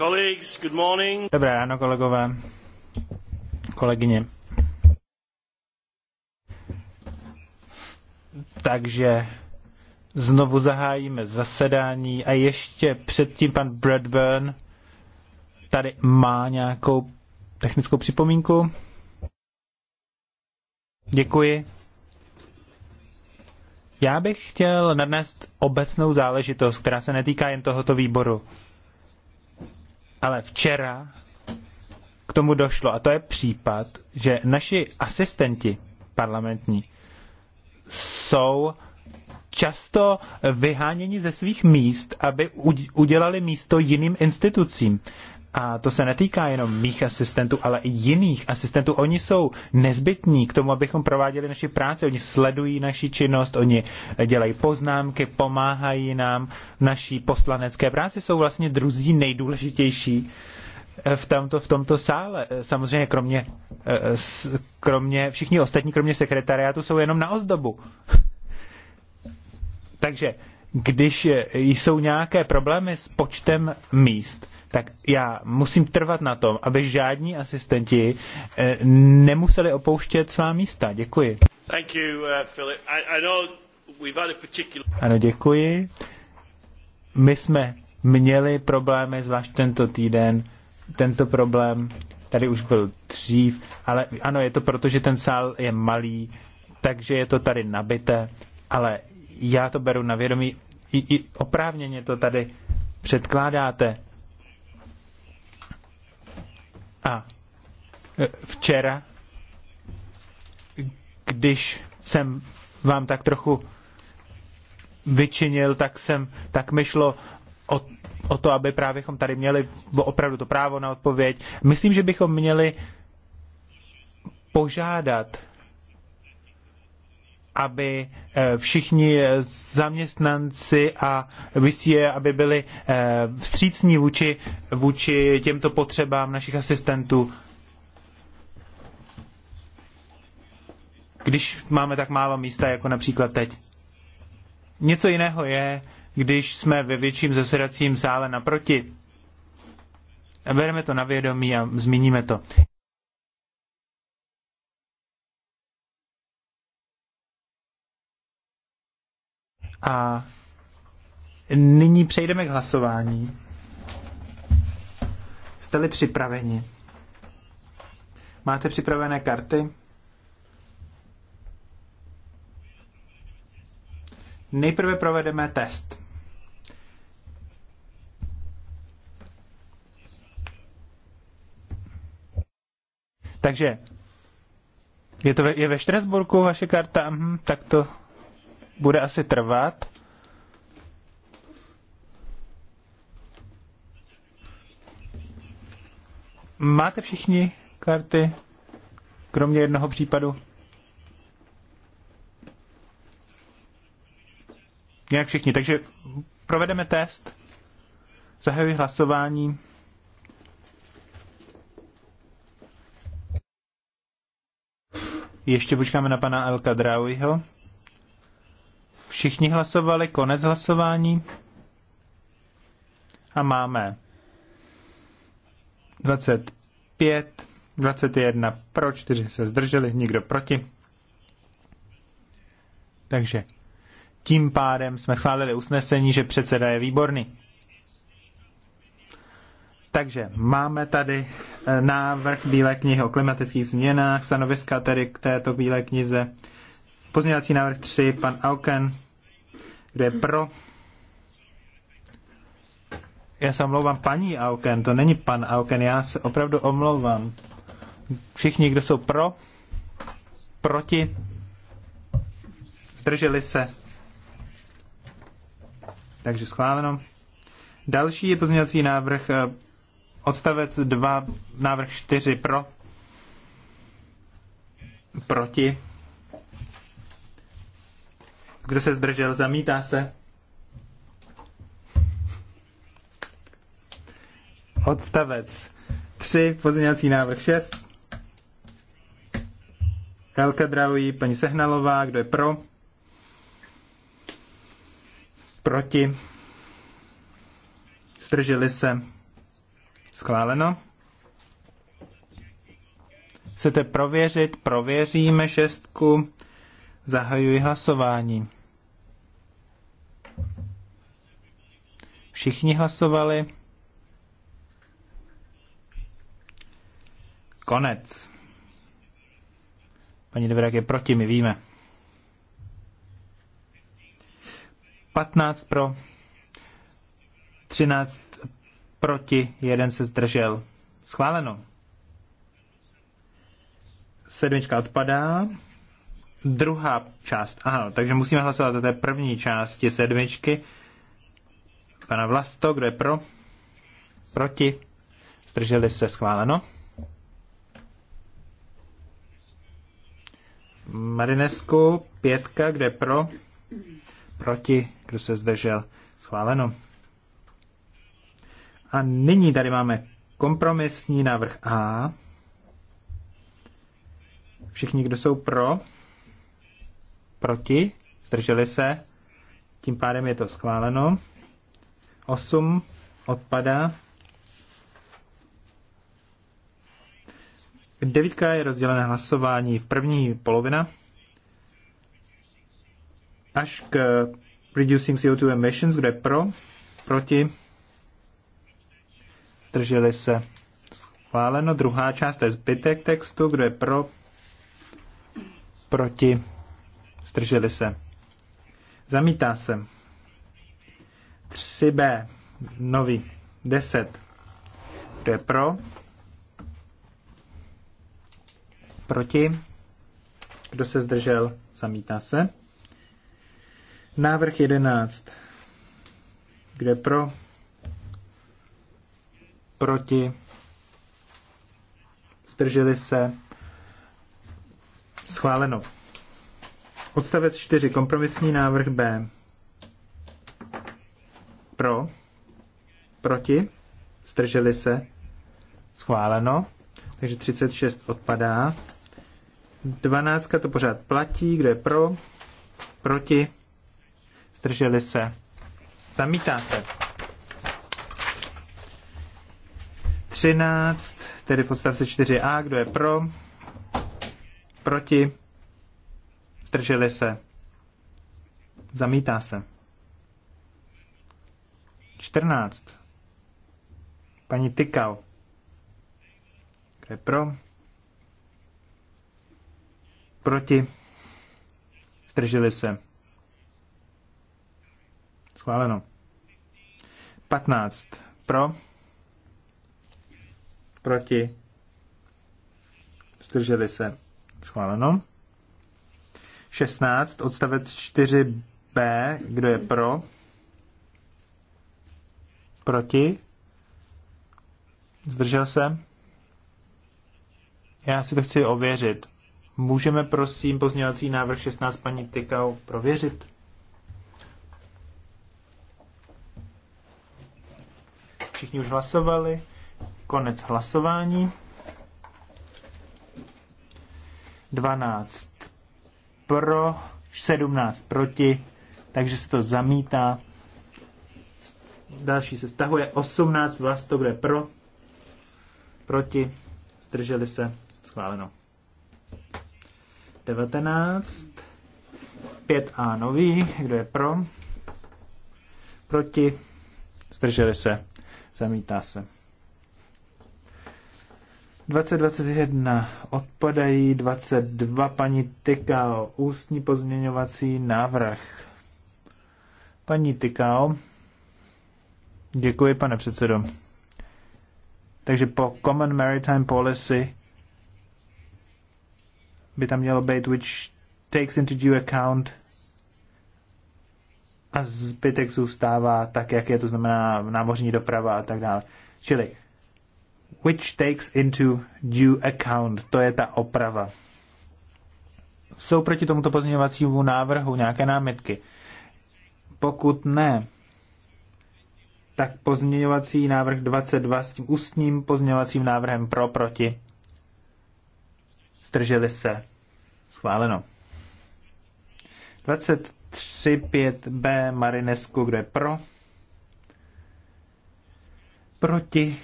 Colleagues, good morning. Dobré ráno, kolegové, kolegyně. Takže znovu zahájíme zasedání a ještě předtím pan Bradburn tady má nějakou technickou připomínku. Děkuji. Já bych chtěl nadnést obecnou záležitost, která se netýká jen tohoto výboru ale včera k tomu došlo a to je případ, že naši asistenti parlamentní jsou často vyháněni ze svých míst, aby udělali místo jiným institucím. A to se netýká jenom mých asistentů, ale i jiných asistentů. Oni jsou nezbytní k tomu, abychom prováděli naši práci. Oni sledují naši činnost, oni dělají poznámky, pomáhají nám. V naší poslanecké práci jsou vlastně druzí nejdůležitější eh, v tomto, v tomto sále. Eh, samozřejmě kromě, eh, kromě, všichni ostatní, kromě sekretariátu, jsou jenom na ozdobu. Takže když jsou nějaké problémy s počtem míst, tak já musím trvat na tom, aby žádní asistenti eh, nemuseli opouštět svá místa. Děkuji. Thank you, uh, Philip. I, I know we've had a particular... Ano, děkuji. My jsme měli problémy, zvlášť tento týden, tento problém tady už byl dřív, ale ano, je to proto, že ten sál je malý, takže je to tady nabité, ale já to beru na vědomí, i, i oprávněně to tady předkládáte. A e, včera, když jsem vám tak trochu vyčinil, tak jsem, tak mi šlo o, o to, aby právě tady měli opravdu to právo na odpověď. Myslím, že bychom měli požádat aby eh, všichni zaměstnanci a vysie, aby byli eh, vstřícní vůči, vůči těmto potřebám našich asistentů. Když máme tak málo místa, jako například teď. Něco jiného je, když jsme ve větším zasedacím sále naproti. Bereme to na vědomí a zmíníme to. A nyní přejdeme k hlasování. Jste-li připraveni? Máte připravené karty? Nejprve provedeme test. Takže je to ve, je ve Štrasburku vaše karta? Mhm, tak to bude asi trvat. Máte všichni karty, kromě jednoho případu? Nějak všichni, takže provedeme test. Zahajuji hlasování. Ještě počkáme na pana Elka Drauiho. Všichni hlasovali, konec hlasování. A máme 25, 21 pro, 4 se zdrželi, nikdo proti. Takže tím pádem jsme chválili usnesení, že předseda je výborný. Takže máme tady eh, návrh Bílé knihy o klimatických změnách, stanoviska tedy k této Bílé knize. Pozměňovací návrh 3, pan Auken. Kdo je pro? Já se omlouvám, paní Auken, to není pan Auken, já se opravdu omlouvám. Všichni, kdo jsou pro, proti, zdrželi se. Takže schváleno. Další je pozměňovací návrh eh, odstavec 2, návrh 4 pro, proti, kdo se zdržel? Zamítá se. Odstavec 3, pozměňovací návrh 6. Helka Draují, paní Sehnalová, kdo je pro? Proti? Zdrželi se? Schváleno? Chcete prověřit? Prověříme šestku. Zahajuji hlasování. Všichni hlasovali. Konec. Paní Deverák je proti, my víme. 15 pro, 13 proti, jeden se zdržel. Schváleno. Sedmička odpadá. Druhá část, ano, takže musíme hlasovat o té první části sedmičky pana Vlasto, kdo je pro? Proti? Zdrželi se schváleno. Marinesku, pětka, kde pro? Proti, kdo se zdržel? Schváleno. A nyní tady máme kompromisní návrh A. Všichni, kdo jsou pro, proti, zdrželi se, tím pádem je to schváleno. 8 odpadá. Devítka je rozdělené hlasování v první polovina až k Reducing CO2 Emissions, kde pro, proti, zdrželi se schváleno. Druhá část je zbytek textu, kde je pro, proti, zdrželi se. Zamítá se. 3b, nový, 10. Kdo je pro? Proti? Kdo se zdržel? Zamítá se. Návrh 11. Kdo je pro? Proti? Zdrželi se? Schváleno. Odstavec 4. Kompromisní návrh B. Pro. Proti. Zdrželi se. Schváleno. Takže 36 odpadá. 12 to pořád platí. Kdo je pro? Proti. Zdrželi se. Zamítá se. 13, tedy v odstavce 4a, kdo je pro, proti, zdrželi se, zamítá se. 14. Paní Tykal. Kdo je pro? Proti? Zdrželi se. Schváleno. 15. Pro? Proti? Zdrželi se. Schváleno. 16. Odstavec 4b. Kdo je pro? Proti? Zdržel se? Já si to chci ověřit. Můžeme prosím pozměňovací návrh 16 paní Tykau prověřit? Všichni už hlasovali. Konec hlasování. 12 pro, 17 proti, takže se to zamítá. Další se stahuje 18, vlast, to bude pro, proti, zdrželi se, schváleno. 19, 5A nový, kdo je pro, proti, zdrželi se, zamítá se. 2021 odpadají, 22 paní Tykao, ústní pozměňovací návrh. Paní Tykao, Děkuji, pane předsedo. Takže po Common Maritime Policy by tam mělo být which takes into due account a zbytek zůstává tak, jak je, to znamená námořní doprava a tak dále. Čili which takes into due account, to je ta oprava. Jsou proti tomuto pozměňovacímu návrhu nějaké námitky? Pokud ne, tak pozměňovací návrh 22 s tím ústním pozměňovacím návrhem pro, proti. Zdrželi se. Schváleno. 23.5b Marinesku, kde pro. Proti.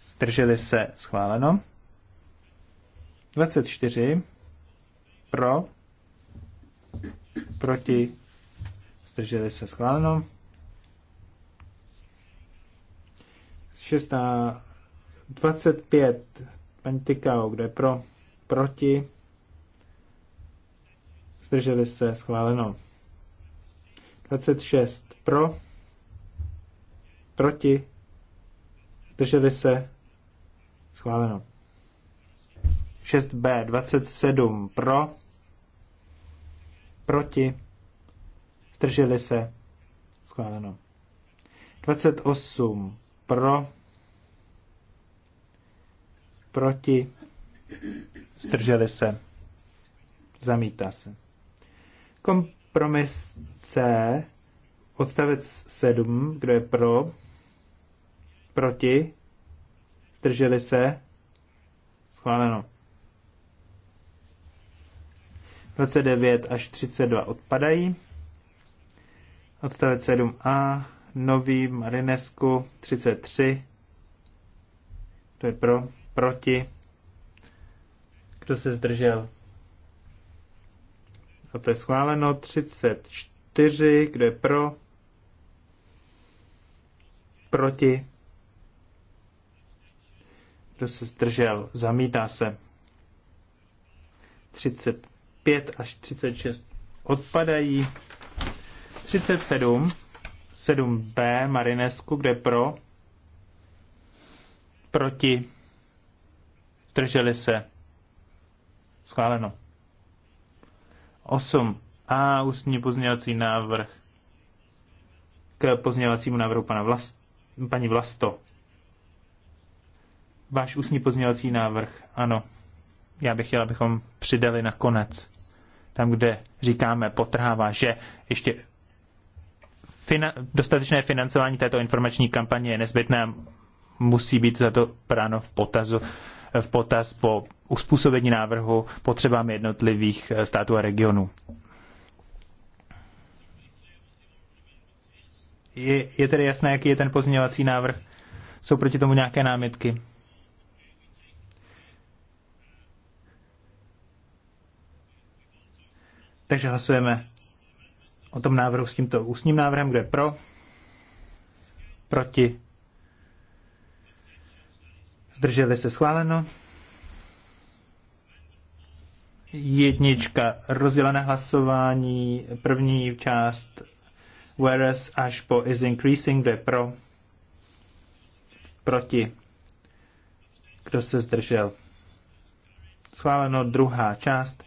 Zdrželi se. Schváleno. 24 pro. Proti. Zdrželi se. Schváleno. Šestá, 25, paní Tykao, kde pro, proti, zdrželi se, schváleno. 26 pro, proti, zdrželi se, schváleno. 6b, 27 pro, proti, zdrželi se, schváleno. 28 pro, proti, zdrželi se, zamítá se. Kompromis C, odstavec 7, kdo je pro, proti, zdrželi se, schváleno. 29 až 32 odpadají. Odstavec 7a, nový Marinesku 33. To je pro, Proti? Kdo se zdržel? A to je schváleno 34, kde je pro? Proti? Kdo se zdržel? Zamítá se. 35 až 36 odpadají. 37, 7b Marinesku, kde pro? Proti? zdrželi se, schváleno. 8a ústní pozměňovací návrh k pozměňovacímu návrhu pana vlast, paní Vlasto. Váš ústní pozměňovací návrh, ano. Já bych chtěl, abychom přidali na konec. Tam, kde říkáme, potrhává, že ještě fina- dostatečné financování této informační kampaně je nezbytné musí být za to práno v potazu v potaz po uspůsobení návrhu potřebám jednotlivých eh, států a regionů. Je, je tedy jasné, jaký je ten pozměňovací návrh? Jsou proti tomu nějaké námitky? Takže hlasujeme o tom návrhu s tímto ústním návrhem, kde pro, proti, zdrželi se schváleno. Jednička, rozdělené hlasování, první část, whereas až po is increasing, kde pro, proti, kdo se zdržel. Schváleno druhá část,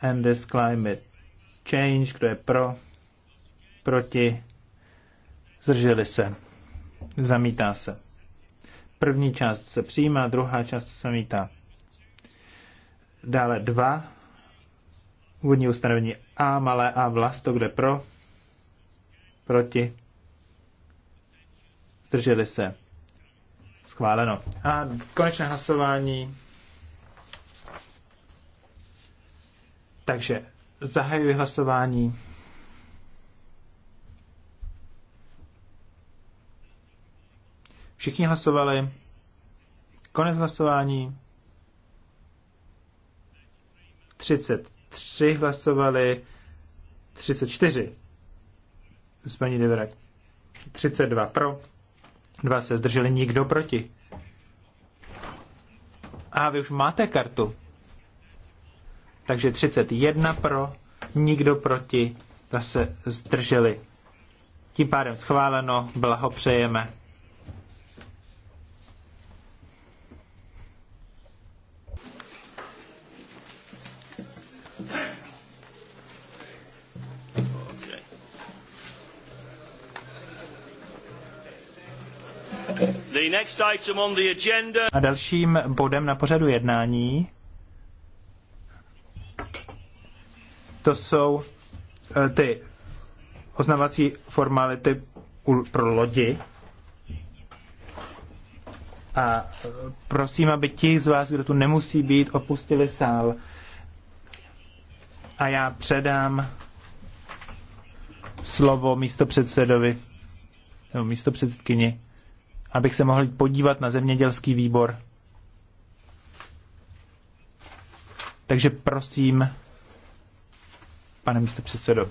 and this climate change, kdo je pro, proti, zdrželi se, zamítá se. První část se přijímá, druhá část se mítá. Dále dva. Úvodní ustanovení A, malé A, vlasto, kde pro, proti, zdrželi se. Schváleno. A konečné hlasování. Takže zahajuji hlasování. Všichni hlasovali. Konec hlasování. 33 hlasovali, 34 s paní 32 pro, Dva se zdrželi, nikdo proti. A vy už máte kartu. Takže 31 pro, nikdo proti, Dva se zdrželi. Tím pádem schváleno, blahopřejeme. A dalším bodem na pořadu jednání to jsou eh, ty oznamovací formality pro lodi. A eh, prosím, aby ti z vás, kdo tu nemusí být, opustili sál. A já předám slovo místo předsedovi, nebo místo předsedkyni abych se mohl podívat na zemědělský výbor. Takže prosím, pane místo předsedo.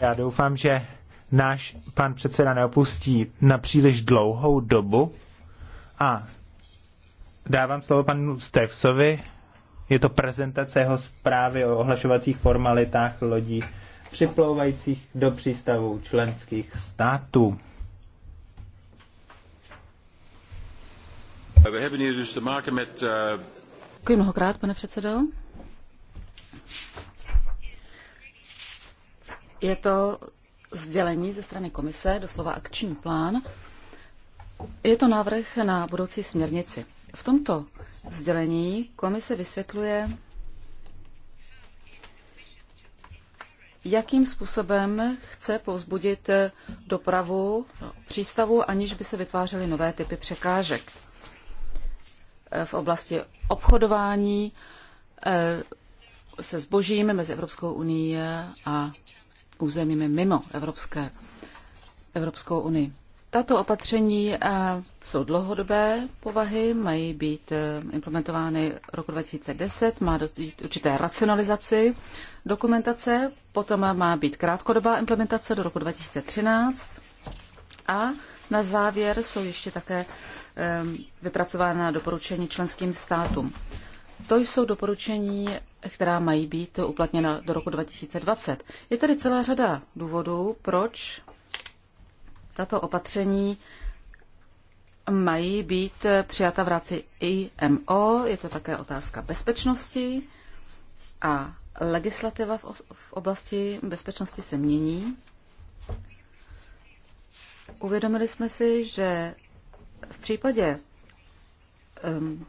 Já doufám, že náš pan předseda neopustí na příliš dlouhou dobu. A dávám slovo panu Stevsovi. Je to prezentace jeho zprávy o ohlašovacích formalitách lodí připlouvajících do přístavů členských států. Eh, Děkuji mnohokrát, pane předsedo. Je to sdělení ze strany komise, doslova akční plán. Je to návrh na budoucí směrnici. V tomto sdělení komise vysvětluje, jakým způsobem chce povzbudit dopravu no, přístavu, aniž by se vytvářely nové typy překážek e, v oblasti obchodování e, se zbožím mezi Evropskou unii a územími mimo Evropské, Evropskou unii. Tato opatření eh, jsou dlouhodobé povahy, mají být eh, implementovány roku 2010, má dojít určité racionalizaci dokumentace, potom má být krátkodobá implementace do roku 2013 a na závěr jsou ještě také eh, vypracována doporučení členským státům. To jsou doporučení která mají být uplatněna do roku 2020. Je tady celá řada důvodů, proč tato opatření mají být přijata v rámci IMO. Je to také otázka bezpečnosti a legislativa v oblasti bezpečnosti se mění. Uvědomili jsme si, že v případě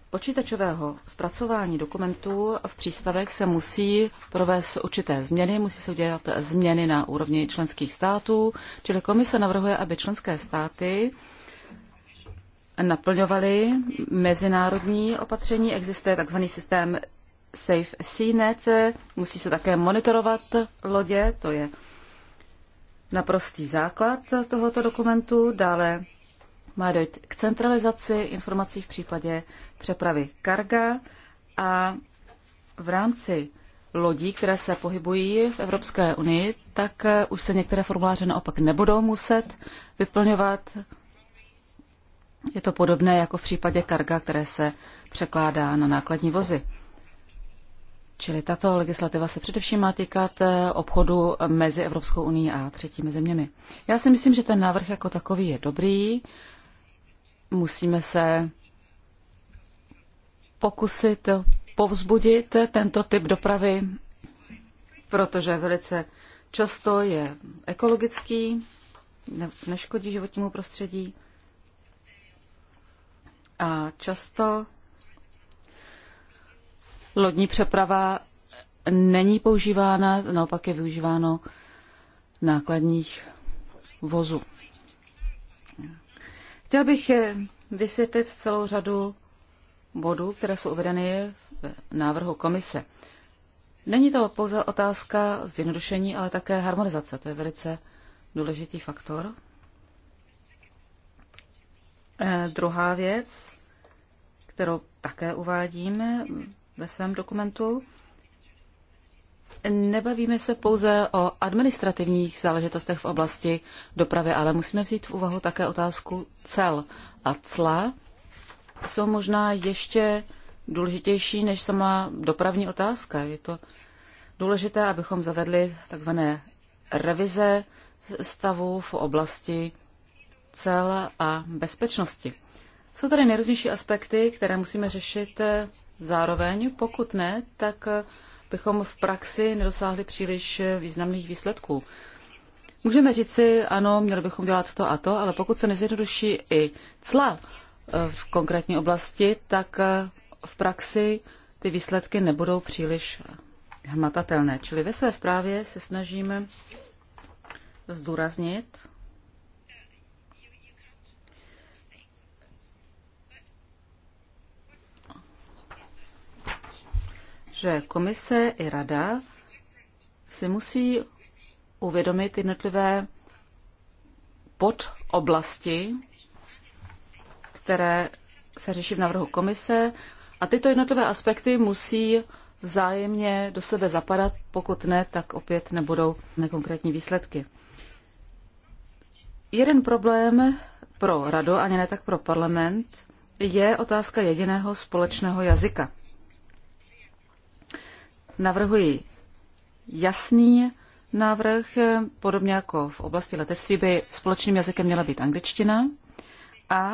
počítačového zpracování dokumentů v přístavech se musí provést určité změny, musí se udělat změny na úrovni členských států, čili komise navrhuje, aby členské státy naplňovaly mezinárodní opatření. Existuje tzv. systém Safe SeaNet, musí se také monitorovat lodě, to je naprostý základ tohoto dokumentu. Dále má dojít k centralizaci informací v případě přepravy karga a v rámci lodí, které se pohybují v Evropské unii, tak eh, už se některé formuláře naopak nebudou muset vyplňovat. Je to podobné jako v případě karga, které se překládá na nákladní vozy. Čili tato legislativa se především má týkat eh, obchodu mezi Evropskou unii a třetími zeměmi. Já si myslím, že ten návrh jako takový je dobrý. Musíme se pokusit povzbudit tento typ dopravy, protože velice často je ekologický, ne, neškodí životnímu prostředí a často lodní přeprava není používána, naopak je využíváno nákladních vozů. Chtěl bych eh, vysvětlit celou řadu bodů, které jsou uvedeny v návrhu komise. Není to pouze otázka zjednodušení, ale také harmonizace. To je velice důležitý faktor. Eh, druhá věc, kterou také uvádíme ve svém dokumentu, nebavíme se pouze o administrativních záležitostech v oblasti dopravy, ale musíme vzít v úvahu také otázku cel. A cla jsou možná ještě důležitější než sama dopravní otázka. Je to důležité, abychom zavedli takzvané revize stavu v oblasti cel a bezpečnosti. Jsou tady nejrůznější aspekty, které musíme řešit eh, zároveň. Pokud ne, tak eh, bychom v praxi nedosáhli příliš významných výsledků. Můžeme říci, ano, měli bychom dělat to a to, ale pokud se nezjednoduší i cla eh, v konkrétní oblasti, tak eh, v praxi ty výsledky nebudou příliš hmatatelné. Čili ve své zprávě se snažíme zdůraznit že komise i rada si musí uvědomit jednotlivé podoblasti, které se řeší v návrhu komise a tyto jednotlivé aspekty musí vzájemně do sebe zapadat, pokud ne, tak opět nebudou nekonkrétní výsledky. Jeden problém pro radu, ani ne tak pro parlament, je otázka jediného společného jazyka navrhuji jasný návrh, podobně jako v oblasti letectví by společným jazykem měla být angličtina. A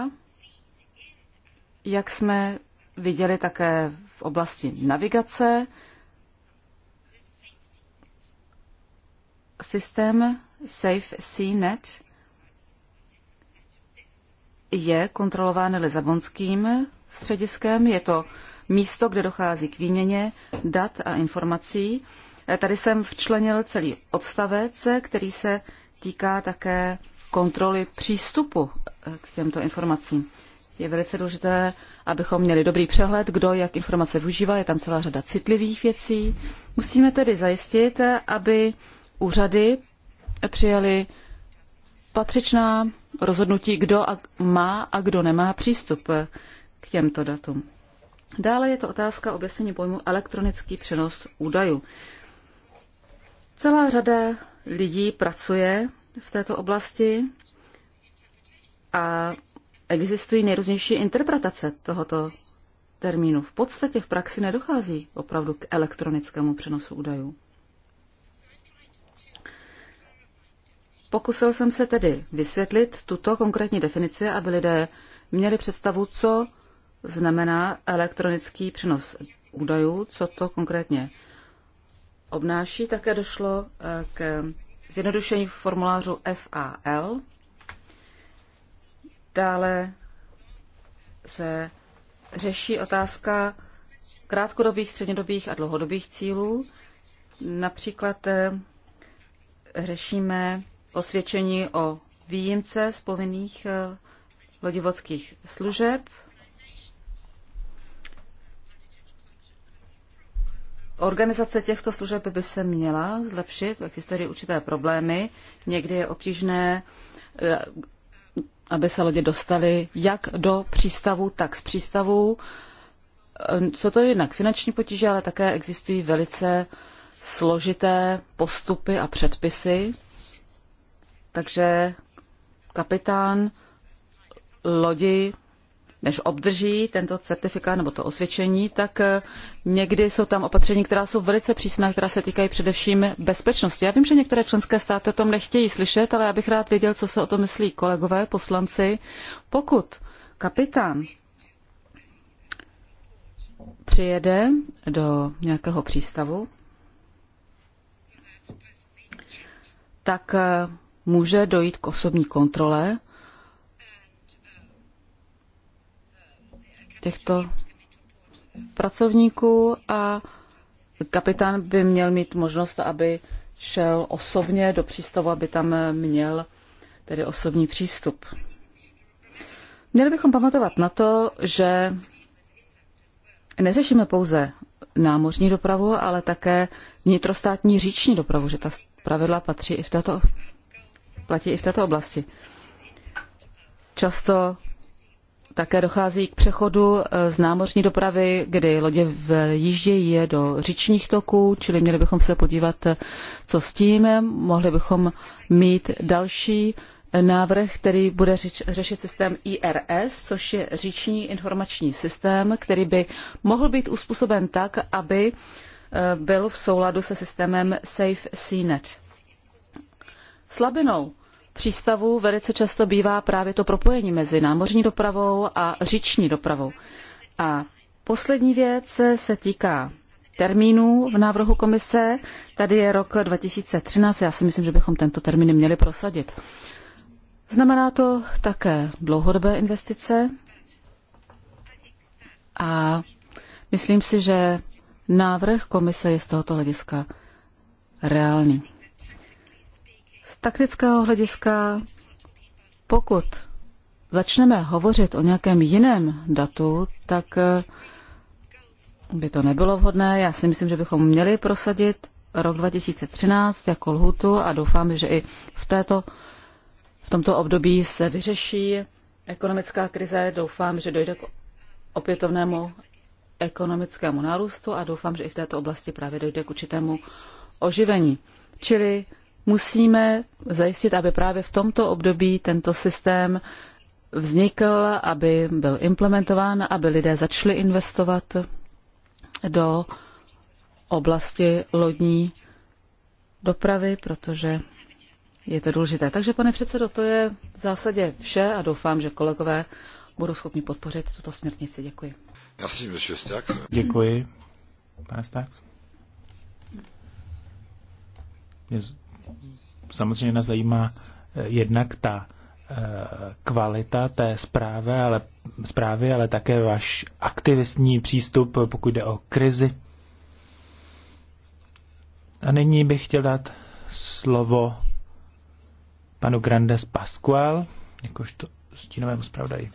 jak jsme viděli také v oblasti navigace, systém Safe SeaNet je kontrolován Lizabonským střediskem. Je to místo, kde dochází k výměně dat a informací. Eh, tady jsem včlenil celý odstavec, eh, který se týká také kontroly přístupu eh, k těmto informacím. Je velice důležité, abychom měli dobrý přehled, kdo jak informace využívá. Je tam celá řada citlivých věcí. Musíme tedy zajistit, aby úřady přijali patřičná rozhodnutí, kdo a má a kdo nemá přístup k těmto datům. Dále je to otázka objasnění pojmu elektronický přenos údajů. Celá řada lidí pracuje v této oblasti a existují nejrůznější interpretace tohoto termínu. V podstatě v praxi nedochází opravdu k elektronickému přenosu údajů. Pokusil jsem se tedy vysvětlit tuto konkrétní definici, aby lidé měli představu, co znamená elektronický přenos údajů, co to konkrétně obnáší. Také došlo eh, k zjednodušení formulářu FAL. Dále se řeší otázka krátkodobých, střednědobých a dlouhodobých cílů. Například eh, řešíme osvědčení o výjimce z povinných eh, lodivodských služeb. Organizace těchto služeb by se měla zlepšit, existují určité problémy, někdy je obtížné, eh, aby se lodě dostaly jak do přístavu, tak z přístavu. Co eh, to je? jednak finanční potíže, ale také existují velice složité postupy a předpisy. Takže kapitán lodi než obdrží tento certifikát nebo to osvědčení, tak eh, někdy jsou tam opatření, která jsou velice přísná, která se týkají především bezpečnosti. Já vím, že některé členské státy o tom nechtějí slyšet, ale já bych rád věděl, co se o tom myslí kolegové, poslanci. Pokud kapitán přijede do nějakého přístavu, tak eh, může dojít k osobní kontrole těchto pracovníků a kapitán by měl mít možnost, aby šel osobně do přístavu, aby tam měl tedy osobní přístup. Měli bychom pamatovat na to, že neřešíme pouze námořní dopravu, ale také vnitrostátní říční dopravu, že ta pravidla patří i v této, platí i v této oblasti. Často také dochází k přechodu eh, z námořní dopravy, kdy lodě vjíždějí do říčních toků, čili měli bychom se podívat, eh, co s tím. Mohli bychom mít další návrh, který bude řič, řešit systém IRS, což je říční informační systém, který by mohl být uspůsoben tak, aby eh, byl v souladu se systémem Safe SeaNet. Slabinou přístavů velice často bývá právě to propojení mezi námořní dopravou a říční dopravou. A poslední věc se týká termínů v návrhu komise. Tady je rok 2013, já si myslím, že bychom tento termín měli prosadit. Znamená to také dlouhodobé investice a myslím si, že návrh komise je z tohoto hlediska reálný taktického hlediska, pokud začneme hovořit o nějakém jiném datu, tak eh, by to nebylo vhodné. Já si myslím, že bychom měli prosadit rok 2013 jako lhutu a doufám, že i v, této, v tomto období se vyřeší ekonomická krize. Doufám, že dojde k opětovnému ekonomickému nárůstu a doufám, že i v této oblasti právě dojde k určitému oživení. Čili musíme zajistit, aby právě v tomto období tento systém vznikl, aby byl implementován, aby lidé začali investovat do oblasti lodní dopravy, protože je to důležité. Takže, pane předsedo, to je v zásadě vše a doufám, že kolegové budou schopni podpořit tuto směrnici. Děkuji. Děkuji. Pane Stax samozřejmě nás zajímá eh, jednak ta eh, kvalita té zprávy, ale, zprávy, ale také váš aktivistní přístup, pokud jde o krizi. A nyní bych chtěl dát slovo panu Grandes Pascual, jakožto stínovému zpravodaji.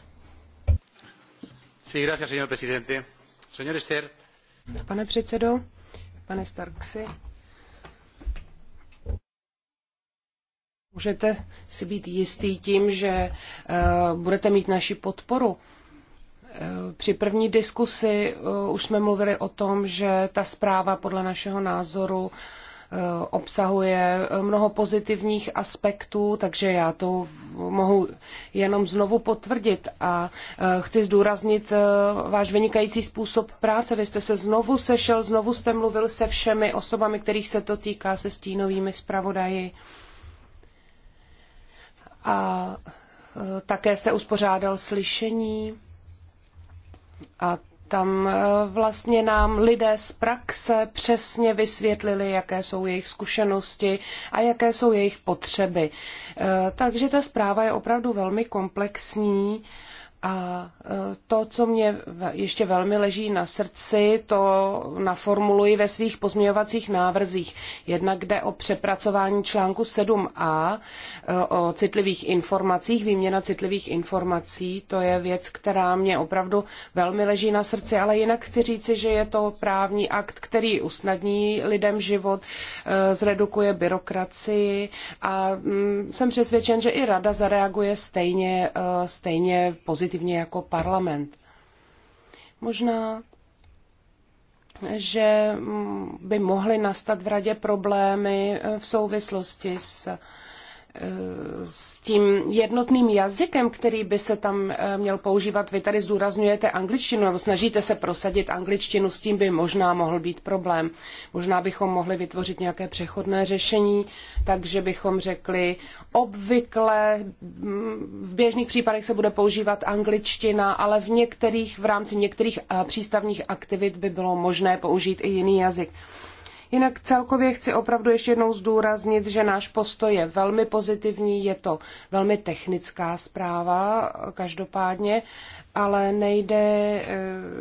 Pane předsedo, pane Starksi, Můžete si být jistý tím, že eh, budete mít naši podporu. Eh, při první diskusi eh, už jsme mluvili o tom, že ta zpráva podle našeho názoru obsahuje mnoho pozitivních aspektů, takže já to mohu jenom znovu potvrdit a chci zdůraznit váš vynikající způsob práce. Vy jste se znovu sešel, znovu jste mluvil se všemi osobami, kterých se to týká, se stínovými zpravodaji a e, také jste uspořádal slyšení a tam e, vlastně nám lidé z praxe přesně vysvětlili, jaké jsou jejich zkušenosti a jaké jsou jejich potřeby. E, takže ta zpráva je opravdu velmi komplexní a e, to, co mě ještě velmi leží na srdci, to naformuluji ve svých pozměňovacích návrzích. Jednak jde o přepracování článku 7a e, o citlivých informacích, výměna citlivých informací. To je věc, která mě opravdu velmi leží na srdci, ale jinak chci říci, že je to právní akt, který usnadní lidem život, e, zredukuje byrokracii a mm, jsem přesvědčen, že i rada zareaguje stejně, stejně pozitivně pozitivně jako parlament. Možná, že mm, by mohly nastat v radě problémy eh, v souvislosti s Eh, s tím jednotným jazykem, který by se tam eh, měl používat. Vy tady zdůrazňujete angličtinu nebo snažíte se prosadit angličtinu, s tím by možná mohl být problém. Možná bychom mohli vytvořit nějaké přechodné řešení, takže bychom řekli, obvykle mm, v běžných případech se bude používat angličtina, ale v některých, v rámci některých eh, přístavních aktivit by bylo možné použít i jiný jazyk. Jinak celkově chci opravdu ještě jednou zdůraznit, že náš postoj je velmi pozitivní, je to velmi technická zpráva každopádně, ale nejde eh,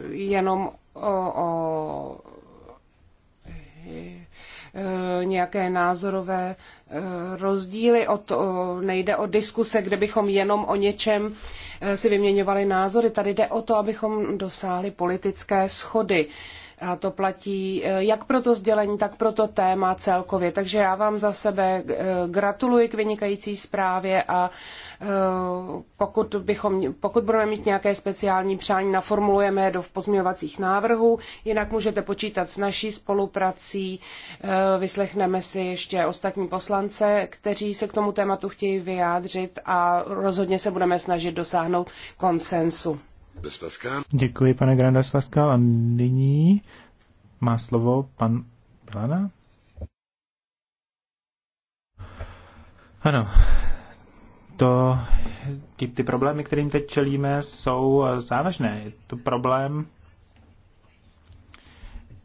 jenom o, o eh, nějaké názorové eh, rozdíly, o to, nejde o diskuse, kde bychom jenom o něčem si vyměňovali názory. Tady jde o to, abychom dosáhli politické schody. A to platí eh, jak pro to sdělení, tak pro to téma celkově. Takže já vám za sebe eh, gratuluji k vynikající zprávě a eh, pokud, bychom, pokud budeme mít nějaké speciální přání, naformulujeme je do pozměňovacích návrhů, jinak můžete počítat s naší spoluprací, vyslechneme si ještě ostatní poslance, kteří se k tomu tématu chtějí vyjádřit a rozhodně se budeme snažit dosáhnout konsensu. Děkuji, pane Grandas Pascal. A nyní má slovo pan Blana. Ano, to, ty, ty problémy, kterým teď čelíme, jsou závažné. Je to problém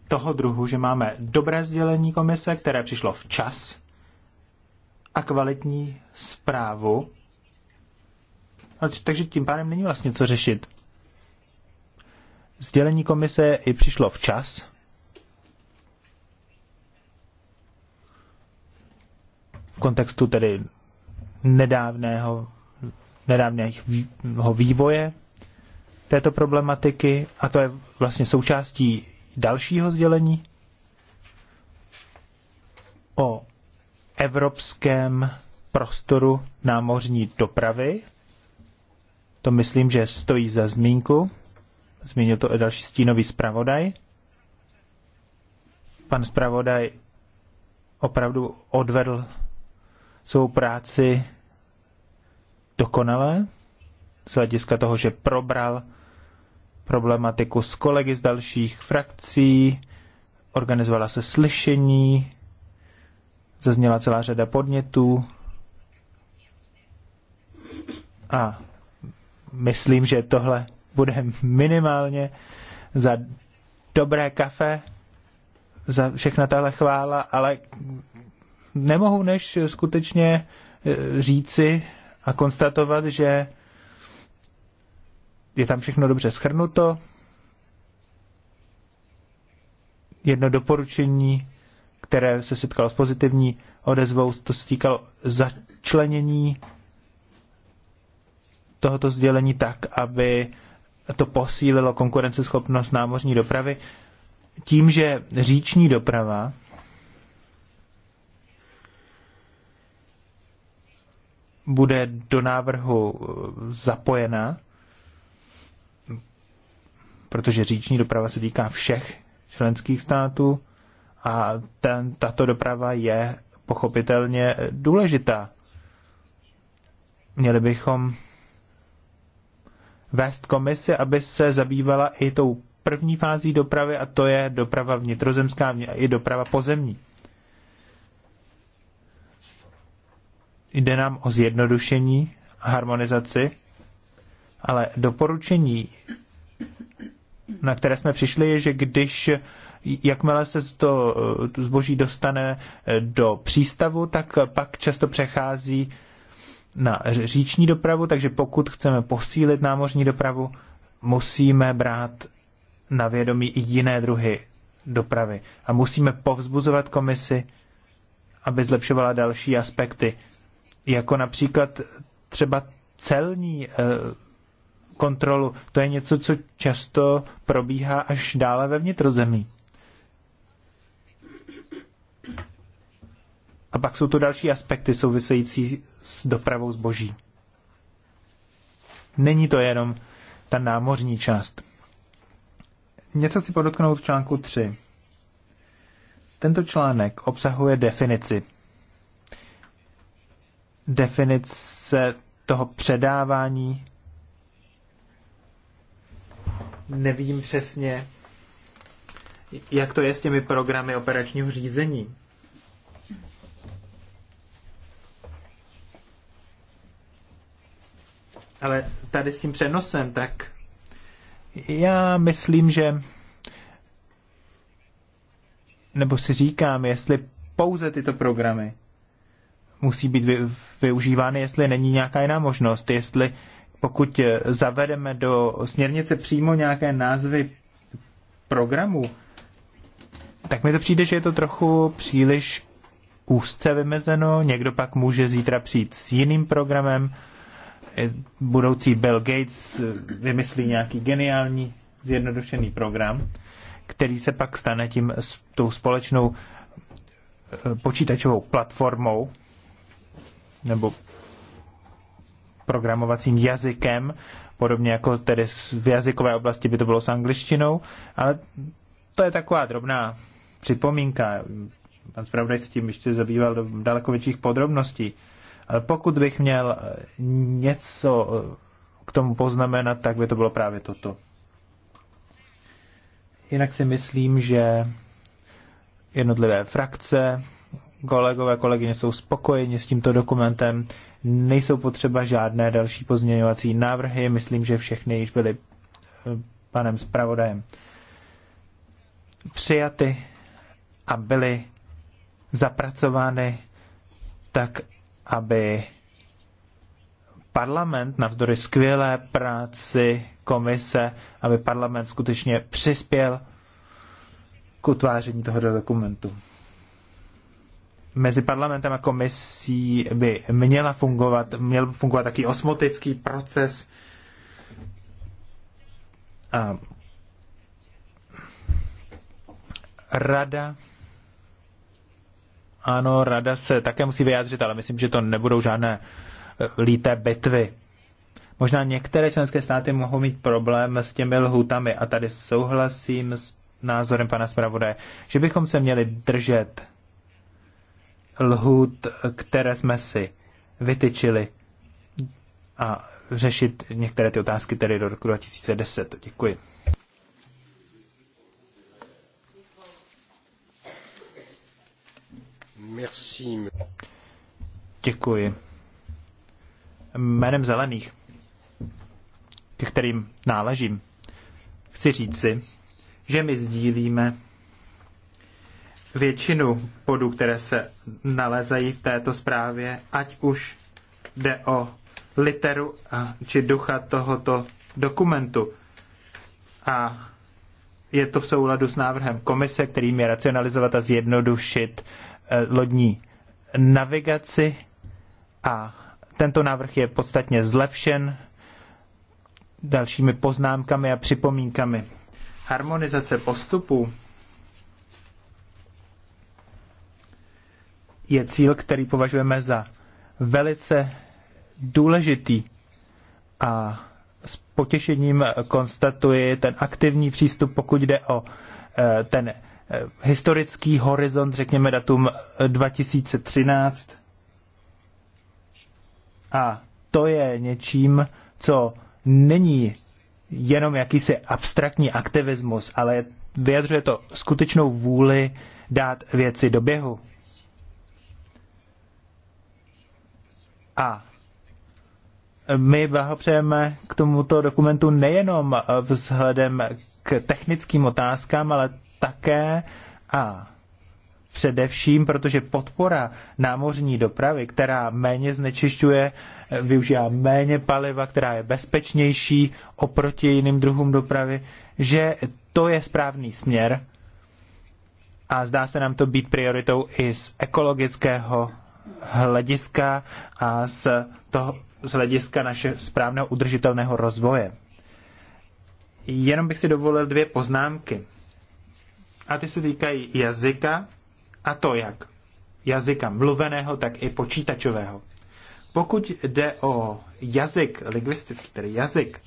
toho druhu, že máme dobré sdělení komise, které přišlo včas a kvalitní zprávu. Takže tím pádem není vlastně co řešit sdělení komise i přišlo včas. V kontextu tedy nedávného, nedávného vývoje této problematiky a to je vlastně součástí dalšího sdělení o evropském prostoru námořní dopravy. To myslím, že stojí za zmínku. Zmínil to i další stínový zpravodaj. Pan zpravodaj opravdu odvedl svou práci dokonale z hlediska toho, že probral problematiku s kolegy z dalších frakcí, organizovala se slyšení, zazněla celá řada podnětů a myslím, že tohle bude minimálně za dobré kafe, za všechna tahle chvála, ale nemohu než skutečně e, říci a konstatovat, že je tam všechno dobře schrnuto. Jedno doporučení, které se setkalo s pozitivní odezvou, to se týkalo začlenění tohoto sdělení tak, aby to posílilo konkurenceschopnost námořní dopravy tím, že říční doprava bude do návrhu zapojena, protože říční doprava se týká všech členských států a ten, tato doprava je pochopitelně důležitá. Měli bychom vést komisi, aby se zabývala i tou první fází dopravy, a to je doprava vnitrozemská i doprava pozemní. Jde nám o zjednodušení, harmonizaci, ale doporučení, na které jsme přišli, je, že když jakmile se to zboží dostane eh, do přístavu, tak pak často přechází na říční dopravu, takže pokud chceme posílit námořní dopravu, musíme brát na vědomí i jiné druhy dopravy. A musíme povzbuzovat komisi, aby zlepšovala další aspekty, jako například třeba celní eh, kontrolu. To je něco, co často probíhá až dále ve vnitrozemí. A pak jsou tu další aspekty související s dopravou zboží. Není to jenom ta námořní část. Něco si podotknout v článku 3. Tento článek obsahuje definici. Definice toho předávání. Nevím přesně, jak to je s těmi programy operačního řízení. ale tady s tím přenosem, tak já myslím, že nebo si říkám, jestli pouze tyto programy musí být využívány, jestli není nějaká jiná možnost, jestli pokud zavedeme do směrnice přímo nějaké názvy programů, tak mi to přijde, že je to trochu příliš úzce vymezeno, někdo pak může zítra přijít s jiným programem, budoucí Bill Gates vymyslí nějaký geniální zjednodušený program, který se pak stane tím s tou společnou eh, počítačovou platformou nebo programovacím jazykem, podobně jako tedy v jazykové oblasti by to bylo s angličtinou, ale to je taková drobná připomínka. Pan zpravodaj se tím ještě zabýval do daleko větších podrobností. Ale pokud bych měl eh, něco eh, k tomu poznamenat, tak by to bylo právě toto. Jinak si myslím, že jednotlivé frakce, kolegové, kolegyně jsou spokojeni s tímto dokumentem. Nejsou potřeba žádné další pozměňovací návrhy. Myslím, že všechny již byly eh, panem zpravodajem přijaty a byly zapracovány tak, aby parlament, navzdory skvělé práci komise, aby parlament skutečně přispěl k utváření tohoto dokumentu. Mezi parlamentem a komisí by měla fungovat, měl fungovat taký osmotický proces. A rada ano, rada se také musí vyjádřit, ale myslím, že to nebudou žádné eh, líté bitvy. Možná některé členské státy mohou mít problém s těmi lhůtami a tady souhlasím s názorem pana zpravodaje, že bychom se měli držet lhůt, které jsme si vytyčili a řešit některé ty otázky tedy do roku 2010. Děkuji. Děkuji. Jménem zelených, ke kterým náležím, chci říci, že my sdílíme většinu bodů, které se nalezají v této zprávě, ať už jde o literu či ducha tohoto dokumentu. A je to v souladu s návrhem komise, kterým je racionalizovat a zjednodušit Eh, lodní navigaci a tento návrh je podstatně zlepšen dalšími poznámkami a připomínkami. Harmonizace postupů je cíl, který považujeme za velice důležitý a s potěšením konstatuji ten aktivní přístup, pokud jde o eh, ten Eh, historický horizont, řekněme datum 2013. Eh, A to je něčím, co není jenom jakýsi abstraktní aktivismus, ale vyjadřuje to skutečnou vůli dát věci do běhu. A my blahopřejeme k tomuto dokumentu nejenom eh, vzhledem k technickým otázkám, ale také a především, protože podpora námořní dopravy, která méně znečišťuje, využívá méně paliva, která je bezpečnější oproti jiným druhům dopravy, že to je správný směr a zdá se nám to být prioritou i z ekologického hlediska a z, toho, z hlediska našeho správného udržitelného rozvoje. Jenom bych si dovolil dvě poznámky a ty se týkají jazyka a to jak jazyka mluveného, tak i počítačového. Pokud jde o jazyk lingvistický, tedy jazyk,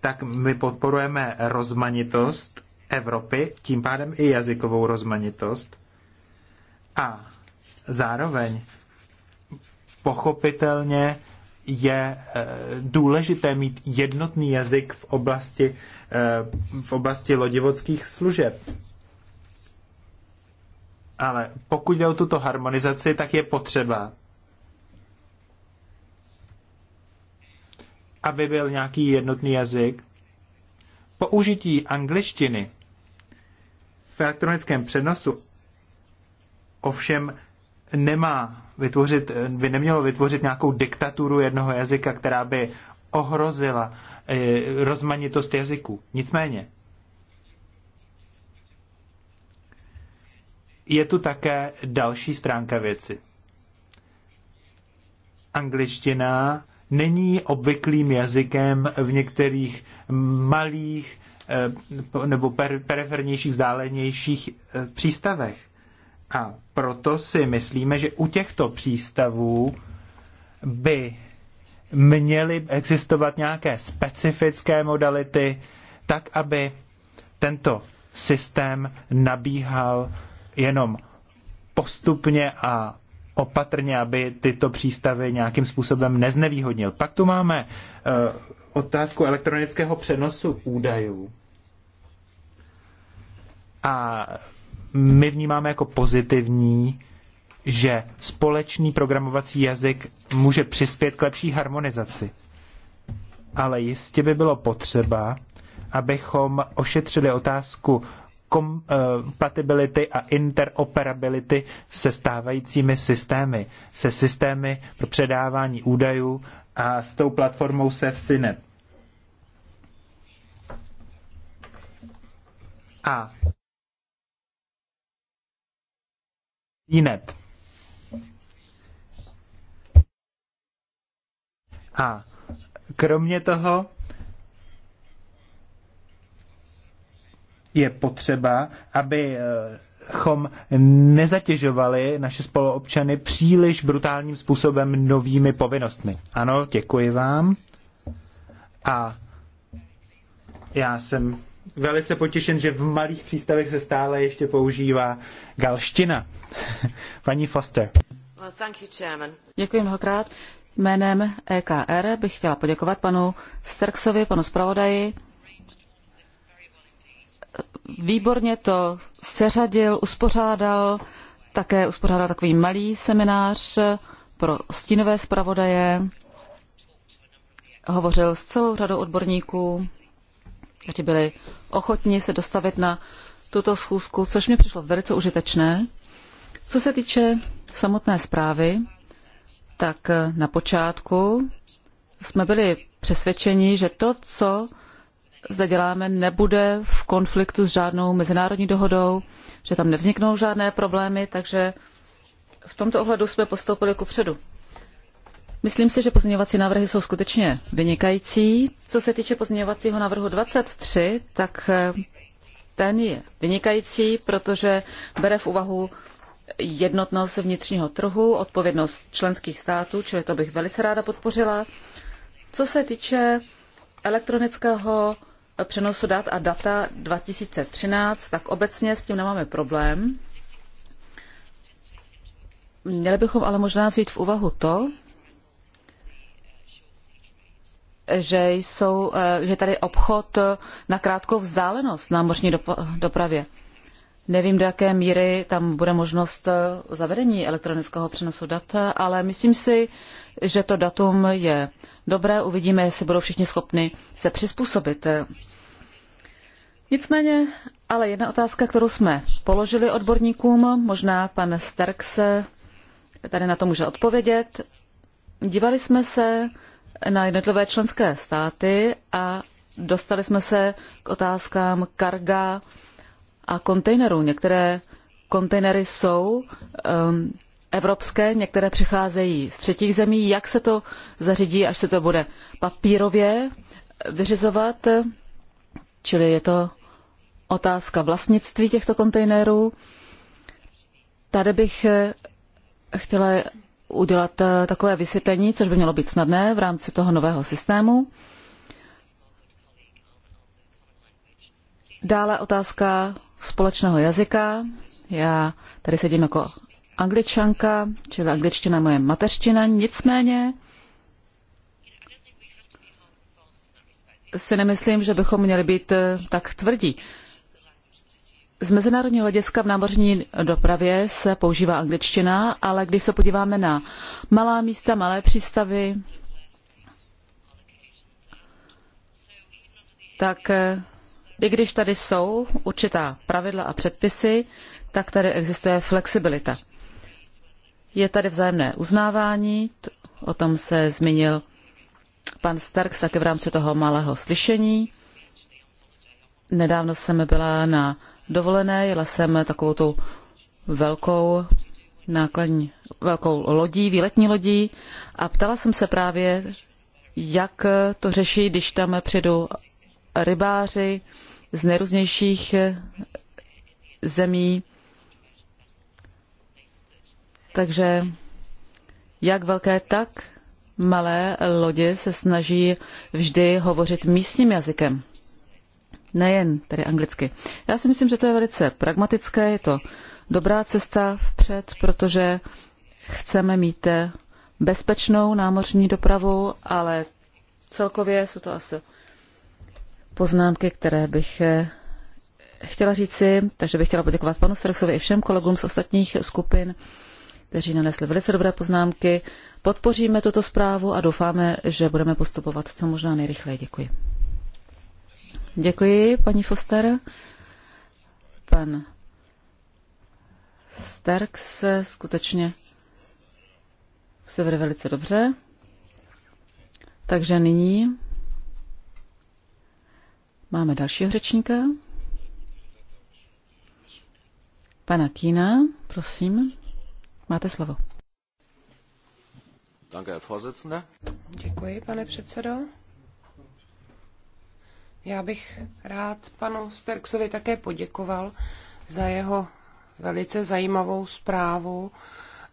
tak my podporujeme rozmanitost Evropy, tím pádem i jazykovou rozmanitost. A zároveň pochopitelně je eh, důležité mít jednotný jazyk v oblasti, eh, v oblasti lodivodských služeb. Ale pokud jde o tuto harmonizaci, tak je potřeba, aby byl nějaký jednotný jazyk. Použití angličtiny v elektronickém přenosu ovšem nemá vytvořit, by nemělo vytvořit nějakou diktaturu jednoho jazyka, která by ohrozila eh, rozmanitost jazyků. Nicméně, je tu také další stránka věci. Angličtina není obvyklým jazykem v některých malých eh, nebo perifernějších, vzdálenějších eh, přístavech. A proto si myslíme, že u těchto přístavů by měly existovat nějaké specifické modality, tak aby tento systém nabíhal jenom postupně a opatrně, aby tyto přístavy nějakým způsobem neznevýhodnil. Pak tu máme eh, otázku elektronického přenosu údajů. A my vnímáme jako pozitivní, že společný programovací jazyk může přispět k lepší harmonizaci. Ale jistě by bylo potřeba, abychom ošetřili otázku kompatibility eh, a interoperability se stávajícími systémy, se systémy pro předávání údajů a s tou platformou SEFSINET. A Jinet. A kromě toho je potřeba, aby eh, chom nezatěžovali naše spoluobčany příliš brutálním způsobem novými povinnostmi. Ano, děkuji vám. A já jsem velice potěšen, že v malých přístavech se stále ještě používá galština. Paní Foster. Well, thank you, chairman. Děkuji mnohokrát. Jménem EKR bych chtěla poděkovat panu Sterksovi, panu zpravodaji výborně to seřadil, uspořádal, také uspořádal takový malý seminář pro stínové zpravodaje. Hovořil s celou řadou odborníků, kteří byli ochotni se dostavit na tuto schůzku, což mi přišlo velice užitečné. Co se týče samotné zprávy, tak na počátku jsme byli přesvědčeni, že to, co zde děláme, nebude v konfliktu s žádnou mezinárodní dohodou, že tam nevzniknou žádné problémy, takže v tomto ohledu jsme postoupili ku předu. Myslím si, že pozměňovací návrhy jsou skutečně vynikající. Co se týče pozměňovacího návrhu 23, tak eh, ten je vynikající, protože bere v úvahu jednotnost vnitřního trhu, odpovědnost členských států, čili to bych velice ráda podpořila. Co se týče elektronického přenosu dat a data 2013, tak obecně s tím nemáme problém. Měli bychom ale možná vzít v úvahu to, že, jsou, eh, že tady obchod na krátkou vzdálenost na mořní dopravě. Nevím, do jaké míry tam bude možnost eh, zavedení elektronického přenosu dat, ale myslím si, že to datum je dobré. Uvidíme, jestli budou všichni schopni se přizpůsobit eh, Nicméně, ale jedna otázka, kterou jsme položili odborníkům, možná pan Stark se tady na to může odpovědět. Dívali jsme se na jednotlivé členské státy a dostali jsme se k otázkám karga a kontejnerů. Některé kontejnery jsou um, evropské, některé přicházejí z třetích zemí. Jak se to zařídí, až se to bude papírově vyřizovat? Čili je to otázka vlastnictví těchto kontejnerů. Tady bych eh, chtěla udělat eh, takové vysvětlení, což by mělo být snadné v rámci toho nového systému. Dále otázka společného jazyka. Já tady sedím jako angličanka, čili angličtina moje mateřština, nicméně si nemyslím, že bychom měli být eh, tak tvrdí. Z mezinárodního hlediska v námořní dopravě se používá angličtina, ale když se podíváme na malá místa, malé přístavy, tak eh, i když tady jsou určitá pravidla a předpisy, tak tady existuje flexibilita. Je tady vzájemné uznávání, o tom se zmínil pan Starks také v rámci toho malého slyšení. Nedávno jsem byla na dovolené. Jela jsem takovou tu velkou nákladní, velkou lodí, výletní lodí a ptala jsem se právě, jak to řeší, když tam přijdu rybáři z nejrůznějších zemí. Takže jak velké, tak malé lodě se snaží vždy hovořit místním jazykem nejen tedy anglicky. Já si myslím, že to je velice pragmatické, je to dobrá cesta vpřed, protože chceme mít bezpečnou námořní dopravu, ale celkově jsou to asi poznámky, které bych eh, chtěla říci, takže bych chtěla poděkovat panu Straxovi i všem kolegům z ostatních skupin, kteří nanesli velice dobré poznámky. Podpoříme tuto zprávu a doufáme, že budeme postupovat co možná nejrychleji. Děkuji. Děkuji, paní Foster. Pan Stark se skutečně se vede velice dobře. Takže nyní máme dalšího řečníka. Pana Kína, prosím, máte slovo. Děkuji, pane předsedo. Já bych rád panu Sterksovi také poděkoval za jeho velice zajímavou zprávu.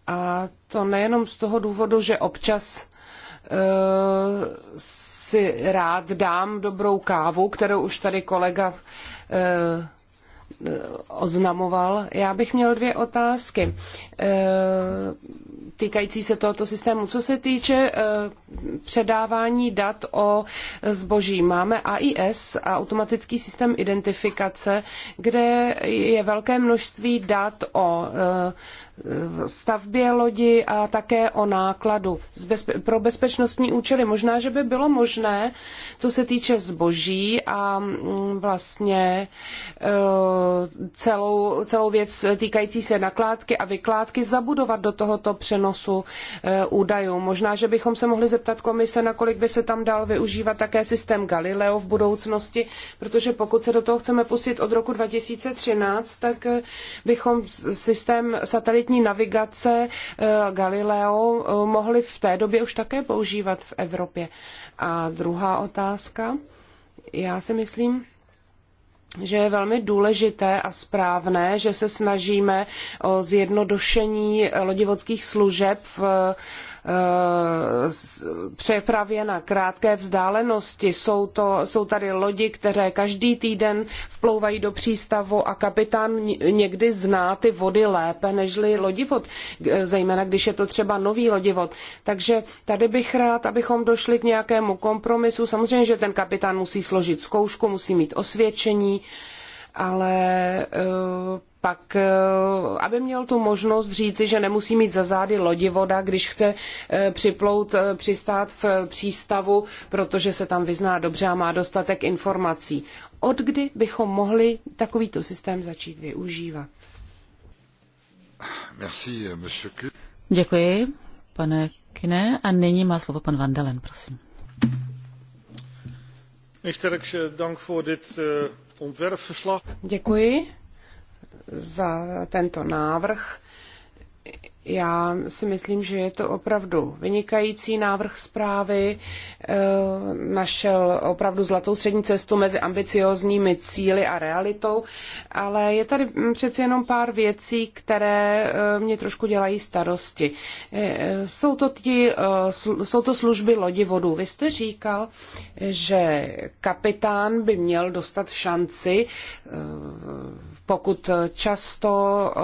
A to nejenom z toho důvodu, že občas uh, si rád dám dobrou kávu, kterou už tady kolega uh, Eh, oznamoval. Já bych měl dvě otázky eh, týkající se tohoto systému. Co se týče eh, předávání dat o zboží, máme AIS, automatický systém identifikace, kde je velké množství dat o stavbě lodi a také o nákladu pro bezpečnostní účely. Možná, že by bylo možné, co se týče zboží a mm, vlastně e, celou, celou věc týkající se nakládky a vykládky zabudovat do tohoto přenosu e, údajů. Možná, že bychom se mohli zeptat komise, nakolik by se tam dal využívat také systém Galileo v budoucnosti, protože pokud se do toho chceme pustit od roku 2013, tak e, bychom systém satelitní satelitní navigace eh, Galileo eh, mohli v té době už také používat v Evropě. A druhá otázka, já si myslím, že je velmi důležité a správné, že se snažíme o zjednodušení lodivodských služeb v Eh, přepravě na krátké vzdálenosti. Jsou, to, jsou tady lodi, které každý týden vplouvají do přístavu a kapitán někdy zná ty vody lépe nežli lodivod, eh, zejména když je to třeba nový lodivod. Takže tady bych rád, abychom došli k nějakému kompromisu. Samozřejmě, že ten kapitán musí složit zkoušku, musí mít osvědčení, ale eh, pak, eh, aby měl tu možnost říci, že nemusí mít za zády lodivoda, když chce eh, připlout, eh, přistát v přístavu, protože se tam vyzná dobře a má dostatek informací. Od kdy bychom mohli takovýto systém začít využívat? Merci, Děkuji, pane Kine. A nyní má slovo pan Vandalen, prosím. Děkuji za tento návrh. Já si myslím, že je to opravdu vynikající návrh zprávy. E, našel opravdu zlatou střední cestu mezi ambiciozními cíly a realitou, ale je tady přeci jenom pár věcí, které e, mě trošku dělají starosti. E, jsou to, tí, jsou to služby lodi vodu. Vy jste říkal, že kapitán by měl dostat šanci pokud často eh,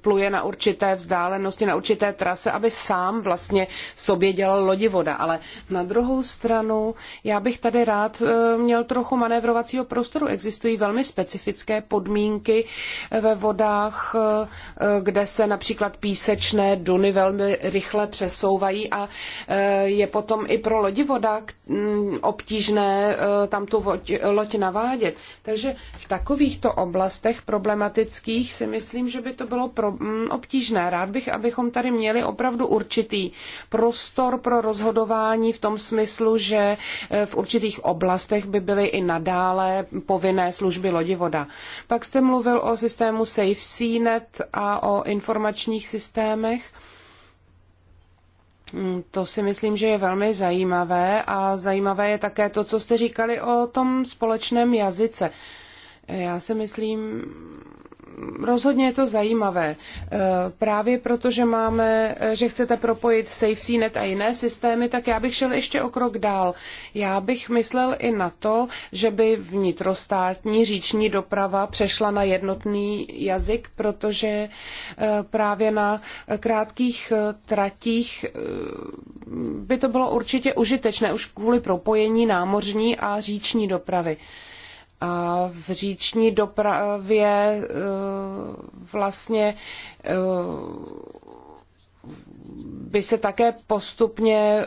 pluje na určité vzdálenosti, na určité trase, aby sám vlastně sobě dělal lodivoda. Ale na druhou stranu, já bych tady rád eh, měl trochu manévrovacího prostoru. Existují velmi specifické podmínky eh, ve vodách, kde se například písečné duny velmi rychle přesouvají a je potom i pro lodivoda mm, obtížné tam tu loď navádět. Takže v takovýchto oblastech pro problematických, si myslím, že by to bylo pro, mm, obtížné. Rád bych, abychom tady měli opravdu určitý prostor pro rozhodování v tom smyslu, že eh, v určitých oblastech by byly i nadále povinné služby lodivoda. Pak jste mluvil o systému SafeSeaNet a o informačních systémech. Mm, to si myslím, že je velmi zajímavé a zajímavé je také to, co jste říkali o tom společném jazyce. Já si myslím, rozhodně je to zajímavé. E, právě proto, že máme, e, že chcete propojit SafeCNet a jiné systémy, tak já bych šel ještě o krok dál. Já bych myslel i na to, že by vnitrostátní říční doprava přešla na jednotný jazyk, protože e, právě na krátkých tratích by to bylo určitě užitečné už kvůli propojení námořní a říční dopravy. A v říční dopravě eh, vlastně eh, by se také postupně eh,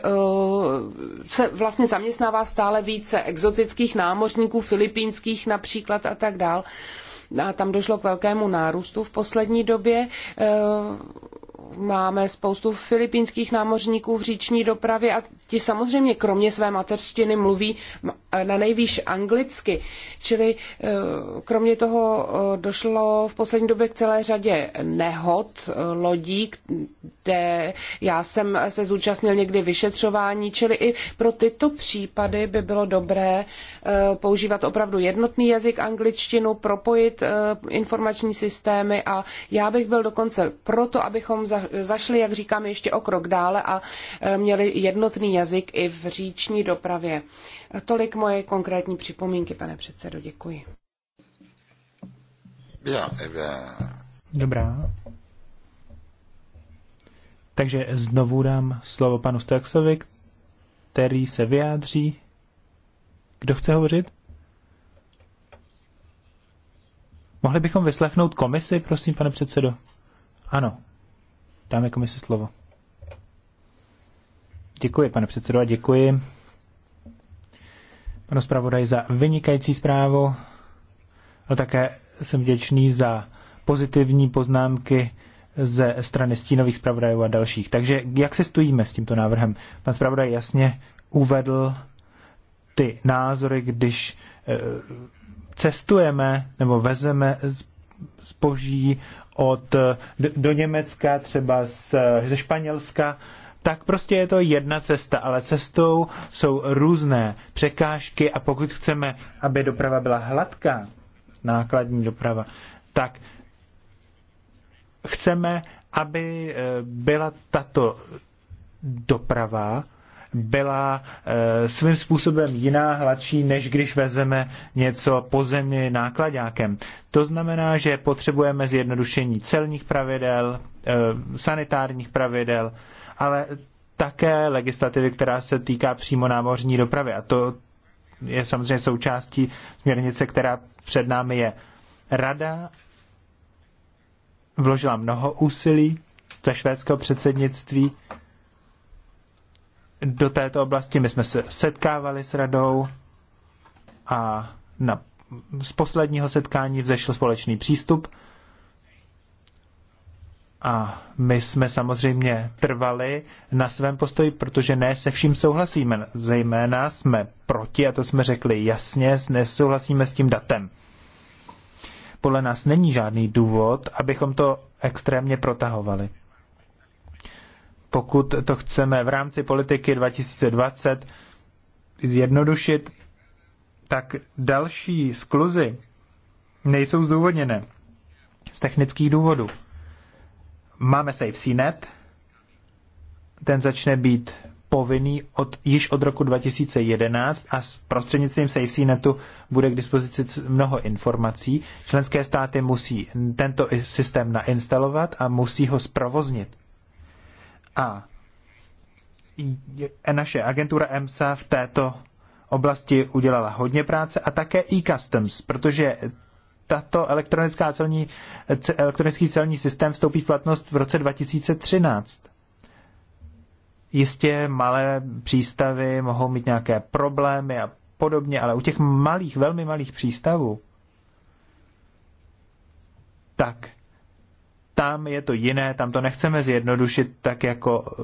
se vlastně zaměstnává stále více exotických námořníků, filipínských například a tak dál. A tam došlo k velkému nárůstu v poslední době máme spoustu filipínských námořníků v říční dopravě a ti samozřejmě kromě své mateřštiny mluví na nejvýš anglicky. Čili e, kromě toho e, došlo v poslední době k celé řadě nehod e, lodí, kde já jsem se zúčastnil někdy vyšetřování, čili i pro tyto případy by bylo dobré eh, používat opravdu jednotný jazyk angličtinu, propojit eh, informační systémy a já bych byl dokonce proto, abychom zašli, jak říkám, ještě o krok dále a eh, měli jednotný jazyk i v říční dopravě. Tolik moje konkrétní připomínky, pane předsedo, děkuji. Dobrá. Takže znovu dám slovo panu Straxovi, který se vyjádří. Kdo chce hovořit? Mohli bychom vyslechnout komisi, prosím, pane předsedo? Ano. Dáme komisi slovo. Děkuji, pane předsedo, a děkuji panu zpravodaji za vynikající zprávu, ale také jsem vděčný za pozitivní poznámky ze strany stínových zpravodajů a dalších. Takže jak se stojíme s tímto návrhem? Pan zpravodaj jasně uvedl ty názory, když eh, cestujeme nebo vezeme zboží od, eh, do Německa, třeba z, eh, ze Španělska, tak prostě je to jedna cesta, ale cestou jsou různé překážky a pokud chceme, aby doprava byla hladká, nákladní doprava, tak chceme, aby eh, byla tato doprava byla eh, svým způsobem jiná, hladší, než když vezeme něco po zemi To znamená, že potřebujeme zjednodušení celních pravidel, eh, sanitárních pravidel, ale také legislativy, která se týká přímo námořní dopravy. A to je samozřejmě součástí směrnice, která před námi je. Rada vložila mnoho úsilí ze švédského předsednictví do této oblasti. My jsme se setkávali s radou a na, z posledního setkání vzešel společný přístup. A my jsme samozřejmě trvali na svém postoji, protože ne se vším souhlasíme. Zejména jsme proti, a to jsme řekli jasně, nesouhlasíme s tím datem podle nás není žádný důvod, abychom to extrémně protahovali. Pokud to chceme v rámci politiky 2020 zjednodušit, tak další skluzy nejsou zdůvodněné z technických důvodů. Máme SafeCNet, ten začne být povinný od, již od roku 2011 a s prostřednictvím SafeCNetu bude k dispozici mnoho informací. Členské státy musí tento systém nainstalovat a musí ho zprovoznit. A naše agentura EMSA v této oblasti udělala hodně práce a také e-customs, protože tato elektronická celní, elektronický celní systém vstoupí v platnost v roce 2013. Jistě malé přístavy mohou mít nějaké problémy a podobně, ale u těch malých, velmi malých přístavů, tak tam je to jiné, tam to nechceme zjednodušit tak, jako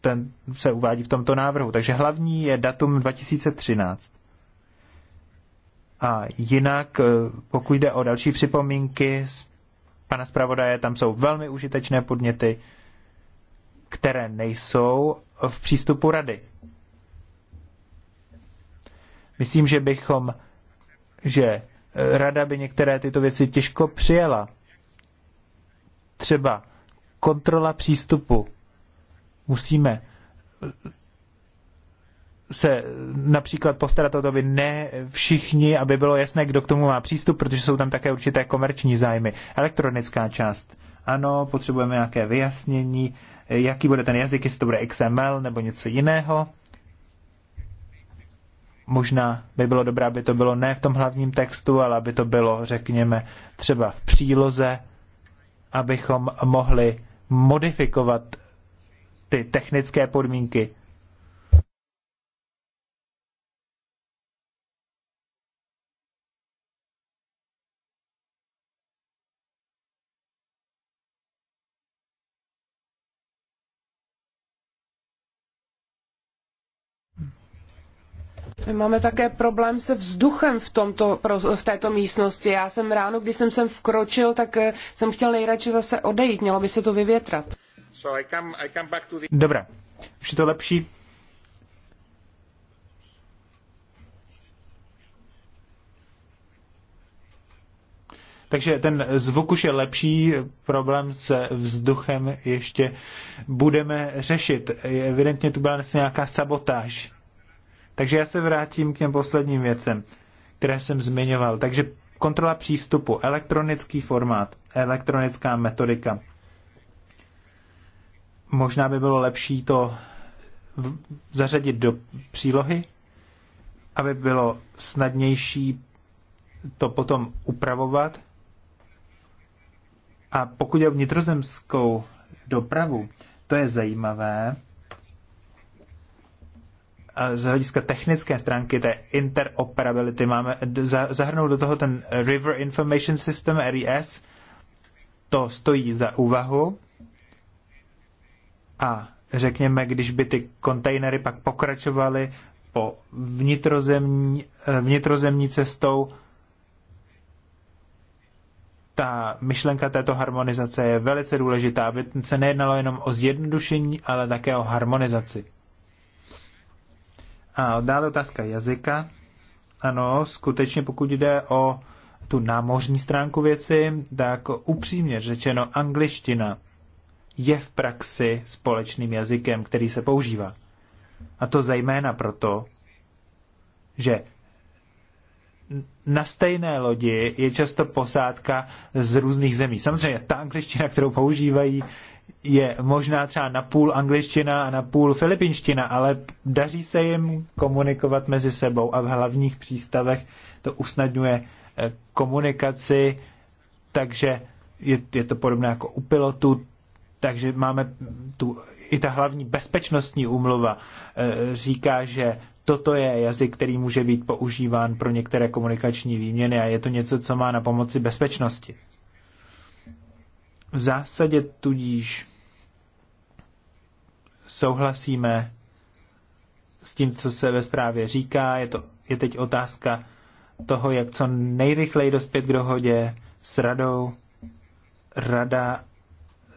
ten se uvádí v tomto návrhu. Takže hlavní je datum 2013. A jinak, eh, pokud jde o další připomínky z pana zpravodaje, tam jsou velmi užitečné podněty které nejsou v přístupu rady. Myslím, že bychom, že eh, rada by některé tyto věci těžko přijela. Třeba kontrola přístupu. Musíme eh, se eh, například postarat o to, aby ne všichni, aby bylo jasné, kdo k tomu má přístup, protože jsou tam také určité komerční zájmy. Elektronická část ano, potřebujeme nějaké vyjasnění, jaký bude ten jazyk, jestli to bude XML nebo něco jiného. Možná by bylo dobré, aby to bylo ne v tom hlavním textu, ale aby to bylo, řekněme, třeba v příloze, abychom mohli modifikovat ty technické podmínky My máme také problém se vzduchem v, tomto, v této místnosti. Já jsem ráno, když jsem sem vkročil, tak eh, jsem chtěl nejradši zase odejít. Mělo by se to vyvětrat. Dobrá, už je to lepší. Takže ten zvuk už je lepší, problém se vzduchem ještě budeme řešit. Evidentně tu byla nějaká sabotáž. Takže já se vrátím k těm posledním věcem, které jsem zmiňoval. Takže kontrola přístupu, elektronický formát, elektronická metodika. Možná by bylo lepší to zařadit do přílohy, aby bylo snadnější to potom upravovat. A pokud je vnitrozemskou dopravu, to je zajímavé, z hlediska technické stránky té interoperability máme zahrnout do toho ten River Information System, RIS, to stojí za úvahu a řekněme, když by ty kontejnery pak pokračovaly po vnitrozemní, eh, vnitrozemní cestou, ta myšlenka této harmonizace je velice důležitá, aby se nejednalo jenom o zjednodušení, ale také o harmonizaci. A dále otázka jazyka. Ano, skutečně pokud jde o tu námořní stránku věci, tak upřímně řečeno angličtina je v praxi společným jazykem, který se používá. A to zejména proto, že na stejné lodi je často posádka z různých zemí. Samozřejmě ta angličtina, kterou používají, je možná třeba na půl angličtina a na půl filipinština, ale daří se jim komunikovat mezi sebou a v hlavních přístavech to usnadňuje eh, komunikaci, takže je, je to podobné jako u pilotů, takže máme tu, i ta hlavní bezpečnostní úmluva eh, říká, že toto je jazyk, který může být používán pro některé komunikační výměny a je to něco, co má na pomoci bezpečnosti. V zásadě tudíž souhlasíme s tím, co se ve zprávě říká. Je, to, je teď otázka toho, jak co nejrychleji dospět k dohodě s radou. Rada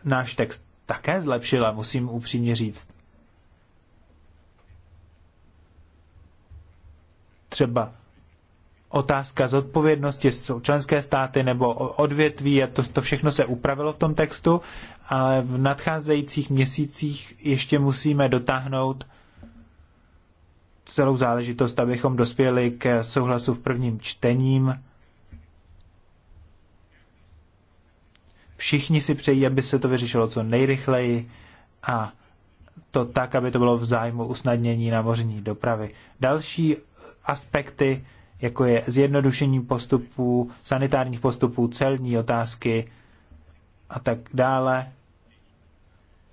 náš text také zlepšila, musím upřímně říct. Třeba otázka zodpovědnosti, jsou členské státy nebo odvětví a to, to všechno se upravilo v tom textu, ale v nadcházejících měsících ještě musíme dotáhnout celou záležitost, abychom dospěli k souhlasu v prvním čtením. Všichni si přejí, aby se to vyřešilo co nejrychleji a to tak, aby to bylo v zájmu usnadnění námořní dopravy. Další aspekty jako je zjednodušení postupů, sanitárních postupů, celní otázky a tak dále,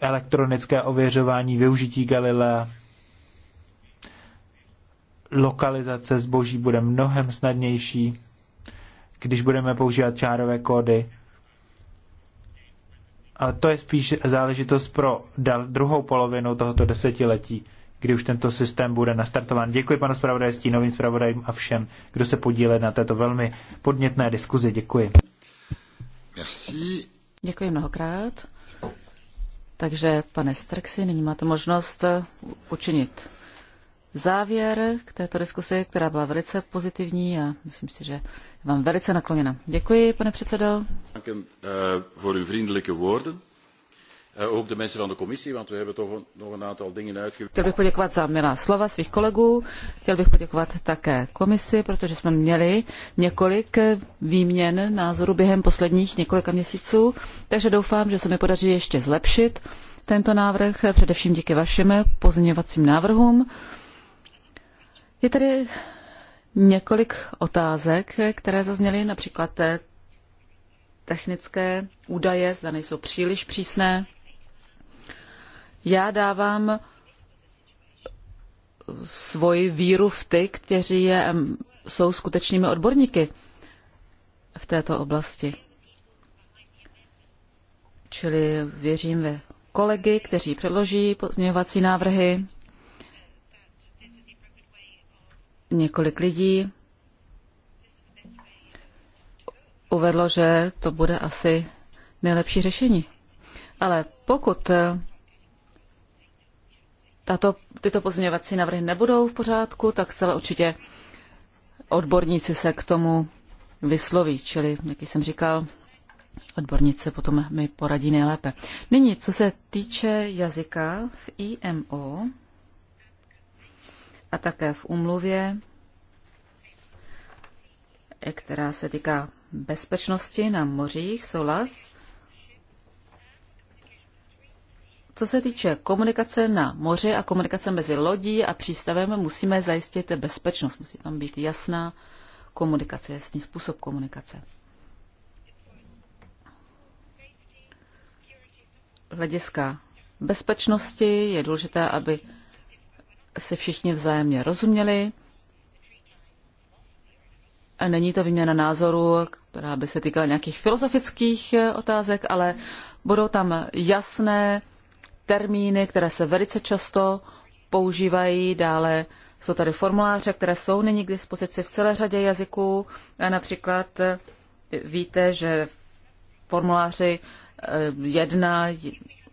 elektronické ověřování, využití Galilea, lokalizace zboží bude mnohem snadnější, když budeme používat čárové kódy. Ale to je spíš záležitost pro druhou polovinu tohoto desetiletí kdy už tento systém bude nastartován. Děkuji panu zpravodajství, novým zpravodajům a všem, kdo se podílel na této velmi podnětné diskuzi. Děkuji. Merci. Děkuji mnohokrát. Takže, pane Strxi, nyní máte možnost učinit závěr k této diskusi, která byla velice pozitivní a myslím si, že vám velice nakloněna. Děkuji, pane předsedo. Děkuji uh, eh, Eh, ook de mensen van de commissie, want we hebben toch nog een aantal dingen uitgewerkt. Chtěl bych poděkovat za milá slova svých kolegů. Chtěl bych poděkovat také komisi, protože jsme měli několik výměn názorů během posledních několika měsíců. Takže doufám, že se mi podaří ještě zlepšit tento návrh, především díky vašim pozměňovacím návrhům. Je tady několik otázek, které zazněly, například eh, technické údaje, zda nejsou příliš přísné. Já dávám svoji víru v ty, kteří je, jsou skutečnými odborníky v této oblasti. Čili věřím ve kolegy, kteří předloží pozměňovací návrhy, několik lidí uvedlo, že to bude asi nejlepší řešení. Ale pokud tato, tyto pozměňovací návrhy nebudou v pořádku, tak celé určitě odborníci se k tomu vysloví. Čili, jak jsem říkal, odbornice potom mi poradí nejlépe. Nyní, co se týče jazyka v IMO a také v umluvě, která se týká bezpečnosti na mořích, SOLAS, Co se týče komunikace na moři a komunikace mezi lodí a přístavem, musíme zajistit bezpečnost. Musí tam být jasná komunikace, jasný způsob komunikace. Hlediska bezpečnosti je důležité, aby se všichni vzájemně rozuměli. A není to výměna názoru, která by se týkala nějakých filozofických otázek, ale budou tam jasné termíny, které se velice často používají, dále jsou tady formuláře, které jsou nyní k dispozici v celé řadě jazyků. A Například eh, víte, že v formuláři eh, jedna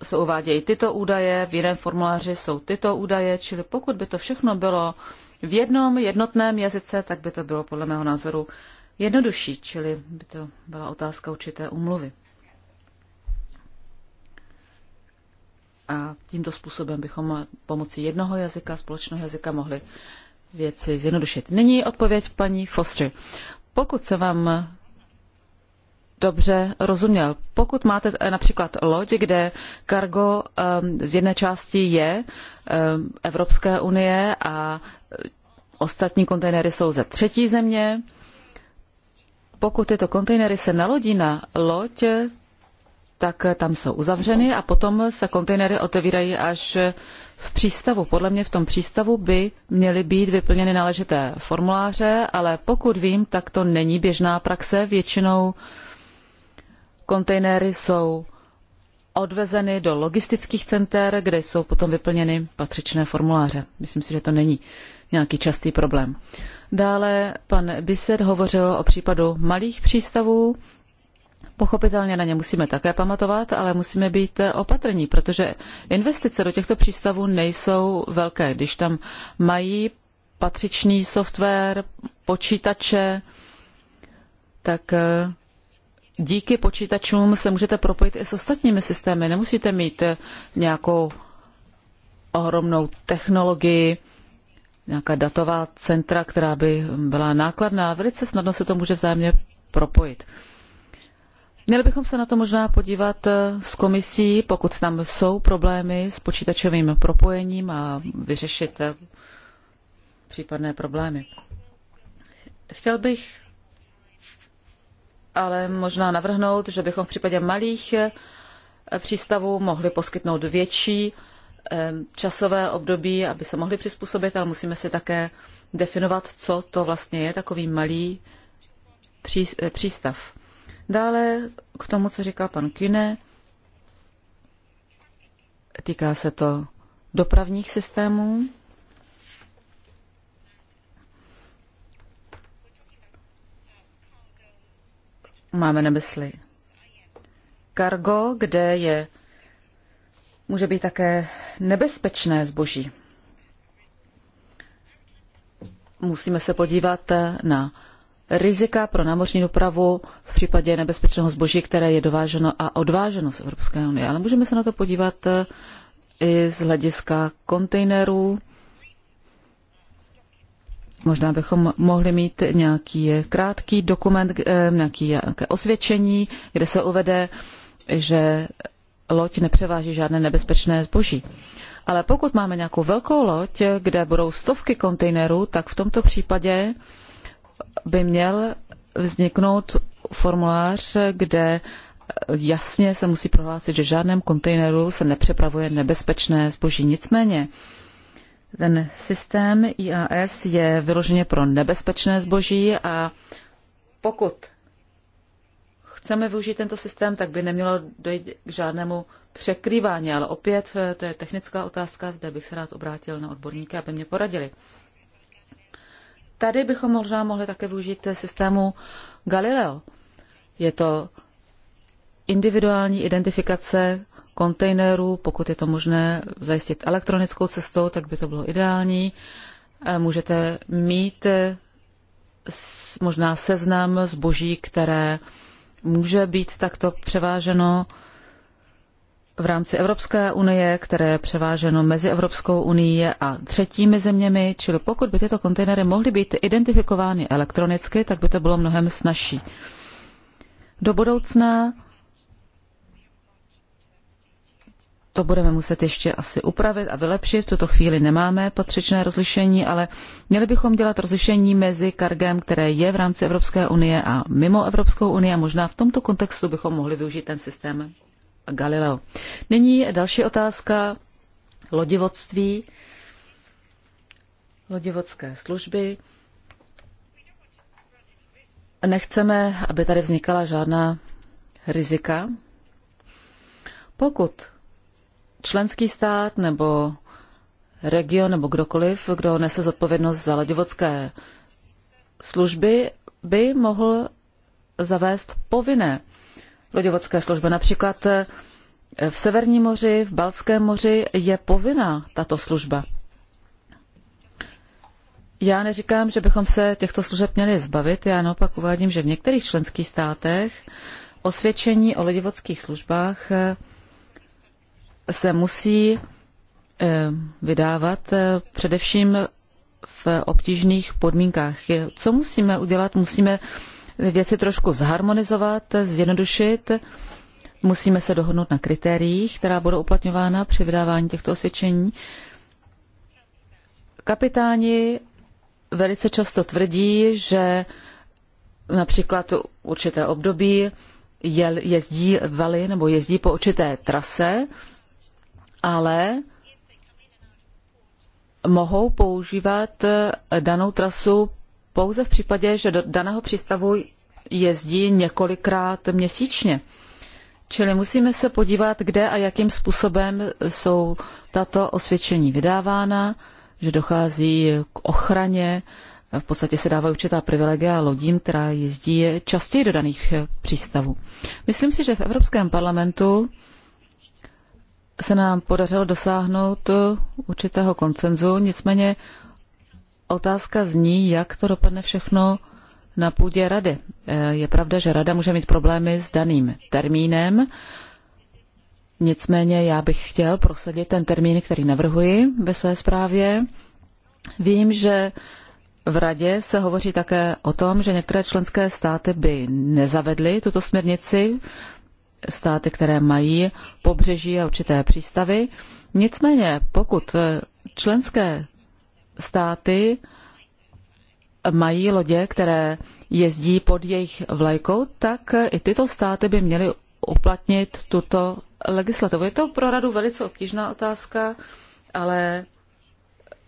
se uvádějí tyto údaje, v jiném formuláři jsou tyto údaje, čili pokud by to všechno bylo v jednom jednotném jazyce, tak by to bylo podle mého názoru jednodušší, čili by to byla otázka určité umluvy. A tímto způsobem bychom pomocí jednoho jazyka, společného jazyka mohli věci zjednodušit. Nyní odpověď paní Foster. Pokud se vám dobře rozuměl, pokud máte eh, například loď, kde kargo um, z jedné části je um, Evropské unie a ostatní kontejnery jsou ze třetí země, pokud tyto kontejnery se nalodí na loď, tak tam jsou uzavřeny a potom se kontejnery otevírají až v přístavu. Podle mě v tom přístavu by měly být vyplněny náležité formuláře, ale pokud vím, tak to není běžná praxe. Většinou kontejnery jsou odvezeny do logistických center, kde jsou potom vyplněny patřičné formuláře. Myslím si, že to není nějaký častý problém. Dále pan Biset hovořil o případu malých přístavů. Pochopitelně na ně musíme také pamatovat, ale musíme být eh, opatrní, protože investice do těchto přístavů nejsou velké. Když tam mají patřičný software, počítače, tak eh, díky počítačům se můžete propojit i s ostatními systémy. Nemusíte mít eh, nějakou ohromnou technologii, nějaká datová centra, která by byla nákladná. Velice snadno se to může vzájemně propojit. Měli bychom se na to možná podívat eh, s komisí, pokud tam jsou problémy s počítačovým propojením a vyřešit eh, případné problémy. Chtěl bych ale možná navrhnout, že bychom v případě malých eh, přístavů mohli poskytnout větší časové období, aby se mohli přizpůsobit, ale musíme si také definovat, co to vlastně je takový malý přístav. Dále k tomu, co říkal pan Kine, týká se to dopravních systémů. Máme na mysli kargo, kde je může být také nebezpečné zboží. Musíme se podívat na rizika pro námořní dopravu v případě nebezpečného zboží, které je dováženo a odváženo z Evropské unie. Ale můžeme se na to podívat eh, i z hlediska kontejnerů. Možná bychom mohli mít nějaký krátký dokument, eh, nějaké osvědčení, kde se uvede, že loď nepřeváží žádné nebezpečné zboží. Ale pokud máme nějakou velkou loď, kde budou stovky kontejnerů, tak v tomto případě by měl vzniknout formulář, kde jasně se musí prohlásit, že v žádném kontejneru se nepřepravuje nebezpečné zboží. Nicméně ten systém IAS je vyloženě pro nebezpečné zboží a pokud chceme využít tento systém, tak by nemělo dojít k žádnému překrývání, ale opět to je technická otázka, zde bych se rád obrátil na odborníky, aby mě poradili tady bychom možná mohli také využít systému Galileo. Je to individuální identifikace kontejnerů, pokud je to možné zajistit elektronickou cestou, tak by to bylo ideální. Eh, můžete mít eh, možná seznam zboží, které může být takto převáženo v rámci Evropské unie, které je převáženo mezi Evropskou unii a třetími zeměmi, čili pokud by tyto kontejnery mohly být identifikovány elektronicky, tak by to bylo mnohem snažší. Do budoucna to budeme muset ještě asi upravit a vylepšit. V tuto chvíli nemáme patřičné rozlišení, ale měli bychom dělat rozlišení mezi kargem, které je v rámci Evropské unie a mimo Evropskou unii a možná v tomto kontextu bychom mohli využít ten systém Galileo. Nyní další otázka lodivodství, lodivodské služby. Nechceme, aby tady vznikala žádná rizika. Pokud členský stát nebo region nebo kdokoliv, kdo nese zodpovědnost za lodivodské služby, by mohl zavést povinné loděvodské služby. Například eh, v Severním moři, v Balckém moři je povinná tato služba. Já neříkám, že bychom se těchto služeb měli zbavit, já naopak uvádím, že v některých členských státech osvědčení o lodivodských službách eh, se musí eh, vydávat především v obtížných podmínkách. Co musíme udělat? Musíme věci trošku zharmonizovat, zjednodušit. Musíme se dohodnout na kritériích, která budou uplatňována při vydávání těchto osvědčení. Kapitáni velice často tvrdí, že například určité období jezdí valy nebo jezdí po určité trase, ale mohou používat danou trasu pouze v případě, že do daného přístavu jezdí několikrát měsíčně. Čili musíme se podívat, kde a jakým způsobem jsou tato osvědčení vydávána, že dochází k ochraně, v podstatě se dávají určitá privilegia lodím, která jezdí častěji do daných přístavů. Myslím si, že v Evropském parlamentu se nám podařilo dosáhnout určitého koncenzu, nicméně Otázka zní, jak to dopadne všechno na půdě rady. Eh, je pravda, že rada může mít problémy s daným termínem, nicméně já bych chtěl prosadit ten termín, který navrhuji ve své zprávě. Vím, že v radě se hovoří také o tom, že některé členské státy by nezavedly tuto směrnici, státy, které mají pobřeží a určité přístavy. Nicméně, pokud eh, členské státy mají lodě, které jezdí pod jejich vlajkou, tak i tyto státy by měly uplatnit tuto legislativu. Je to pro radu velice obtížná otázka, ale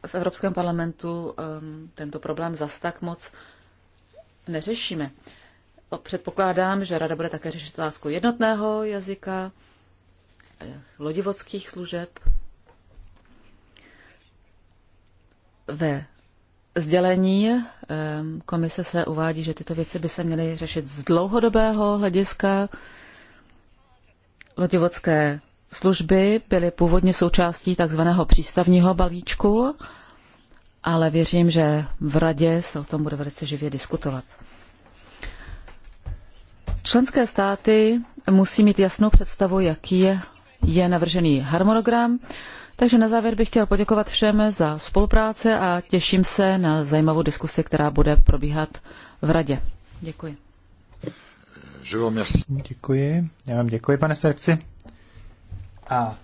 v Evropském parlamentu um, tento problém zas tak moc neřešíme. Předpokládám, že rada bude také řešit otázku jednotného jazyka, eh, lodivodských služeb Ve sdělení komise se uvádí, že tyto věci by se měly řešit z dlouhodobého hlediska. Loděvodské služby byly původně součástí takzvaného přístavního balíčku, ale věřím, že v radě se o tom bude velice živě diskutovat. Členské státy musí mít jasnou představu, jaký je navržený harmonogram. Takže na závěr bych chtěl poděkovat všem za spolupráci a těším se na zajímavou diskusi, která bude probíhat v radě. Děkuji. Děkuji. Já vám děkuji, pane Serkci. A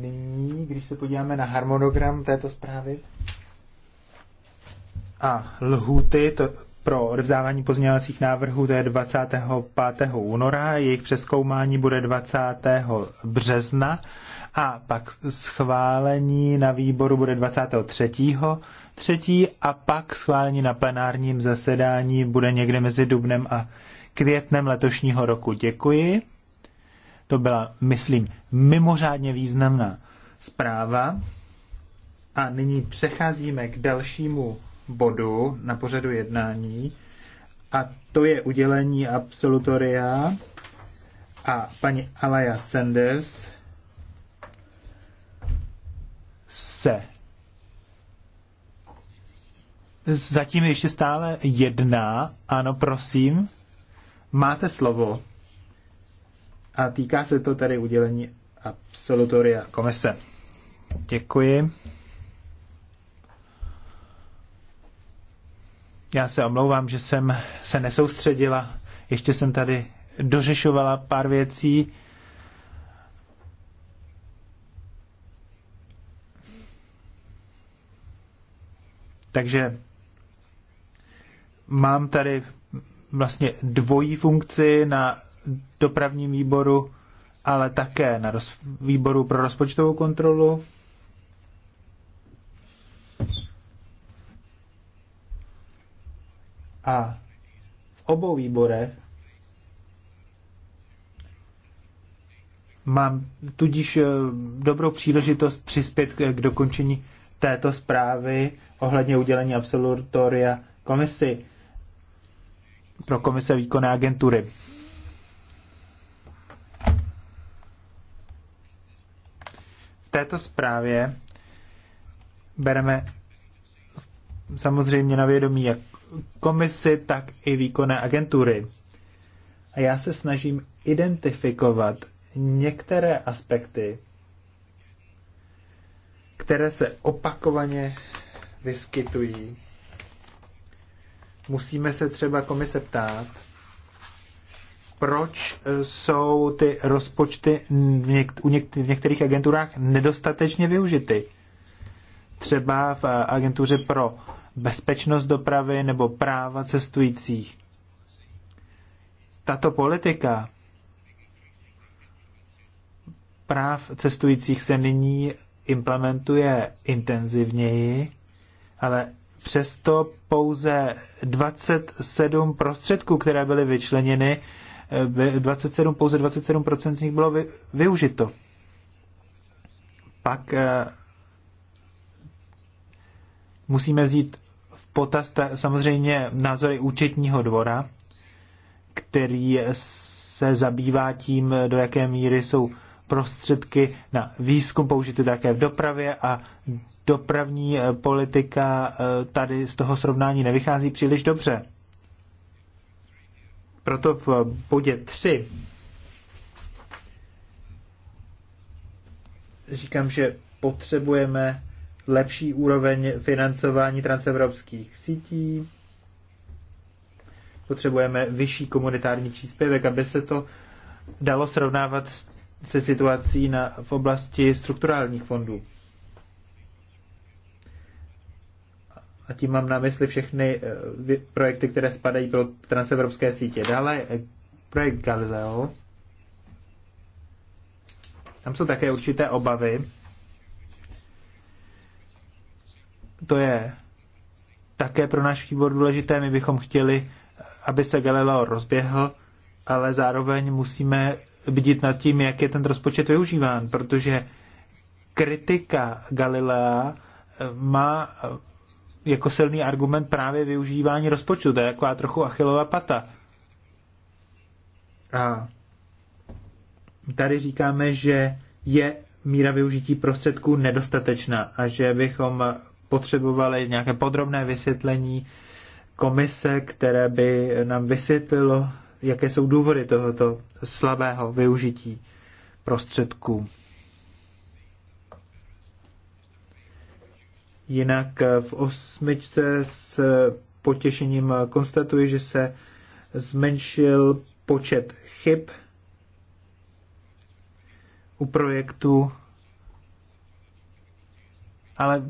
nyní, když se podíváme na harmonogram této zprávy a lhuty, to, pro odevzdávání pozměňovacích návrhů, to je 25. února, jejich přeskoumání bude 20. března a pak schválení na výboru bude 23. 3. a pak schválení na plenárním zasedání bude někde mezi dubnem a květnem letošního roku. Děkuji. To byla, myslím, mimořádně významná zpráva. A nyní přecházíme k dalšímu bodu na pořadu jednání a to je udělení absolutoria a paní Alaya Sanders se zatím ještě stále jedná. Ano, prosím, máte slovo. A týká se to tady udělení absolutoria komise. Děkuji. Já se omlouvám, že jsem se nesoustředila. Ještě jsem tady dořešovala pár věcí. Takže mám tady vlastně dvojí funkci na dopravním výboru, ale také na výboru pro rozpočtovou kontrolu. A v obou výborech mám tudíž eh, dobrou příležitost přispět k dokončení této zprávy ohledně udělení absolutoria komisi pro komise výkonné agentury. V této zprávě bereme samozřejmě na vědomí jak komisi, tak i výkonné agentury. A já se snažím identifikovat některé aspekty, které se opakovaně vyskytují. Musíme se třeba komise ptát, proč jsou ty rozpočty v některých agenturách nedostatečně využity. Třeba v agentuře pro bezpečnost dopravy nebo práva cestujících. Tato politika práv cestujících se nyní implementuje intenzivněji, ale přesto pouze 27 prostředků, které byly vyčleněny, 27, pouze 27% z nich bylo využito. Pak eh, musíme vzít potaz samozřejmě názory účetního dvora, který se zabývá tím, do jaké míry jsou prostředky na výzkum použity také v dopravě a dopravní eh, politika eh, tady z toho srovnání nevychází příliš dobře. Proto v bodě 3 říkám, že potřebujeme lepší úroveň financování transevropských sítí. Potřebujeme vyšší komunitární příspěvek, aby se to dalo srovnávat se situací na, v oblasti strukturálních fondů. A tím mám na mysli všechny eh, projekty, které spadají pro transevropské sítě. Dále eh, projekt Galileo. Tam jsou také určité obavy, to je také pro náš výbor důležité. My bychom chtěli, aby se Galileo rozběhl, ale zároveň musíme bdít nad tím, jak je ten rozpočet využíván, protože kritika Galilea eh, má eh, jako silný argument právě využívání rozpočtu. To je jako trochu achilová pata. A tady říkáme, že je míra využití prostředků nedostatečná a že bychom potřebovali nějaké podrobné vysvětlení komise, které by nám vysvětlilo, jaké jsou důvody tohoto slabého využití prostředků. Jinak v osmičce s potěšením konstatuji, že se zmenšil počet chyb u projektu, ale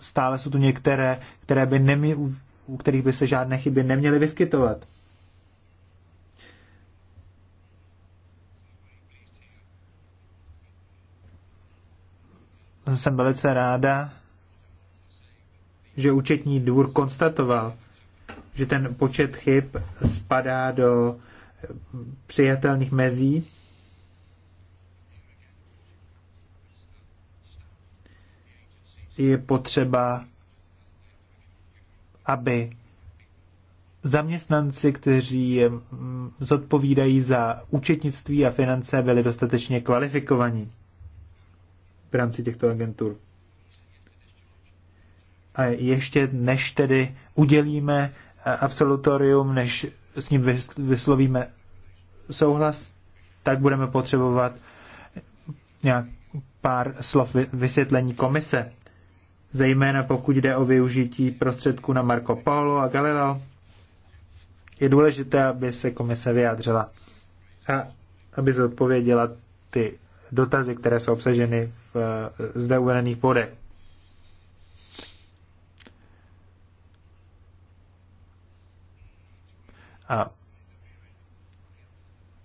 stále jsou tu některé, které by nemě, u kterých by se žádné chyby neměly vyskytovat. Jsem velice ráda, že účetní dvůr konstatoval, že ten počet chyb spadá do eh, přijatelných mezí je potřeba, aby zaměstnanci, kteří mm, zodpovídají za účetnictví a finance, byli dostatečně kvalifikovaní v rámci těchto agentur. A ještě než tedy udělíme eh, absolutorium, než s ním vyslovíme souhlas, tak budeme potřebovat nějak pár slov vysvětlení komise zejména pokud jde o využití prostředků na Marco Polo a Galileo. Je důležité, aby se komise vyjádřila a aby zodpověděla ty dotazy, které jsou obsaženy v eh, zde uvedených bodech. A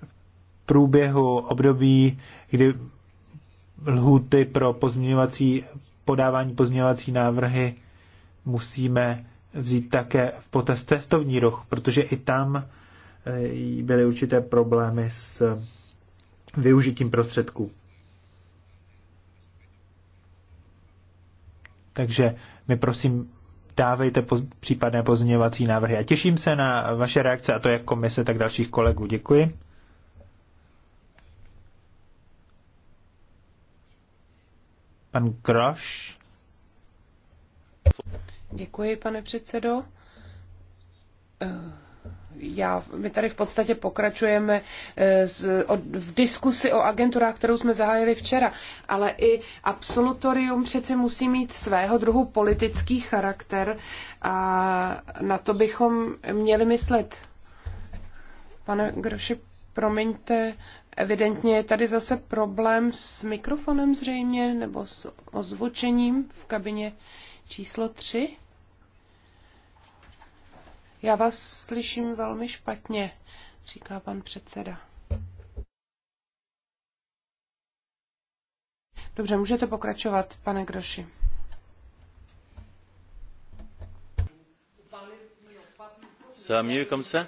v průběhu období, kdy lhuty pro pozměňovací podávání pozměňovací návrhy musíme vzít také v potaz cestovní ruch, protože i tam eh, byly určité problémy s eh, využitím prostředků. Takže mi prosím dávejte poz, případné pozměňovací návrhy. A těším se na vaše reakce a to jak komise, tak dalších kolegů. Děkuji. Pan Groš. Děkuji, pane předsedo. Já, my tady v podstatě pokračujeme eh, z, v diskusi o agenturách, kterou jsme zahájili včera, ale i absolutorium přece musí mít svého druhu politický charakter a na to bychom měli myslet. Pane Groši, promiňte, Evidentně je tady zase problém s mikrofonem zřejmě, nebo s ozvučením v kabině číslo 3. Já vás slyším velmi špatně, říká pan předseda. Dobře, můžete pokračovat, pane Groši. Ça va mieux comme ça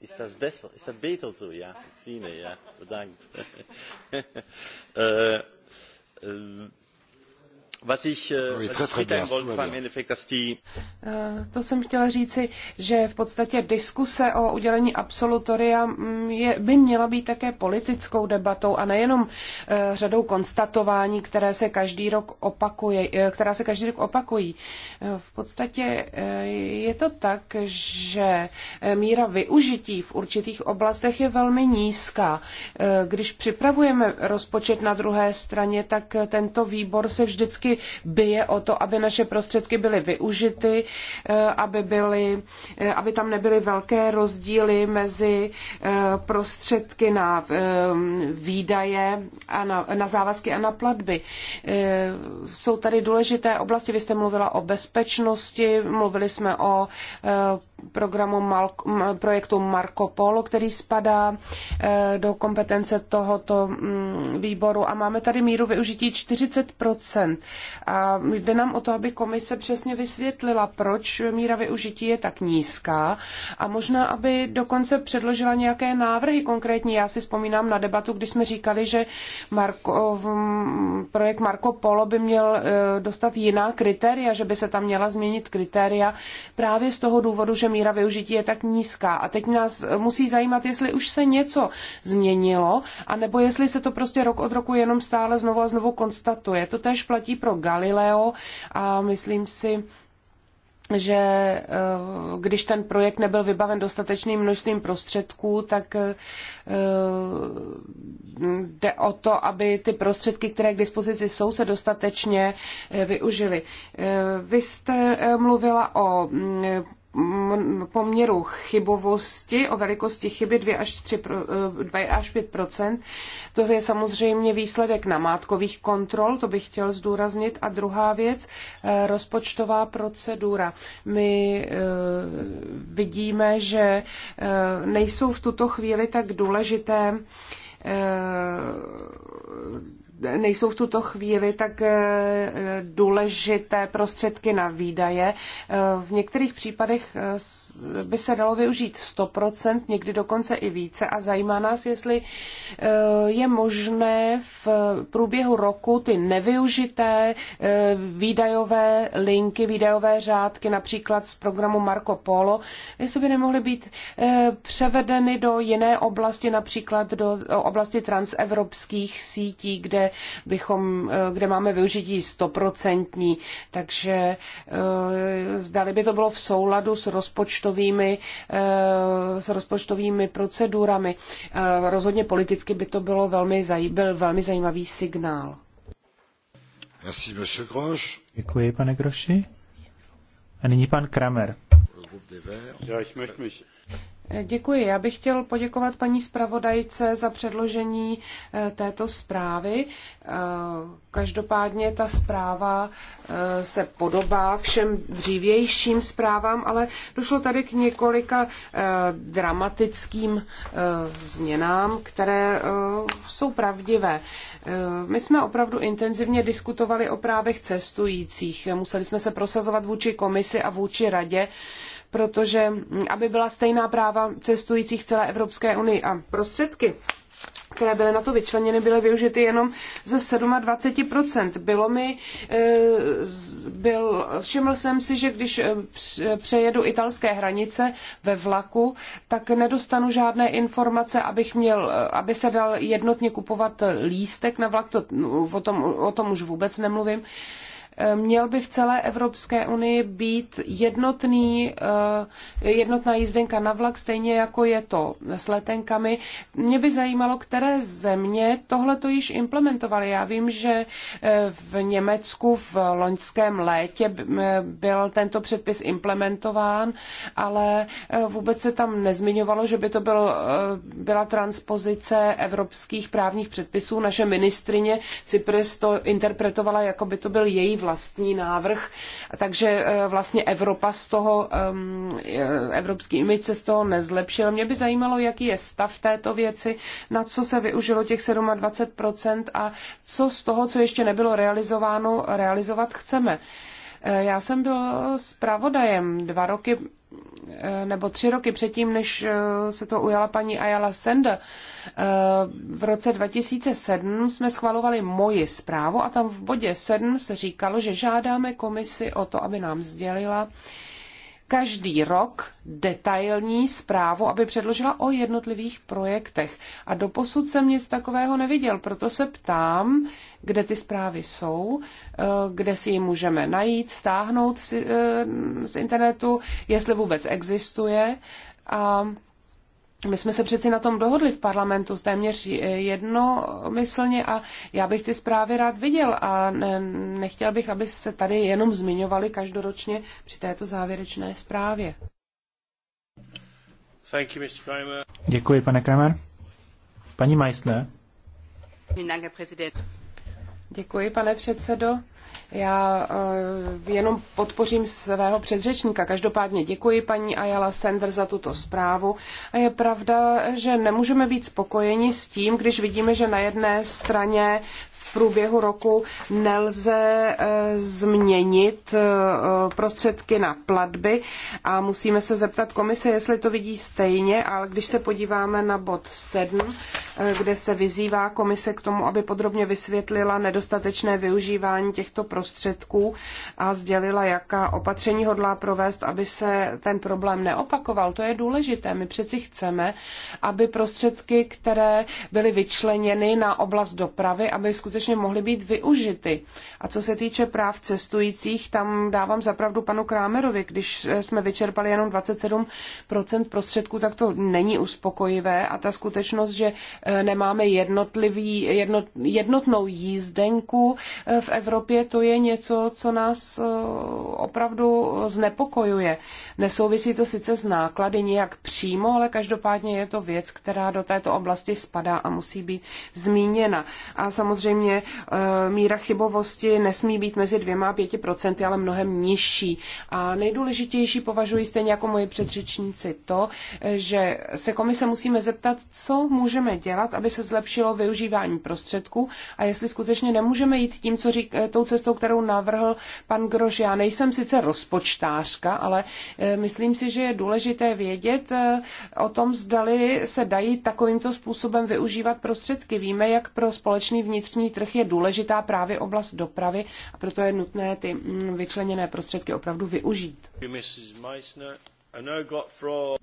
Is dat, best, is dat beter zo? Ja, ik zie het. Ja. Bedankt. uh, uh, Was ich, äh, no, eh, to jsem chtěla říci, že v podstatě diskuse o udělení absolutoria mm, je, by měla být také politickou debatou a nejenom eh, řadou konstatování, které se každý rok opakuje, eh, která se každý rok opakují. V podstatě je to tak, že míra využití v určitých oblastech je velmi nízká. Když připravujeme rozpočet na druhé straně, tak tento výbor se vždycky vždycky bije o to, aby naše prostředky byly využity, eh, aby, byly, eh, aby tam nebyly velké rozdíly mezi eh, prostředky na výdaje a na, na závazky a na platby. Jsou tady důležité oblasti, vy jste mluvila o bezpečnosti, mluvili jsme o programu projektu Marco Polo, který spadá do kompetence tohoto mm, výboru a máme tady míru využití 40%. A jde nám o to, aby komise přesně vysvětlila, proč míra využití je tak nízká a možná, aby dokonce předložila nějaké návrhy konkrétní. Já si vzpomínám na debatu, kdy jsme říkali, že Marko, projekt Marco Polo by měl e, dostat jiná kritéria, že by se tam měla změnit kritéria právě z toho důvodu, že míra využití je tak nízká. A teď nás musí zajímat, jestli už se něco změnilo, anebo jestli se to prostě rok od roku jenom stále znovu a znovu konstatuje. To tež platí pro pro Galileo a myslím si, že eh, když ten projekt nebyl vybaven dostatečným množstvím prostředků, tak eh, jde o to, aby ty prostředky, které k dispozici jsou, se dostatečně eh, využily. Vy jste mluvila o mm, poměru chybovosti, o velikosti chyby 2 až, 3, 2 eh, až 5 To je samozřejmě výsledek namátkových kontrol, to bych chtěl zdůraznit. A druhá věc, eh, rozpočtová procedura. My eh, vidíme, že nejsou v tuto chvíli tak důležité nejsou v tuto chvíli tak eh, důležité prostředky na výdaje. Eh, v některých případech eh, by se dalo využít 100%, někdy dokonce i více a zajímá nás, jestli je možné v průběhu roku ty nevyužité výdajové linky, výdajové řádky, například z programu Marco Polo, jestli by nemohly být převedeny do jiné oblasti, například do oblasti transevropských sítí, kde kde, bychom, kde máme využití stoprocentní, takže zdali by to bylo v souladu s rozpočtovými, s rozpočtovými procedurami. Rozhodně politicky by to bylo velmi, zaj, byl velmi zajímavý signál. Merci, Děkuji, pane Groši. A nyní pan Kramer. Děkuji. Já bych chtěl poděkovat paní zpravodajce za předložení eh, této zprávy. Eh, každopádně ta zpráva eh, se podobá všem dřívějším zprávám, ale došlo tady k několika dramatickým změnám, které jsou pravdivé. My jsme opravdu intenzivně diskutovali o právech cestujících. Museli jsme se prosazovat vůči komisi a vůči radě protože mm, aby byla stejná práva cestujících celé Evropské unii a prostředky které byly na to vyčleněny, byly využity jenom ze 27%. Bylo mi, e, byl, všiml jsem si, že když e, e, přejedu italské hranice ve vlaku, tak nedostanu žádné informace, abych měl, aby se dal jednotně kupovat lístek na vlak, to, no, o, tom, o tom už vůbec nemluvím. Eh, měl by v celé Evropské unii být jednotný, eh, jednotná jízdenka na vlak, stejně jako je to s letenkami. Mě by zajímalo, které země tohle to již implementovaly. Já vím, že eh, v Německu v loňském létě byl tento předpis implementován, ale vůbec se tam nezmiňovalo, že by to byl, byla transpozice evropských právních předpisů. Naše ministrině Cyprus to interpretovala, jako by to byl její vlak vlastní návrh, takže e, vlastně Evropa z toho, e, evropský imič se z toho nezlepšil. Mě by zajímalo, jaký je stav této věci, na co se využilo těch 27% a co z toho, co ještě nebylo realizováno, realizovat chceme. E, já jsem byl zpravodajem dva roky Eh, nebo tři roky předtím, než eh, se to ujala paní Ayala Send eh, V roce 2007 jsme schvalovali moji zprávu a tam v bodě 7 se říkalo, že žádáme komisi o to, aby nám sdělila, každý rok detailní zprávu, aby předložila o jednotlivých projektech. A doposud jsem nic takového neviděl, proto se ptám, kde ty zprávy jsou, eh, kde si ji můžeme najít, stáhnout eh, z internetu, jestli vůbec existuje. A my jsme se přeci na tom dohodli v parlamentu téměř jednomyslně a já bych ty zprávy rád viděl a nechtěl bych, aby se tady jenom zmiňovali každoročně při této závěrečné zprávě. You, Děkuji, pane Kramer. Paní Majsne. Děkuji, pane předsedo. Já eh, jenom podpořím svého předřečníka. Každopádně děkuji paní Ayala Sender za tuto zprávu. A je pravda, že nemůžeme být spokojeni s tím, když vidíme, že na jedné straně průběhu roku nelze eh, změnit eh, prostředky na platby a musíme se zeptat komise, jestli to vidí stejně, ale když se podíváme na bod 7, eh, kde se vyzývá komise k tomu, aby podrobně vysvětlila nedostatečné využívání těchto prostředků a sdělila, jaká opatření hodlá provést, aby se ten problém neopakoval. To je důležité. My přeci chceme, aby prostředky, které byly vyčleněny na oblast dopravy, aby skutečně skutečně mohly být využity. A co se týče práv cestujících, tam dávám zapravdu panu Krámerovi, když jsme vyčerpali jenom 27% prostředků, tak to není uspokojivé a ta skutečnost, že eh, nemáme jednotlivý, jednot, jednotnou jízdenku eh, v Evropě, to je něco, co nás eh, opravdu znepokojuje. Nesouvisí to sice s náklady nějak přímo, ale každopádně je to věc, která do této oblasti spadá a musí být zmíněna. A samozřejmě Samozřejmě eh, míra chybovosti nesmí být mezi dvěma a pěti procenty, ale mnohem nižší. A nejdůležitější považuji stejně jako moji předřečníci to, eh, že se komise musíme zeptat, co můžeme dělat, aby se zlepšilo využívání prostředků a jestli skutečně nemůžeme jít tím, co řík, eh, tou cestou, kterou navrhl pan Grož. Já nejsem sice rozpočtářka, ale myslím si, že je důležité vědět o tom, zdali se dají takovýmto způsobem využívat prostředky. Víme, jak pro společný vnitřní trh je důležitá právě oblast dopravy a proto je nutné ty mm, vyčleněné prostředky opravdu využít.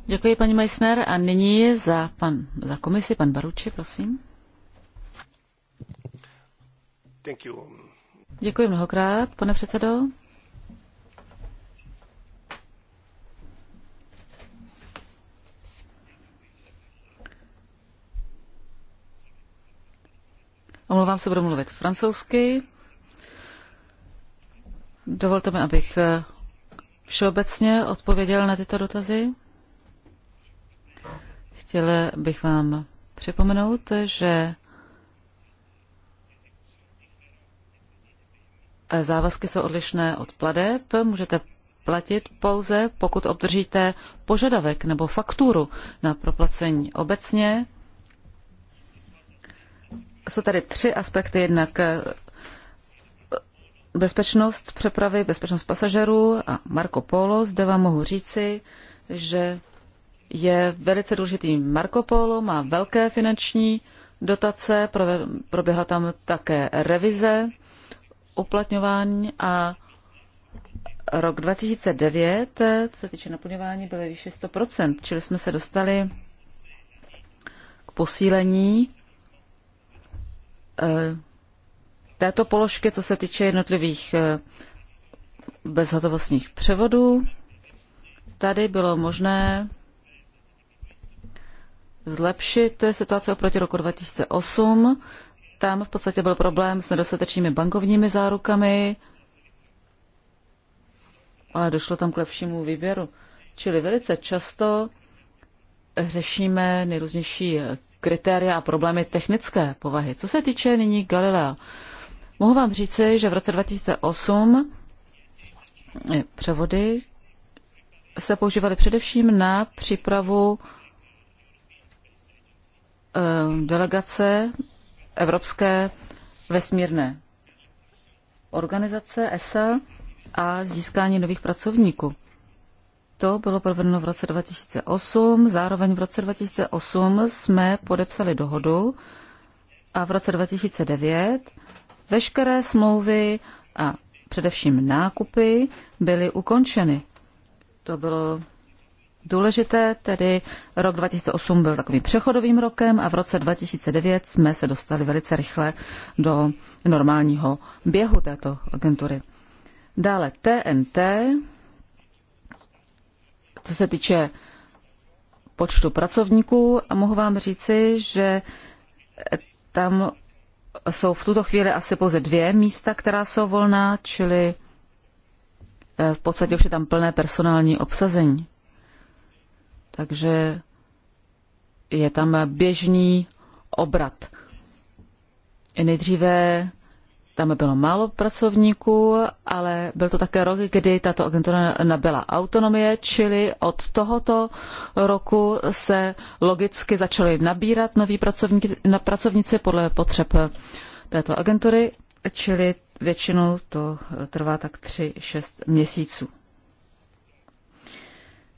Děkuji, paní Meissner. A nyní za, pan, za komisi pan Baruči, prosím. Děkuji mnohokrát, pane předsedo. Omlouvám se, budu mluvit francouzsky. Dovolte mi, abych eh, všeobecně odpověděl na tyto dotazy. Chtěl bych vám připomenout, že závazky jsou odlišné od pladeb. Můžete platit pouze, pokud obdržíte požadavek nebo fakturu na proplacení. Obecně jsou tady tři aspekty. Jednak eh, bezpečnost přepravy, bezpečnost pasažerů a Marco Polo. Zde vám mohu říci, že je velice důležitý Marco Polo, má velké finanční dotace, proběhla tam také revize uplatňování a rok 2009, eh, co se týče naplňování, byly výše 100%, čili jsme se dostali k posílení Eh, této položky, co se týče jednotlivých eh, bezhotovostních převodů. Tady bylo možné zlepšit situaci oproti roku 2008. Tam v podstatě byl problém s nedostatečnými bankovními zárukami, ale došlo tam k lepšímu výběru. Čili velice často řešíme nejrůznější kritéria a problémy technické povahy. Co se týče nyní Galilea, mohu vám říci, že v roce 2008 převody se používaly především na přípravu eh, delegace Evropské vesmírné organizace ESA a získání nových pracovníků. To bylo provedeno v roce 2008. Zároveň v roce 2008 jsme podepsali dohodu a v roce 2009 veškeré smlouvy a především nákupy byly ukončeny. To bylo důležité, tedy rok 2008 byl takovým přechodovým rokem a v roce 2009 jsme se dostali velice rychle do normálního běhu této agentury. Dále TNT, co se týče počtu pracovníků, mohu vám říci, že tam jsou v tuto chvíli asi pouze dvě místa, která jsou volná, čili eh, v podstatě už je tam plné personální obsazení. Takže je tam běžný obrat. Nejdříve tam bylo málo pracovníků, ale byl to také rok, kdy tato agentura nabyla autonomie, čili od tohoto roku se logicky začaly nabírat noví pracovníci, na pracovníci podle potřeb této agentury, čili většinou to trvá tak 3-6 měsíců.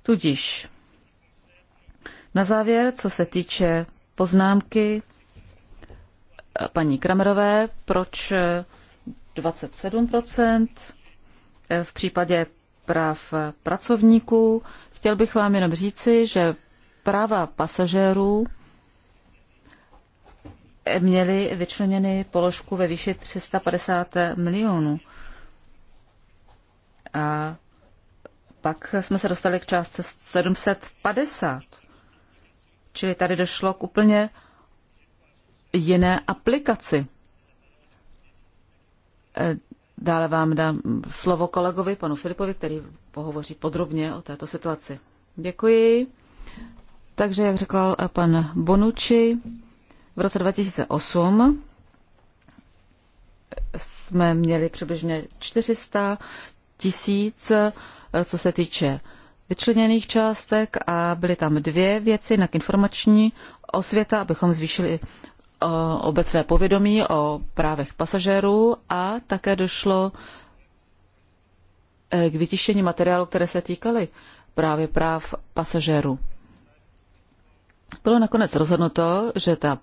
Tudíž na závěr, co se týče poznámky paní Kramerové, proč 27% eh, eh, v případě práv pracovníků. Chtěl bych vám jenom říci, že práva pasažérů eh, měly vyčleněny položku ve výši 350 milionů. A pak jsme se dostali k částce 750. Čili tady došlo k úplně jiné aplikaci. E, dále vám dám slovo kolegovi, panu Filipovi, který pohovoří podrobně o této situaci. Děkuji. Takže, jak řekl pan Bonucci, v roce 2008 jsme měli přibližně 400 tisíc, e, co se týče vyčleněných částek a byly tam dvě věci, jinak informační osvěta, abychom zvýšili obecné povědomí o právech pasažérů a také došlo eh, k vytištění materiálu, které se týkaly právě práv pasažérů. Bylo nakonec rozhodnuto, že ta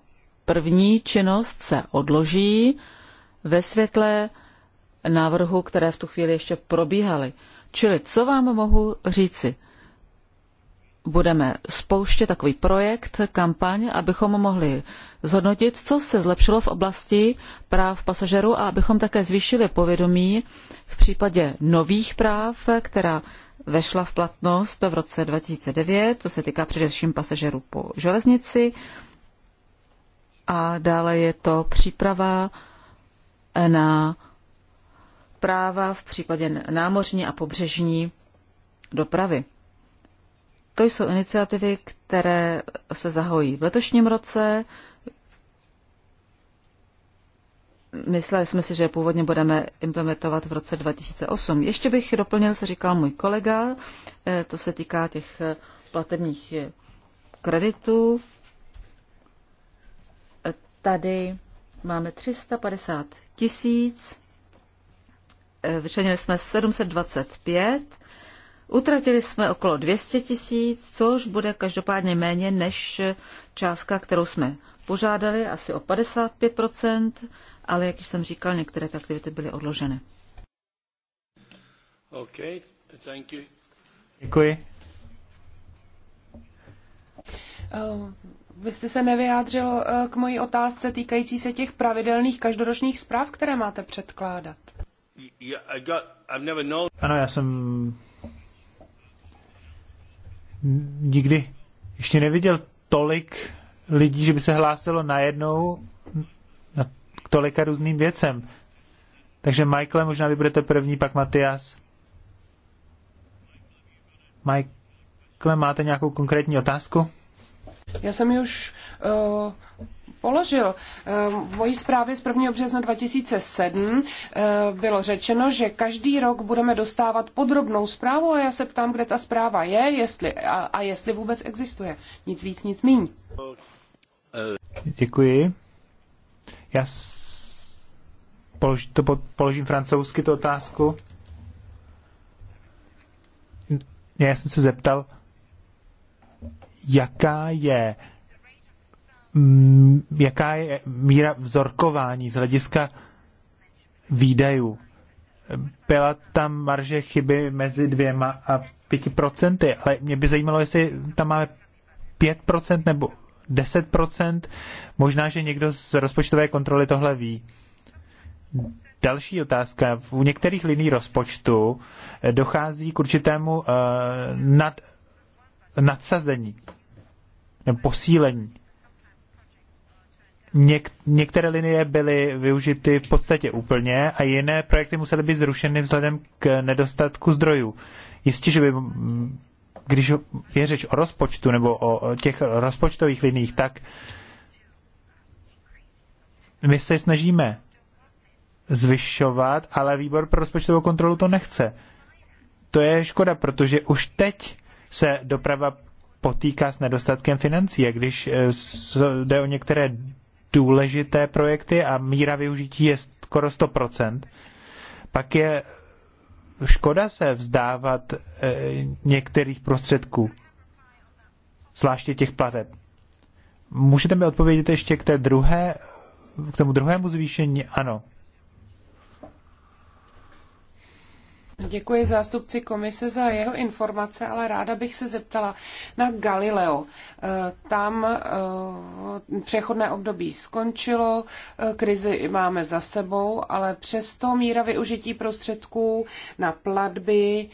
první činnost se odloží ve světle návrhu, které v tu chvíli ještě probíhaly. Čili co vám mohu říci? budeme spouštět takový projekt, kampaň, abychom mohli zhodnotit, co se zlepšilo v oblasti práv pasažerů a abychom také zvýšili povědomí v případě nových práv, která vešla v platnost v roce 2009, to se týká především pasažerů po železnici. A dále je to příprava na práva v případě námořní a pobřežní dopravy. To jsou iniciativy, které se zahojí v letošním roce. Mysleli jsme si, že původně budeme implementovat v roce 2008. Ještě bych doplnil, co říkal můj kolega, eh, to se týká těch eh, platebních eh, kreditů. Tady máme 350 tisíc, vyčlenili jsme 725 Utratili jsme okolo 200 tisíc, což bude každopádně méně než částka, kterou jsme požádali, asi o 55 ale jak jsem říkal, některé ty aktivity byly odloženy. Okay, thank you. Děkuji. Oh. Vy jste se nevyjádřil eh, k mojí otázce týkající se těch pravidelných každoročních zpráv, které máte předkládat. Ano, já jsem nikdy ještě neviděl tolik lidí, že by se hlásilo najednou na k tolika různým věcem. Takže Michael, možná vy budete první, pak Matias. Michael, máte nějakou konkrétní otázku? Já jsem ji už uh, položil. Eh, v mojí zprávě z 1. března 2007 eh, bylo řečeno, že každý rok budeme dostávat podrobnou zprávu a já se ptám, kde ta zpráva je jestli, a, a jestli vůbec existuje. Nic víc, nic míň. Děkuji. Já s... polož, to po, položím francouzsky tu otázku. Já jsem se zeptal, jaká je mm, jaká je míra vzorkování z hlediska výdajů. Byla tam marže chyby mezi dvěma a pěti procenty, ale mě by zajímalo, jestli tam máme pět procent nebo deset procent. Možná, že někdo z rozpočtové kontroly tohle ví. Další otázka. U některých liní rozpočtu eh, dochází k určitému uh, nad, nadsazení nebo posílení. Něk, některé linie byly využity v podstatě úplně a jiné projekty musely být zrušeny vzhledem k nedostatku zdrojů. Jistě, že by, když je řeč o rozpočtu nebo o těch rozpočtových liních, tak my se snažíme zvyšovat, ale výbor pro rozpočtovou kontrolu to nechce. To je škoda, protože už teď se doprava potýká s nedostatkem financí. A když eh, jde o některé důležité projekty a míra využití je skoro 100%, pak je škoda se vzdávat eh, některých prostředků, zvláště těch plateb. Můžete mi odpovědět ještě k, té druhé, k tomu druhému zvýšení? Ano, Děkuji zástupci komise za jeho informace, ale ráda bych se zeptala na Galileo. Eh, tam eh, přechodné období skončilo, eh, krizi máme za sebou, ale přesto míra využití prostředků na platby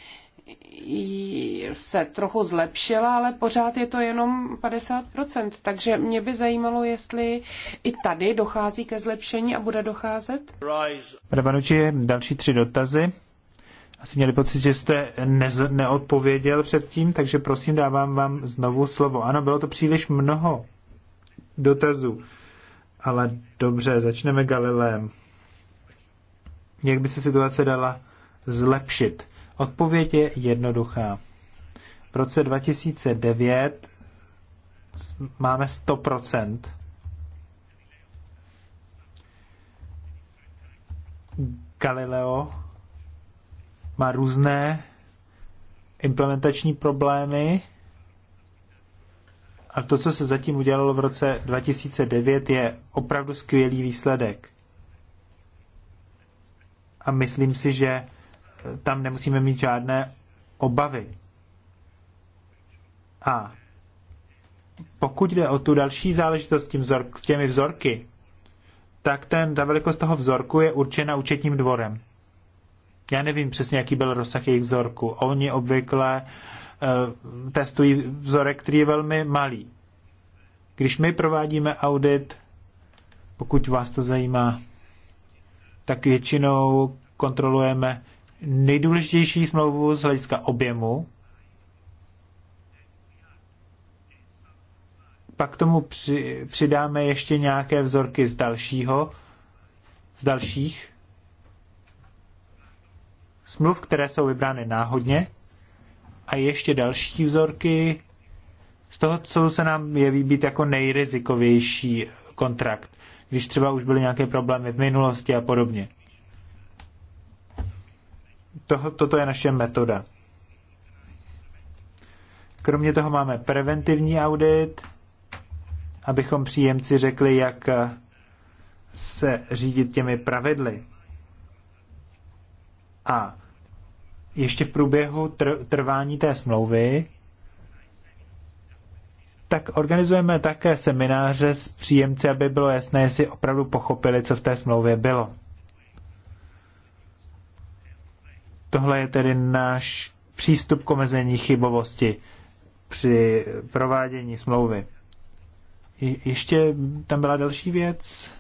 se trochu zlepšila, ale pořád je to jenom 50%. Takže mě by zajímalo, jestli i tady dochází ke zlepšení a bude docházet. Pane další tři dotazy asi měli pocit, že jste nez, neodpověděl předtím, takže prosím, dávám vám znovu slovo. Ano, bylo to příliš mnoho dotazů, ale dobře, začneme Galileem. Jak by se situace dala zlepšit? Odpověď je jednoduchá. V roce 2009 máme 100%. Galileo má různé implementační problémy. A to, co se zatím udělalo v roce 2009, je opravdu skvělý výsledek. A myslím si, že eh, tam nemusíme mít žádné obavy. A pokud jde o tu další záležitost tím vzork, těmi vzorky, tak ten, ta velikost toho vzorku je určena účetním dvorem. Já nevím přesně, jaký byl rozsah jejich vzorku. Oni obvykle uh, testují vzorek, který je velmi malý. Když my provádíme audit, pokud vás to zajímá, tak většinou kontrolujeme nejdůležitější smlouvu z hlediska objemu. Pak tomu při, přidáme ještě nějaké vzorky z dalšího, z dalších smluv, které jsou vybrány náhodně a ještě další vzorky z toho, co se nám jeví být jako nejrizikovější kontrakt, když třeba už byly nějaké problémy v minulosti a podobně. Toho, toto je naše metoda. Kromě toho máme preventivní audit, abychom příjemci řekli, jak se řídit těmi pravidly. A ještě v průběhu tr- trvání té smlouvy, tak organizujeme také semináře s příjemci, aby bylo jasné, jestli opravdu pochopili, co v té smlouvě bylo. Tohle je tedy náš přístup k omezení chybovosti při provádění smlouvy. Je, ještě tam byla další věc.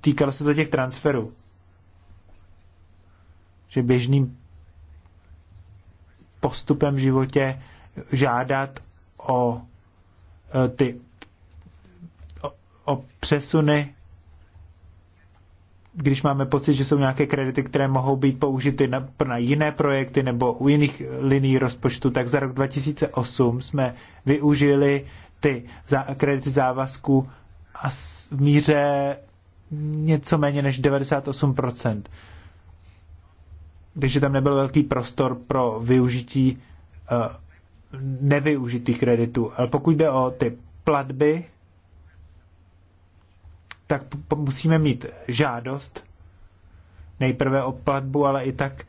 Týkalo se to těch transferů že běžným postupem v životě žádat o e, ty o, o přesuny, když máme pocit, že jsou nějaké kredity, které mohou být použity na, na jiné projekty nebo u jiných liní rozpočtu, tak za rok 2008 jsme využili ty za, kredity závazků a v míře něco méně než 98 takže tam nebyl velký prostor pro využití eh, nevyužitých kreditů. Ale pokud jde o ty platby, tak musíme mít žádost nejprve o platbu, ale i tak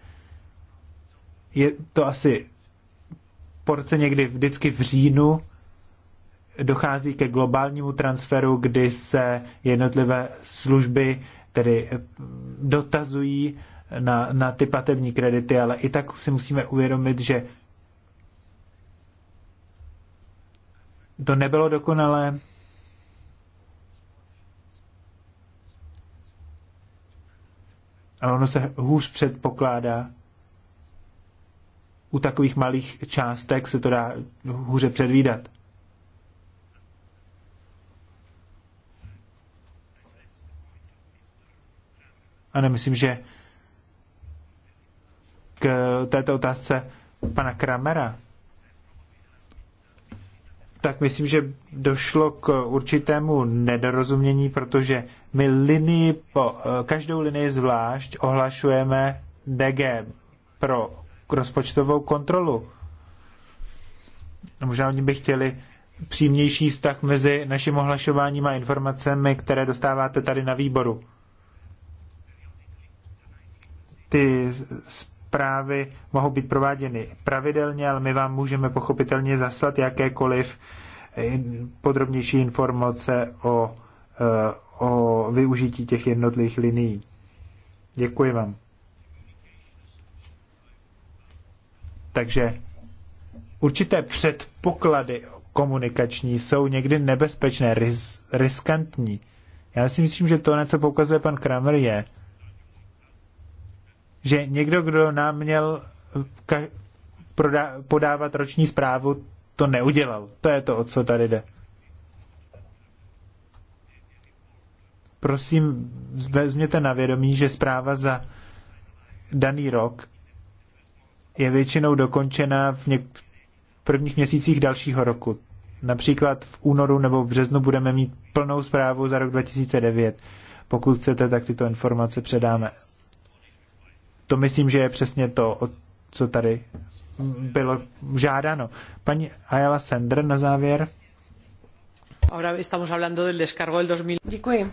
je to asi porce někdy vždycky v říjnu dochází ke globálnímu transferu, kdy se jednotlivé služby tedy eh, dotazují na, na ty platební kredity, ale i tak si musíme uvědomit, že to nebylo dokonalé. Ale ono se hůř předpokládá. U takových malých částek se to dá hůře předvídat. A nemyslím, že k této otázce pana Kramera, tak myslím, že došlo k určitému nedorozumění, protože my linii po, každou linii zvlášť ohlašujeme DG pro rozpočtovou kontrolu. Možná oni by chtěli přímější vztah mezi naším ohlašováním a informacemi, které dostáváte tady na výboru. Ty zprávy mohou být prováděny pravidelně, ale my vám můžeme pochopitelně zaslat jakékoliv eh, podrobnější informace o, eh, o využití těch jednotlivých linií. Děkuji vám. Takže určité předpoklady komunikační jsou někdy nebezpečné, riz, riskantní. Já si myslím, že to, na co poukazuje pan Kramer, je, že někdo, kdo nám měl podávat roční zprávu, to neudělal. To je to, o co tady jde. Prosím, vezměte na vědomí, že zpráva za daný rok je většinou dokončena v něk- prvních měsících dalšího roku. Například v únoru nebo v březnu budeme mít plnou zprávu za rok 2009. Pokud chcete, tak tyto informace předáme to myslím, že je přesně to, co tady bylo žádáno. Paní Ayala Sender na závěr. Děkuji.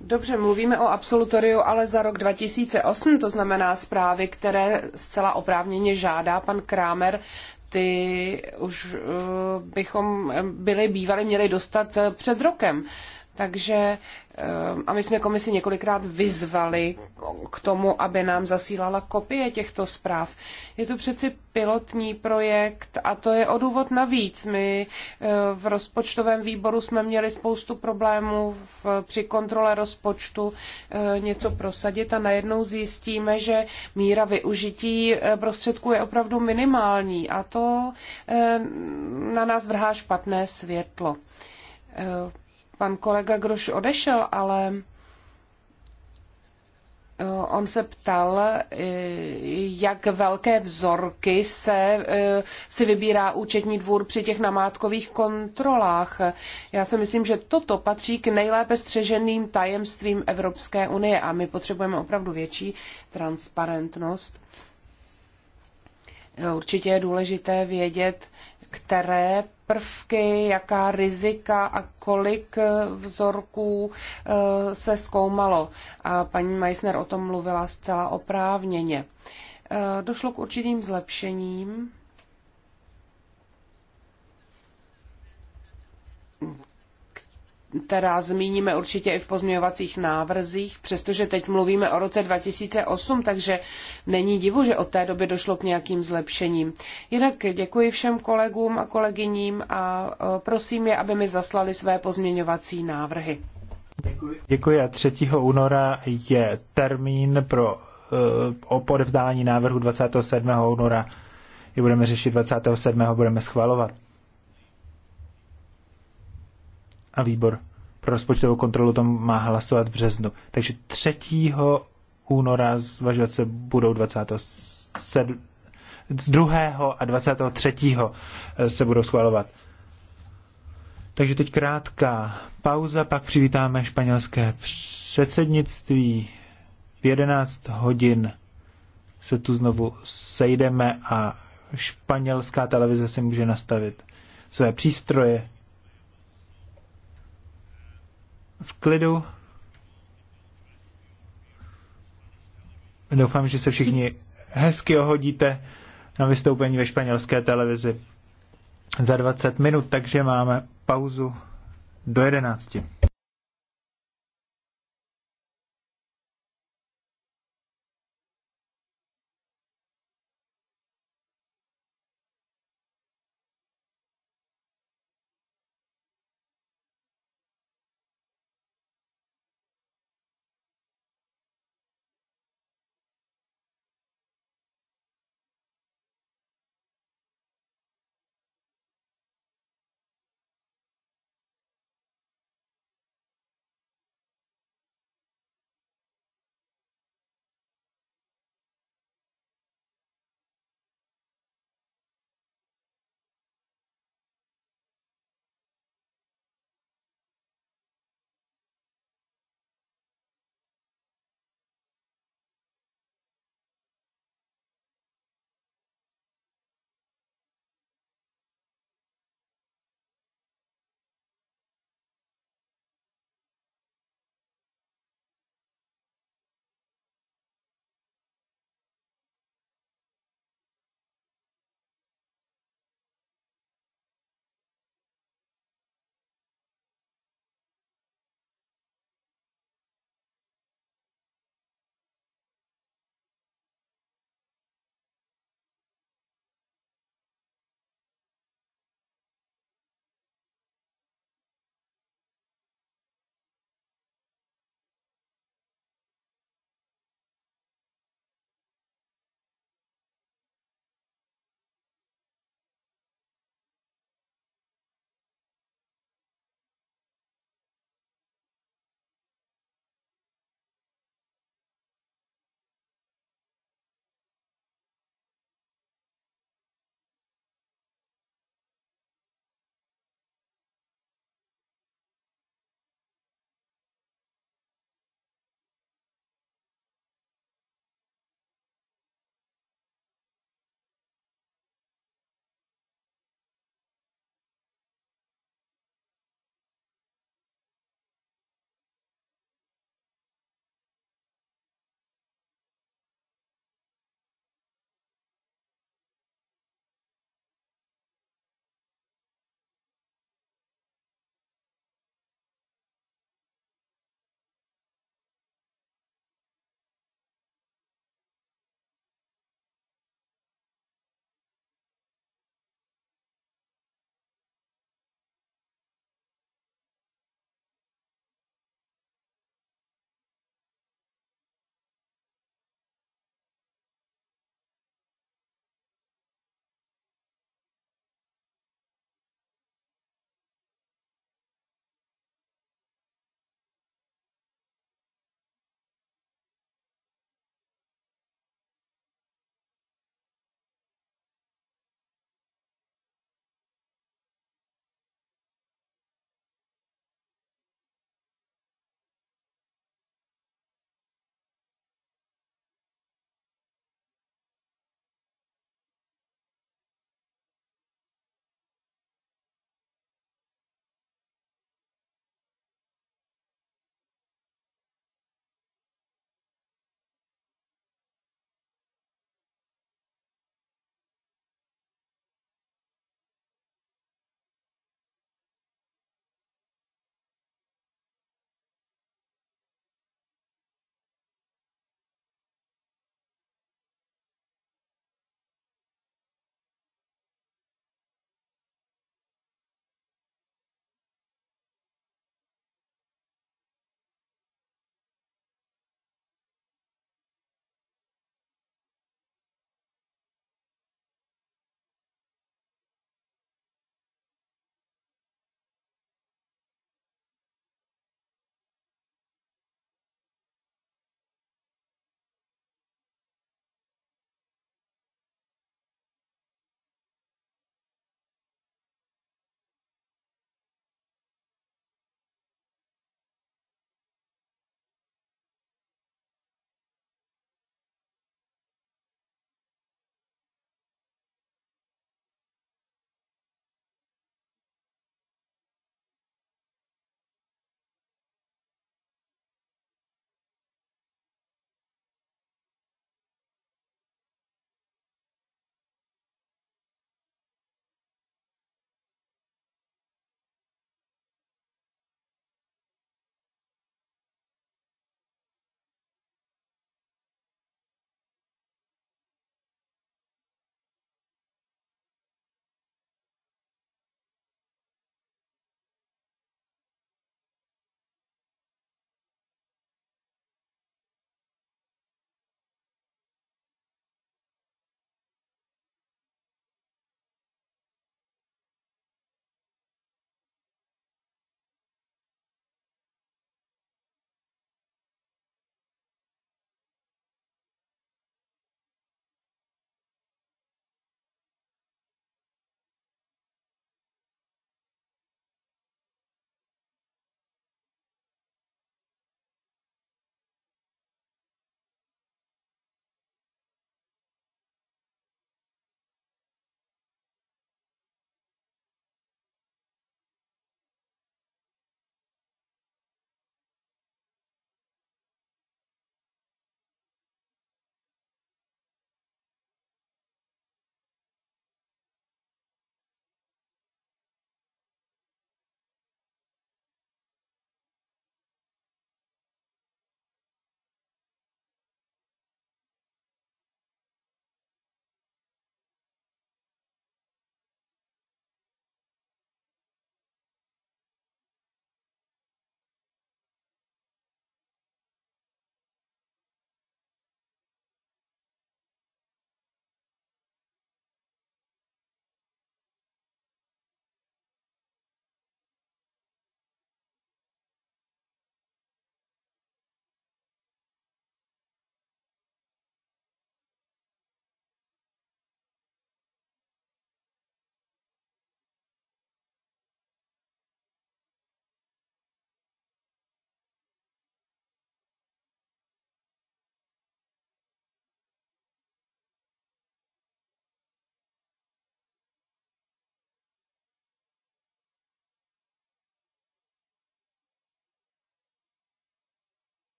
Dobře, mluvíme o absolutoriu, ale za rok 2008, to znamená zprávy, které zcela oprávněně žádá pan Kramer, ty už eh, bychom byli bývali měli dostat eh, před rokem. Takže Ehm, a my jsme komisi několikrát vyzvali k tomu, aby nám zasílala kopie těchto zpráv. Je to přeci pilotní projekt a to je o důvod navíc. My ehm, v rozpočtovém výboru jsme měli spoustu problémů v, při kontrole rozpočtu ehm, něco prosadit a najednou zjistíme, že míra využití prostředků je opravdu minimální a to na nás vrhá špatné světlo Pan kolega Groš odešel, ale eh, On se ptal, eh, jak velké vzorky se eh, si vybírá účetní dvůr při těch namátkových kontrolách. Já si myslím, že toto patří k nejlépe střeženým tajemstvím Evropské unie a my potřebujeme opravdu větší transparentnost. Určitě je důležité vědět, které prvky, jaká rizika a kolik vzorků eh, se zkoumalo. A paní Meissner o tom mluvila zcela oprávněně. Eh, došlo k určitým zlepšením, která zmíníme určitě i v pozměňovacích návrzích, přestože teď mluvíme o roce 2008, takže není divu, že od té doby došlo k nějakým zlepšením. Jinak děkuji všem kolegům a kolegyním a e, prosím je, aby mi zaslali své pozměňovací návrhy. Děkuji. Děkuji 3. února je termín pro e, o podevzdání návrhu 27. února. Je budeme řešit 27. budeme schvalovat. a výbor pro rozpočtovou kontrolu tam má hlasovat v březnu. Takže 3. února zvažovat se budou 27. 2. a 23. Eh, se budou schvalovat. Takže teď krátká pauza, pak přivítáme španělské předsednictví. V 11 hodin se tu znovu sejdeme a španělská televize si může nastavit své přístroje v klidu. Doufám, že se všichni hezky ohodíte na vystoupení ve španělské televizi za 20 minut, takže máme pauzu do 11.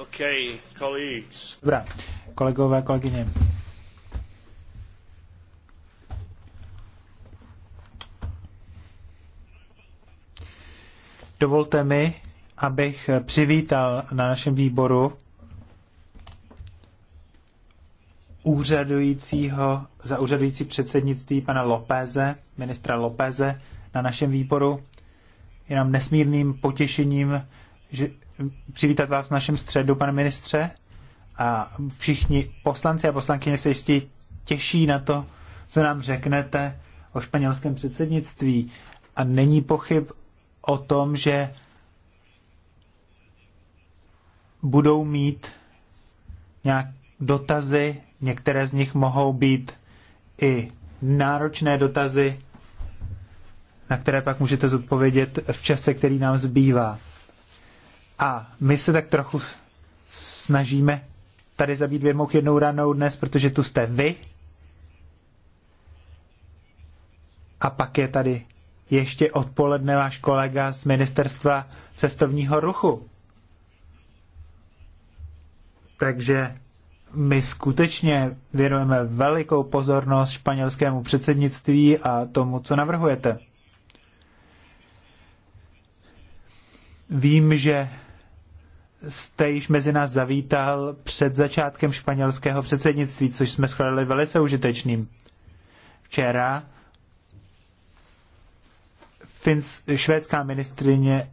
Okay, colleagues. Dobrá, kolegové, kolegyně. Dovolte mi, abych přivítal na našem výboru úřadujícího, za úřadující předsednictví pana Lopéze, ministra Lopéze na našem výboru. Je nám nesmírným potěšením, že přivítat vás v našem středu, pane ministře. A všichni poslanci a poslankyně se jistě těší na to, co nám řeknete o španělském předsednictví. A není pochyb o tom, že budou mít nějak dotazy, některé z nich mohou být i náročné dotazy, na které pak můžete zodpovědět v čase, který nám zbývá. A my se tak trochu snažíme tady zabít dvě mouchy jednou ranou dnes, protože tu jste vy. A pak je tady ještě odpoledne váš kolega z ministerstva cestovního ruchu. Takže my skutečně věnujeme velikou pozornost španělskému předsednictví a tomu, co navrhujete. Vím, že jste již mezi nás zavítal před začátkem španělského předsednictví, což jsme schválili velice užitečným. Včera Fins- švédská ministrině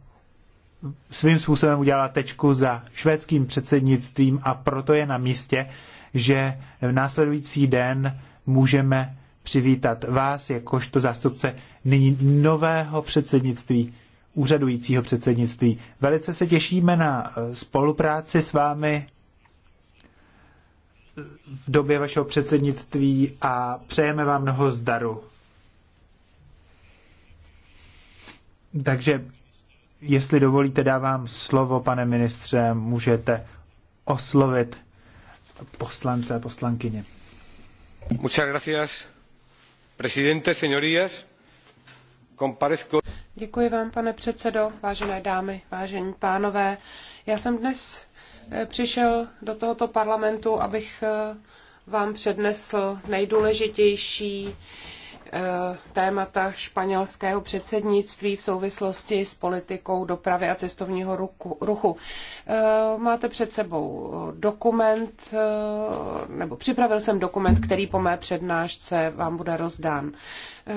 svým způsobem udělala tečku za švédským předsednictvím a proto je na místě, že v následující den můžeme přivítat vás jakožto zástupce nyní nového předsednictví úřadujícího předsednictví. Velice se těšíme na eh, spolupráci s vámi eh, v době vašeho předsednictví a přejeme vám mnoho zdaru. Takže, jestli dovolíte, dávám slovo, pane ministře, můžete oslovit poslance a poslankyně. Muchas gracias, presidente, señorías. Comparezco... Děkuji vám, pane předsedo, vážené dámy, vážení pánové. Já jsem dnes eh, přišel do tohoto parlamentu, abych eh, vám přednesl nejdůležitější eh, témata španělského předsednictví v souvislosti s politikou dopravy a cestovního ruchu. Máte před sebou dokument, nebo připravil jsem dokument, který po mé přednášce vám bude rozdán.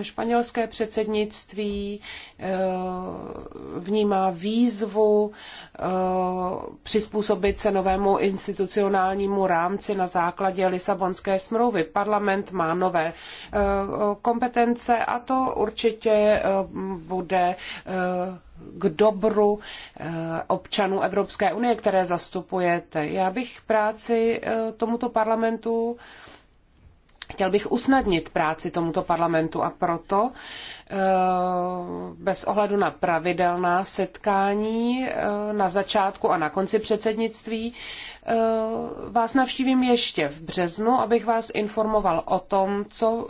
Španělské předsednictví eh, vnímá výzvu eh, přizpůsobit se novému institucionálnímu rámci na základě Lisabonské smlouvy. Parlament má nové eh, kompetence a to určitě bude k dobru občanů Evropské unie, které zastupujete. Já bych práci tomuto parlamentu Chtěl bych usnadnit práci tomuto parlamentu a proto eh, bez ohledu na pravidelná setkání eh, na začátku a na konci předsednictví eh, vás navštívím ještě v březnu, abych vás informoval o tom, co,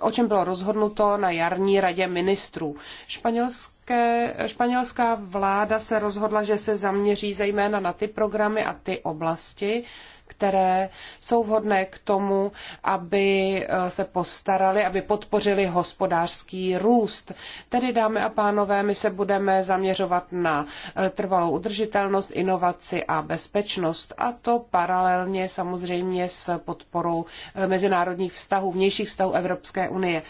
o čem bylo rozhodnuto na jarní radě ministrů. Španělské, španělská vláda se rozhodla, že se zaměří zejména na ty programy a ty oblasti, které jsou vhodné k tomu, aby e, se postarali, aby podpořili hospodářský růst. Tedy, dámy a pánové, my se budeme zaměřovat na e, trvalou udržitelnost, inovaci a bezpečnost. A to paralelně samozřejmě s podporou e, mezinárodních vztahů, vnějších vztahů Evropské unie.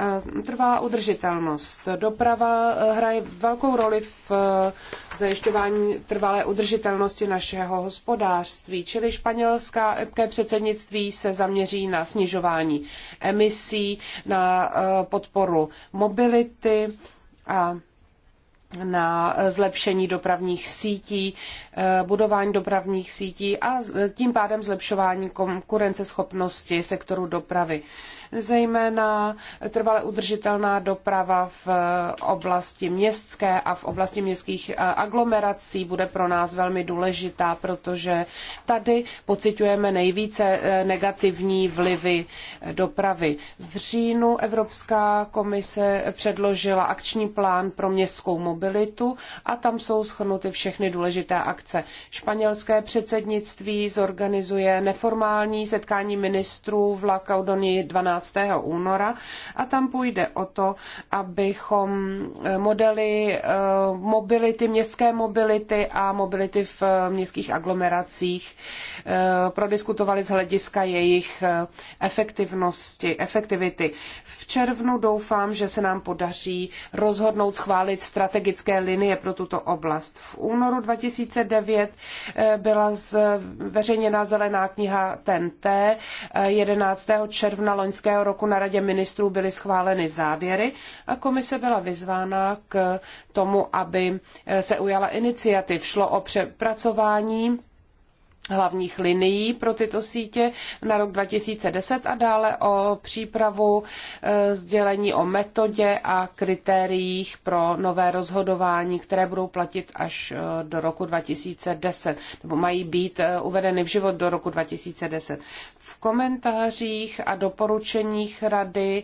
Eh, Trvalá udržitelnost. Doprava eh, hraje velkou roli v eh, zajišťování trvalé udržitelnosti našeho hospodářství, čili španělské předsednictví se zaměří na snižování emisí, na podporu mobility a na zlepšení dopravních sítí, Eh, budování dopravních sítí a tím pádem zlepšování konkurenceschopnosti sektoru dopravy. Zejména trvale udržitelná doprava v eh, oblasti městské a v oblasti městských eh, aglomerací bude pro nás velmi důležitá, protože tady pociťujeme nejvíce negativní vlivy dopravy. V říjnu Evropská komise předložila akční plán pro městskou mobilitu a tam jsou schrnuty všechny důležité akce akce. Španělské předsednictví zorganizuje neformální setkání ministrů v La Caudonii 12. února a tam půjde o to, abychom eh, modely eh, mobility, městské mobility a mobility v eh, městských aglomeracích prodiskutovali z hlediska jejich efektivnosti, efektivity. V červnu doufám, že se nám podaří rozhodnout schválit strategické linie pro tuto oblast. V únoru 2020. 2009 eh, byla zveřejněna zelená kniha TNT. 11. Eh, června loňského roku na radě ministrů byly schváleny závěry a komise byla vyzvána k tomu, aby eh, se ujala iniciativ. Šlo o přepracování hlavních linií pro tyto sítě na rok 2010 a dále o přípravu e, sdělení o metodě a kritériích pro nové rozhodování, které budou platit až e, do roku 2010, nebo mají být e, uvedeny v život do roku 2010. V komentářích a doporučeních rady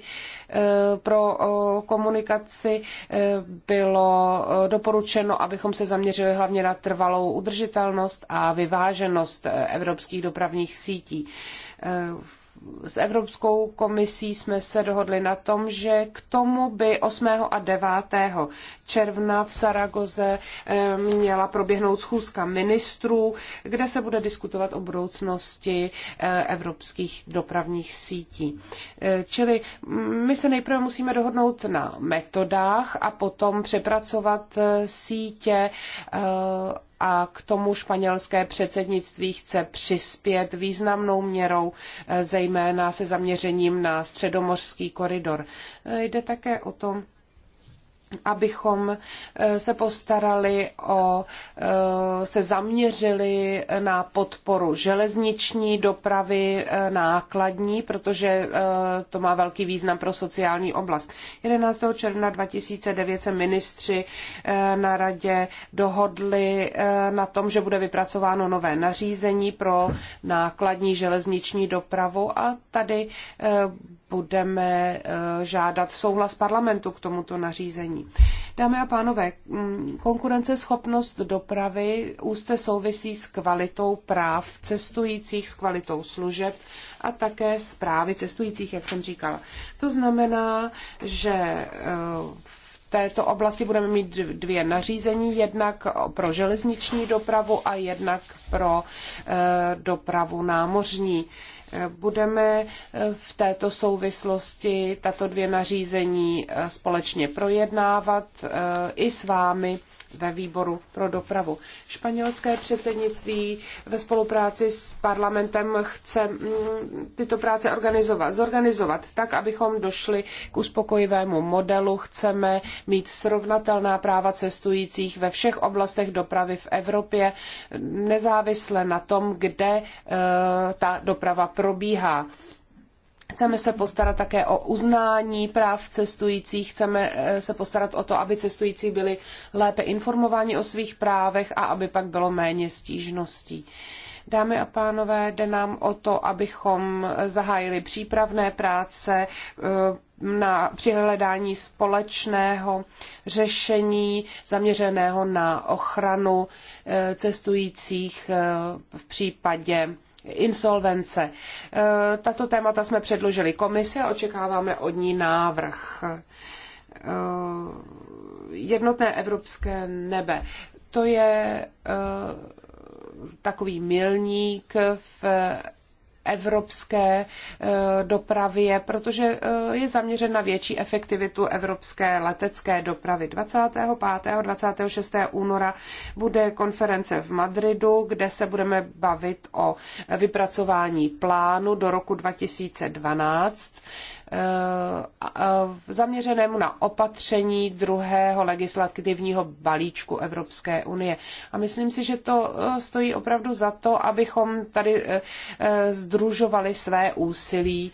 Eh, pro komunikaci eh, bylo doporučeno, abychom se zaměřili hlavně na trvalou udržitelnost a vyváženost eh, evropských dopravních sítí. V s Evropskou komisí jsme se dohodli na tom, že k tomu by 8. a 9. června v Saragoze eh, měla proběhnout schůzka ministrů, kde se bude diskutovat o budoucnosti eh, evropských dopravních sítí. Eh, čili mm, my se nejprve musíme dohodnout na metodách a potom přepracovat sítě a k tomu španělské předsednictví chce přispět významnou měrou, eh, zejména se zaměřením na středomořský koridor. Eh, jde také o to, abychom eh, se postarali o, eh, se zaměřili na podporu železniční dopravy eh, nákladní, protože to má velký význam pro sociální oblast. 11. června 2009 se ministři na radě dohodli na tom, že bude vypracováno nové nařízení pro nákladní železniční dopravu a tady budeme eh, žádat souhlas parlamentu k tomuto nařízení. Dámy a pánové, mm, konkurenceschopnost dopravy úzce souvisí s kvalitou práv cestujících, s kvalitou služeb a také s právy cestujících, jak jsem říkala. To znamená, že eh, v této oblasti budeme mít dvě nařízení, jednak pro železniční dopravu a jednak pro eh, dopravu námořní. Budeme eh, v této souvislosti tato dvě nařízení eh, společně projednávat eh, i s vámi ve výboru pro dopravu. Španělské předsednictví ve spolupráci s parlamentem chce mm, tyto práce organizovat, zorganizovat tak, abychom došli k uspokojivému modelu. Chceme mít srovnatelná práva cestujících ve všech oblastech dopravy v Evropě, nezávisle na tom, kde eh, ta doprava probíhá Chceme se postarat také o uznání práv cestujících, chceme eh, se postarat o to, aby cestující byli lépe informováni o svých právech a aby pak bylo méně stížností. Dámy a pánové, jde nám o to, abychom zahájili přípravné práce eh, na přihledání společného řešení zaměřeného na ochranu eh, cestujících v případě insolvence. E, tato témata jsme předložili komisi a očekáváme od ní návrh. E, jednotné evropské nebe. To je e, takový milník v evropské eh, dopravě, protože eh, je zaměřen na větší efektivitu evropské letecké dopravy. 25. 26. února bude konference v Madridu, kde se budeme bavit o vypracování plánu do roku 2012 Eh, zaměřenému na opatření druhého legislativního balíčku Evropské unie. A myslím si, že to eh, stojí opravdu za to, abychom tady eh, združovali své úsilí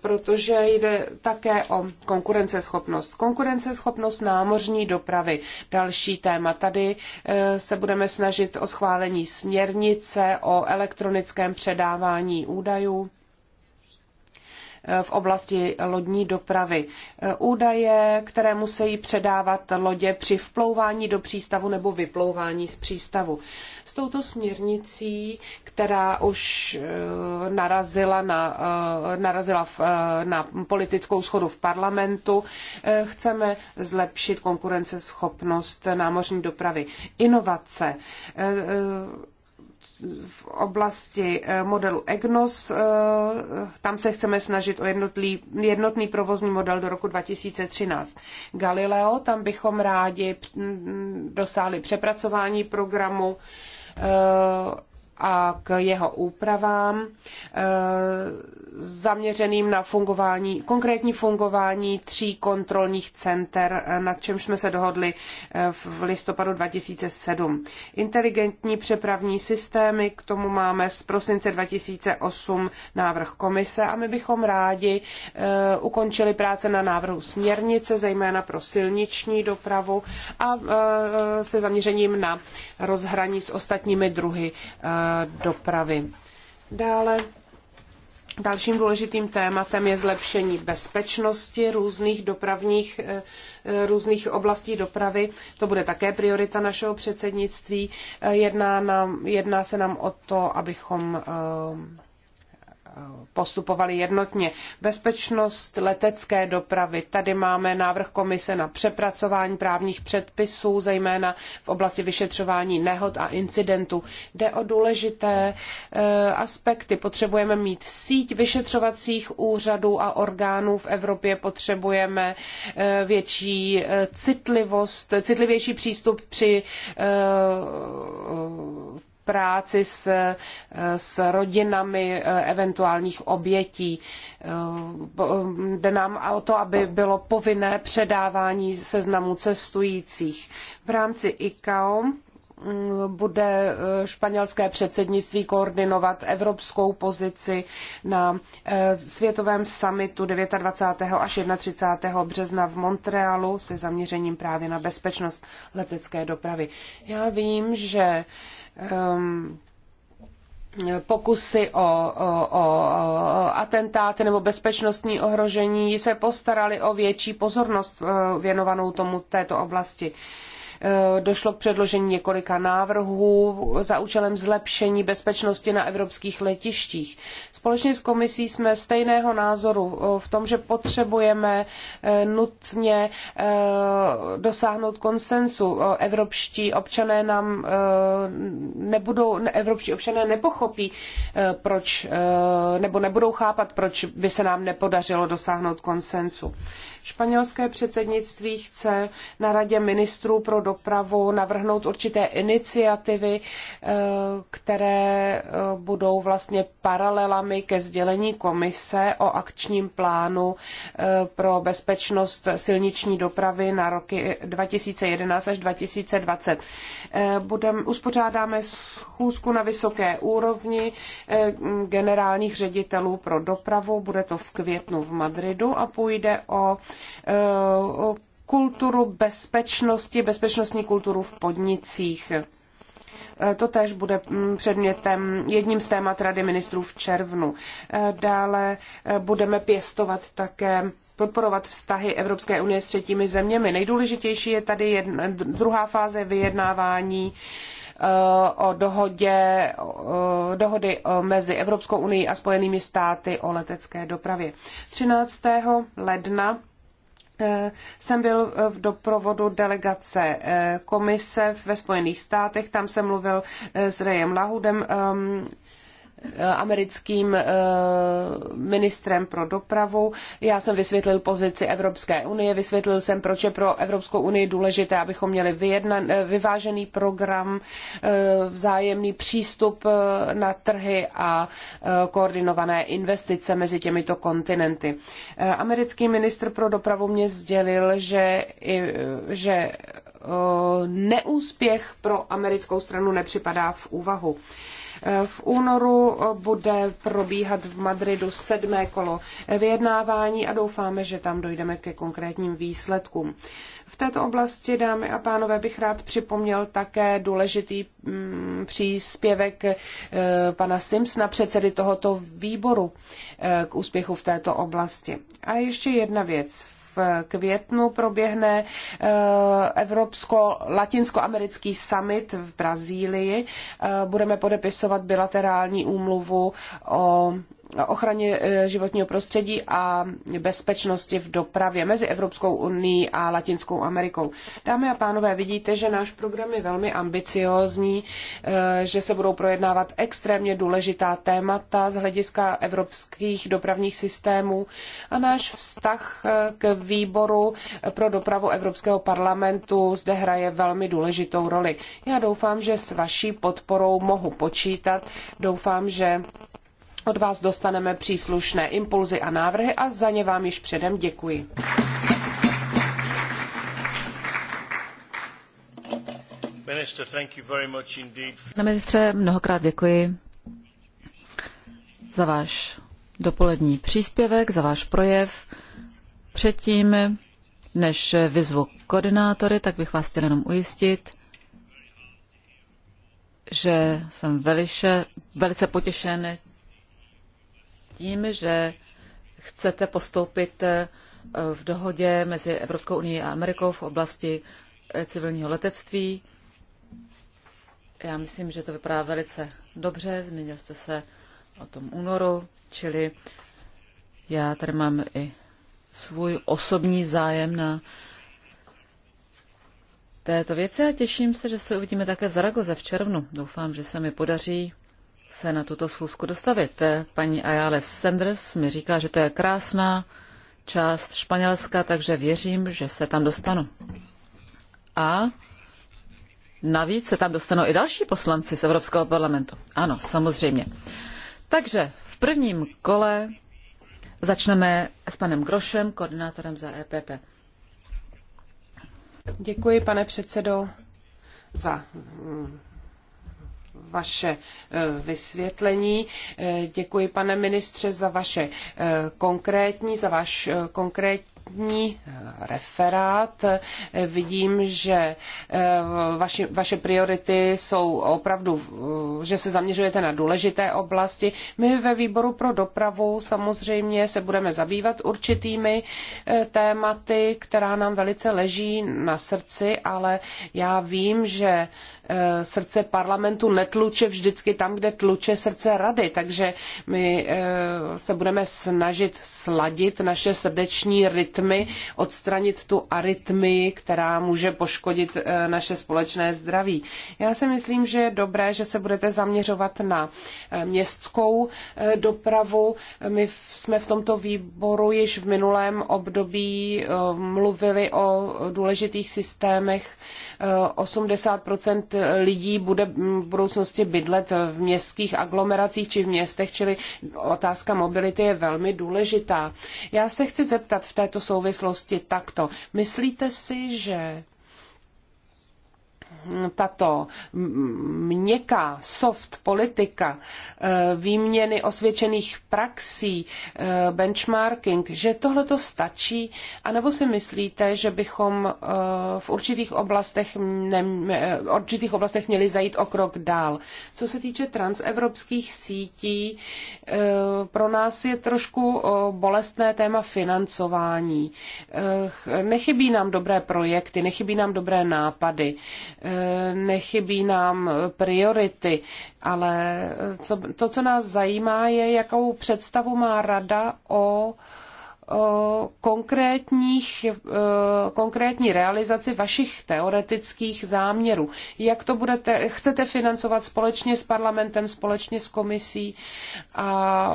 protože jde také o konkurenceschopnost. Konkurenceschopnost námořní dopravy, další téma. Tady se budeme snažit o schválení směrnice o elektronickém předávání údajů v oblasti lodní dopravy. Údaje, které musí předávat lodě při vplouvání do přístavu nebo vyplouvání z přístavu. S touto směrnicí, která už eh, narazila na, eh, narazila eh, na politickou schodu v parlamentu, chceme zlepšit konkurenceschopnost námořní dopravy. Inovace, v oblasti eh, modelu EGNOS. Eh, tam se chceme snažit o jednotlý, jednotný provozní model do roku 2013. Galileo, tam bychom rádi mm, dosáhli přepracování programu eh, a k jeho úpravám eh, zaměřeným na fungování, konkrétní fungování tří kontrolních center, eh, na čemž jsme se dohodli eh, v listopadu 2007. Inteligentní přepravní systémy, k tomu máme z prosince 2008 návrh komise a my bychom rádi ukončili práce na návrhu směrnice, zejména pro silniční dopravu a se zaměřením na rozhraní s ostatními druhy dopravy. Dále dalším důležitým tématem je zlepšení bezpečnosti různých dopravních eh, eh, různých oblastí dopravy. To bude také priorita našeho předsednictví. Eh, jedná, nám, jedná se nám o to, abychom postupovali jednotně. Bezpečnost letecké dopravy. Tady máme návrh komise na přepracování právních předpisů, zejména v oblasti vyšetřování nehod a incidentů. Jde o důležité eh, aspekty. Potřebujeme mít síť vyšetřovacích úřadů a orgánů v Evropě. Potřebujeme eh, větší eh, citlivost, citlivější přístup při práci s, s rodinami eh, eventuálních obětí. Eh, jde nám o to, aby bylo povinné předávání seznamu cestujících. V rámci ICAO mm, bude eh, španělské předsednictví koordinovat evropskou pozici na světovém summitu 29. až 31. března v Montrealu se zaměřením právě na bezpečnost letecké dopravy. Já vím, že Ehm, pokusy o, o, o atentáty nebo bezpečnostní ohrožení se postarali o větší pozornost eh, věnovanou tomu této oblasti. Eh, došlo k předložení několika návrhů za účelem zlepšení bezpečnosti na evropských letištích. Společně s komisí jsme stejného názoru eh, v tom, že potřebujeme eh, nutně dosáhnout konsensu. Evropští občané nám nebudou, evropští občané nepochopí, proč, nebo nebudou chápat, proč by se nám nepodařilo dosáhnout konsensu. Španělské předsednictví chce na Radě ministrů pro dopravu navrhnout určité iniciativy, eh, které eh, budou vlastně paralelami ke sdělení komise o akčním plánu eh, pro bezpečnost silniční dopravy na roky 2011 až 2020. Budem, uspořádáme schůzku na vysoké úrovni generálních ředitelů pro dopravu. Bude to v květnu v Madridu a půjde o Eh, kulturu bezpečnosti, bezpečnostní kulturu v podnicích. Eh, to tež bude mm, předmětem jedním z témat Rady ministrů v červnu. Eh, dále budeme pěstovat také podporovat vztahy Evropské unie s třetími zeměmi. Nejdůležitější je tady jedna, druhá fáze vyjednávání o dohodě, dohody mezi Evropskou unii a Spojenými státy o letecké dopravě. 13. ledna Eh, jsem byl eh, v doprovodu delegace eh, komise ve Spojených státech, tam jsem mluvil s Rejem Lahudem, ehm, Eh, americkým eh, ministrem pro dopravu. Já jsem vysvětlil pozici Evropské unie, vysvětlil jsem, proč je pro Evropskou unii důležité, abychom měli vyjedna, eh, vyvážený program, vzájemný přístup na trhy a koordinované investice mezi těmito kontinenty. Americký ministr pro dopravu mě sdělil, že, že neúspěch pro americkou stranu nepřipadá v úvahu. V únoru bude probíhat v Madridu sedmé kolo vyjednávání a doufáme, že tam dojdeme ke konkrétním výsledkům. V této oblasti, dámy a pánové, bych rád připomněl také důležitý mm, příspěvek eh, pana Simpsona, předsedy tohoto výboru, eh, k úspěchu v této oblasti. A ještě jedna věc v květnu proběhne eh, Evropsko-Latinskoamerický summit v Brazílii. Eh, budeme podepisovat bilaterální úmluvu o ochraně eh, životního prostředí a bezpečnosti v dopravě mezi Evropskou unii a Latinskou Amerikou. Dámy a pánové, vidíte, že náš program je velmi ambiciózní, eh, že se budou projednávat extrémně důležitá témata z hlediska evropských dopravních systémů a náš vztah eh, k výboru pro dopravu Evropského parlamentu zde hraje velmi důležitou roli. Já doufám, že s vaší podporou mohu počítat. Doufám, že od vás dostaneme příslušné impulzy a návrhy a za ně vám již předem děkuji. Pane ministře, mnohokrát děkuji za váš dopolední příspěvek, za váš projev. Předtím, než vyzvu koordinátory, tak bych vás chtěl jenom ujistit, že jsem velice, velice potěšen tím, že chcete postoupit eh, v dohodě mezi Evropskou unii a Amerikou v oblasti eh, civilního letectví. Já myslím, že to vypadá velice dobře. Zmínil jste se o tom únoru, čili já tady mám i svůj osobní zájem na této věci a těším se, že se uvidíme také v Zaragoze v červnu. Doufám, že se mi podaří se na tuto schůzku dostavit. Paní Ayala Sanders mi říká, že to je krásná část Španělska, takže věřím, že se tam dostanu. A navíc se tam dostanou i další poslanci z Evropského parlamentu. Ano, samozřejmě. Takže v prvním kole začneme s panem Grošem, koordinátorem za EPP. Děkuji, pane předsedo, za mm, vaše eh, vysvětlení. Eh, děkuji, pane ministře, za vaše eh, konkrétní, za váš konkrétní konkrétní referát. Vidím, že vaši, vaše priority jsou opravdu, že se zaměřujete na důležité oblasti. My ve výboru pro dopravu samozřejmě se budeme zabývat určitými tématy, která nám velice leží na srdci, ale já vím, že Eh, srdce parlamentu netluče vždycky tam, kde tluče srdce rady, takže my eh, se budeme snažit sladit naše srdeční rytmy, odstranit tu arytmii, která může poškodit eh, naše společné zdraví. Já si myslím, že je dobré, že se budete zaměřovat na městskou dopravu. My jsme v tomto výboru již v minulém období mluvili o důležitých systémech 80 lidí bude v budoucnosti bydlet v městských aglomeracích či v městech, čili otázka mobility je velmi důležitá. Já se chci zeptat v této souvislosti takto. Myslíte si, že tato měkká soft politika e, výměny osvědčených praxí, e, benchmarking, že tohle to stačí, anebo si myslíte, že bychom e, v určitých oblastech, ne, určitých oblastech měli zajít o krok dál. Co se týče transevropských sítí, pro nás je trošku bolestné téma financování. Nechybí nám dobré projekty, nechybí nám dobré nápady nechybí nám priority, ale to, co nás zajímá, je, jakou představu má rada o konkrétních, eh, konkrétní realizaci vašich teoretických záměrů. Jak to budete, chcete financovat společně s parlamentem, společně s komisí a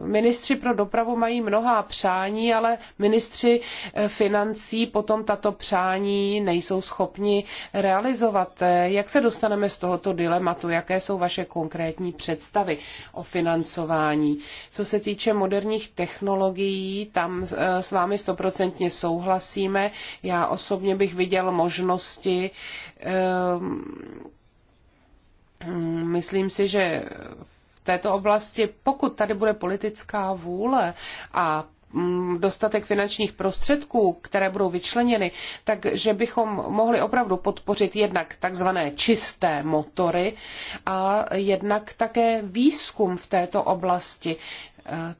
eh, ministři pro dopravu mají mnohá přání, ale ministři eh, financí potom tato přání nejsou schopni realizovat. Jak se dostaneme z tohoto dilematu? Jaké jsou vaše konkrétní představy o financování? Co se týče moderních technologií, tam eh, s vámi stoprocentně souhlasíme. Já osobně bych viděl možnosti. Ehm, myslím si, že v této oblasti, pokud tady bude politická vůle a mm, dostatek finančních prostředků, které budou vyčleněny, takže bychom mohli opravdu podpořit jednak takzvané čisté motory a jednak také výzkum v této oblasti.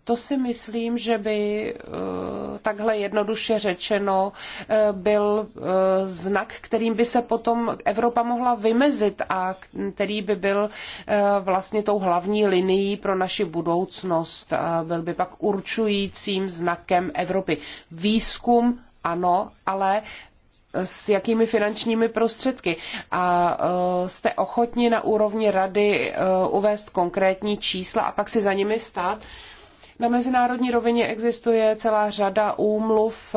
To si myslím, že by eh, takhle jednoduše řečeno eh, byl eh, znak, kterým by se potom Evropa mohla vymezit a který by byl vlastně tou hlavní linií pro naši budoucnost. Byl by pak určujícím znakem Evropy. Výzkum ano, ale s jakými finančními prostředky. A jste ochotni na úrovni rady uvést konkrétní čísla a pak si za nimi stát? Na mezinárodní rovině existuje celá řada úmluv,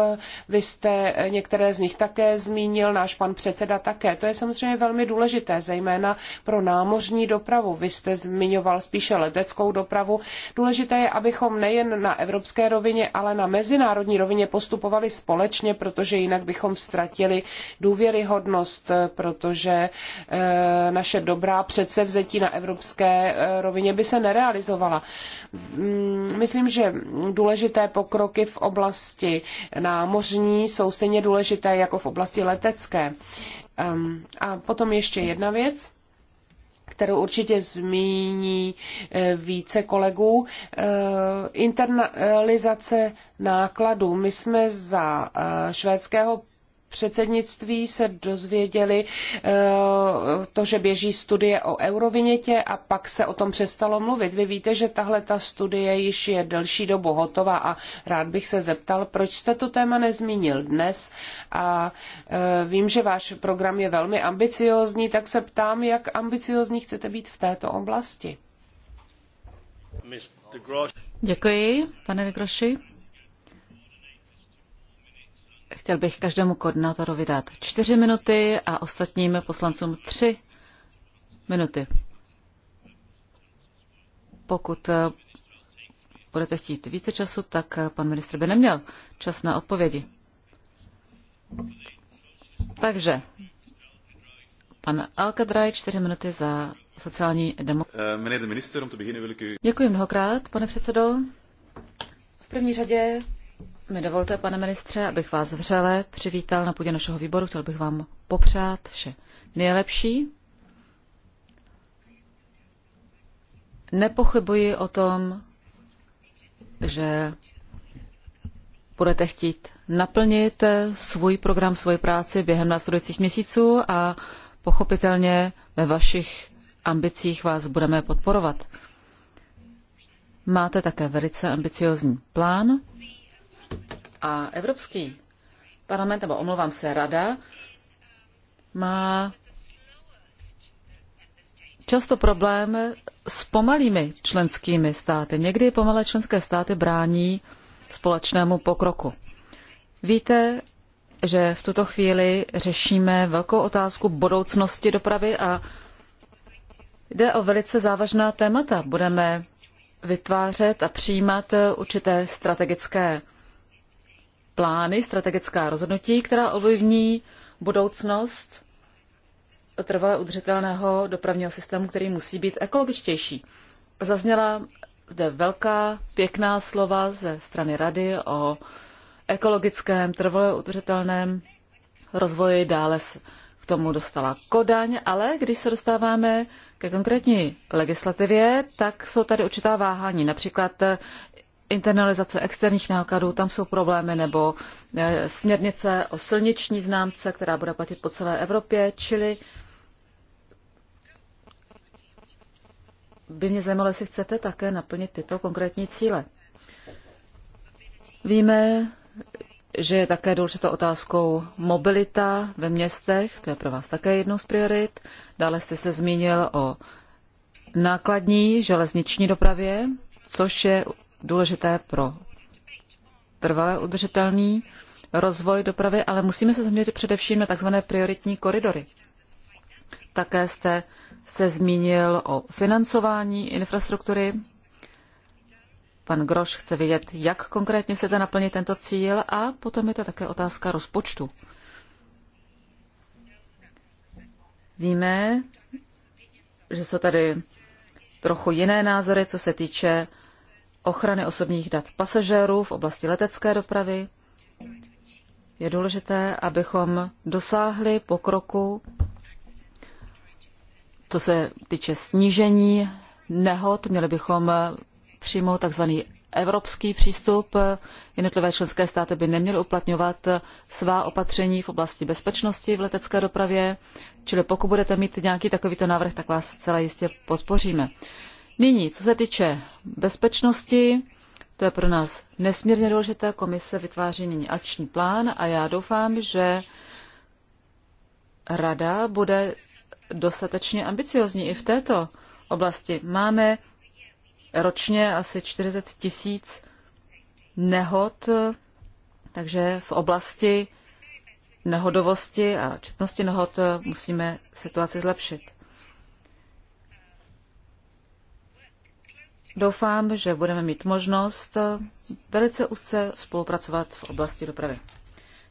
vy jste některé z nich také zmínil, náš pan předseda také. To je samozřejmě velmi důležité, zejména pro námořní dopravu. Vy jste zmiňoval spíše leteckou dopravu. Důležité je, abychom nejen na evropské rovině, ale na mezinárodní rovině postupovali společně, protože jinak bychom ztratili důvěryhodnost, protože eh, naše dobrá předsevzetí na evropské eh, rovině by se nerealizovala. Mm, my myslím, že důležité pokroky v oblasti námořní jsou stejně důležité jako v oblasti letecké. A potom ještě jedna věc kterou určitě zmíní e, více kolegů. E, internalizace nákladů. My jsme za e, švédského předsednictví se dozvěděli eh, to, že běží studie o eurovinětě a pak se o tom přestalo mluvit. Vy víte, že tahle ta studie již je delší dobu hotová a rád bych se zeptal, proč jste to téma nezmínil dnes a eh, vím, že váš program je velmi ambiciózní, tak se ptám, jak ambiciózní chcete být v této oblasti. Děkuji, pane Groši. Chtěl bych každému koordinátorovi dát čtyři minuty a ostatním poslancům tři minuty. Pokud eh, budete chtít více času, tak eh, pan ministr by neměl čas na odpovědi. Takže pan Alkadraj, čtyři minuty za sociální demokracii. Eh, Děkuji mnohokrát, pane předsedo. V první řadě mi dovolte, pane ministře, abych vás vřele přivítal na půdě našeho výboru. Chtěl bych vám popřát vše nejlepší. Nepochybuji o tom, že budete chtít naplnit svůj program, svoji práci během následujících měsíců a pochopitelně ve vašich ambicích vás budeme podporovat. Máte také velice ambiciozní plán. A Evropský parlament, nebo omlouvám se, rada, má často problém s pomalými členskými státy. Někdy pomalé členské státy brání společnému pokroku. Víte, že v tuto chvíli řešíme velkou otázku budoucnosti dopravy a jde o velice závažná témata. Budeme vytvářet a přijímat určité strategické plány, strategická rozhodnutí, která ovlivní budoucnost trvale udržitelného dopravního systému, který musí být ekologičtější. Zazněla zde velká, pěkná slova ze strany Rady o ekologickém, trvale udržitelném rozvoji. Dále k tomu dostala Kodaň, ale když se dostáváme ke konkrétní legislativě, tak jsou tady určitá váhání. Například internalizace externích nákladů, tam jsou problémy, nebo eh, směrnice o silniční známce, která bude platit po celé Evropě, čili by mě zajímalo, jestli chcete také naplnit tyto konkrétní cíle. Víme, že je také důležitou otázkou mobilita ve městech, to je pro vás také jednou z priorit. Dále jste se zmínil o nákladní železniční dopravě, což je důležité pro trvale udržitelný rozvoj dopravy, ale musíme se zaměřit především na tzv. prioritní koridory. Také jste se zmínil o financování infrastruktury. Pan Groš chce vědět, jak konkrétně chcete naplnit tento cíl a potom je to také otázka rozpočtu. Víme, že jsou tady trochu jiné názory, co se týče ochrany osobních dat pasažérů v oblasti letecké dopravy. Je důležité, abychom dosáhli pokroku, co se týče snížení nehod. Měli bychom přijmout takzvaný evropský přístup. Jednotlivé členské státy by neměly uplatňovat svá opatření v oblasti bezpečnosti v letecké dopravě, čili pokud budete mít nějaký takovýto návrh, tak vás zcela jistě podpoříme. Nyní, co se týče bezpečnosti, to je pro nás nesmírně důležité. Komise vytváří nyní akční plán a já doufám, že rada bude dostatečně ambiciozní i v této oblasti. Máme ročně asi 40 tisíc nehod, takže v oblasti nehodovosti a četnosti nehod musíme situaci zlepšit. Doufám, že budeme mít možnost velice úzce spolupracovat v oblasti dopravy.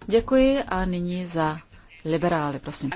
Děkuji a nyní za liberály, prosím.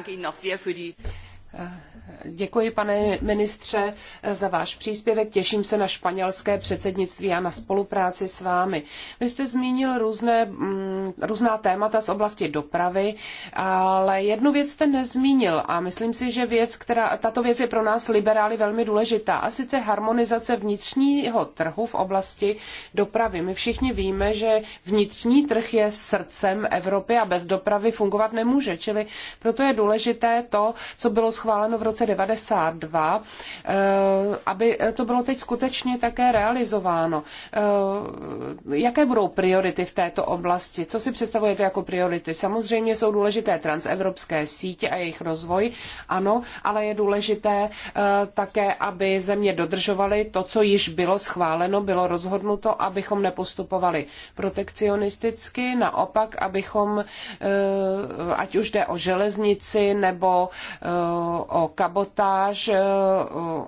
Děkuji, pane ministře, za váš příspěvek. Těším se na španělské předsednictví a na spolupráci s vámi. Vy jste zmínil různé, mm, různá témata z oblasti dopravy, ale jednu věc jste nezmínil a myslím si, že věc, která, tato věc je pro nás liberály velmi důležitá a sice harmonizace vnitřního trhu v oblasti dopravy. My všichni víme, že vnitřní trh je srdcem Evropy a bez dopravy fungovat nemůže, čili proto je důležité to, co bylo schváleno v roce 92, eh, aby to bylo teď skutečně také realizováno. Eh, jaké budou priority v této oblasti? Co si představujete jako priority? Samozřejmě jsou důležité transevropské sítě a jejich rozvoj, ano, ale je důležité eh, také, aby země dodržovaly to, co již bylo schváleno, bylo rozhodnuto, abychom nepostupovali protekcionisticky, naopak, abychom, ať už jde o železnici nebo o kabotáž. E,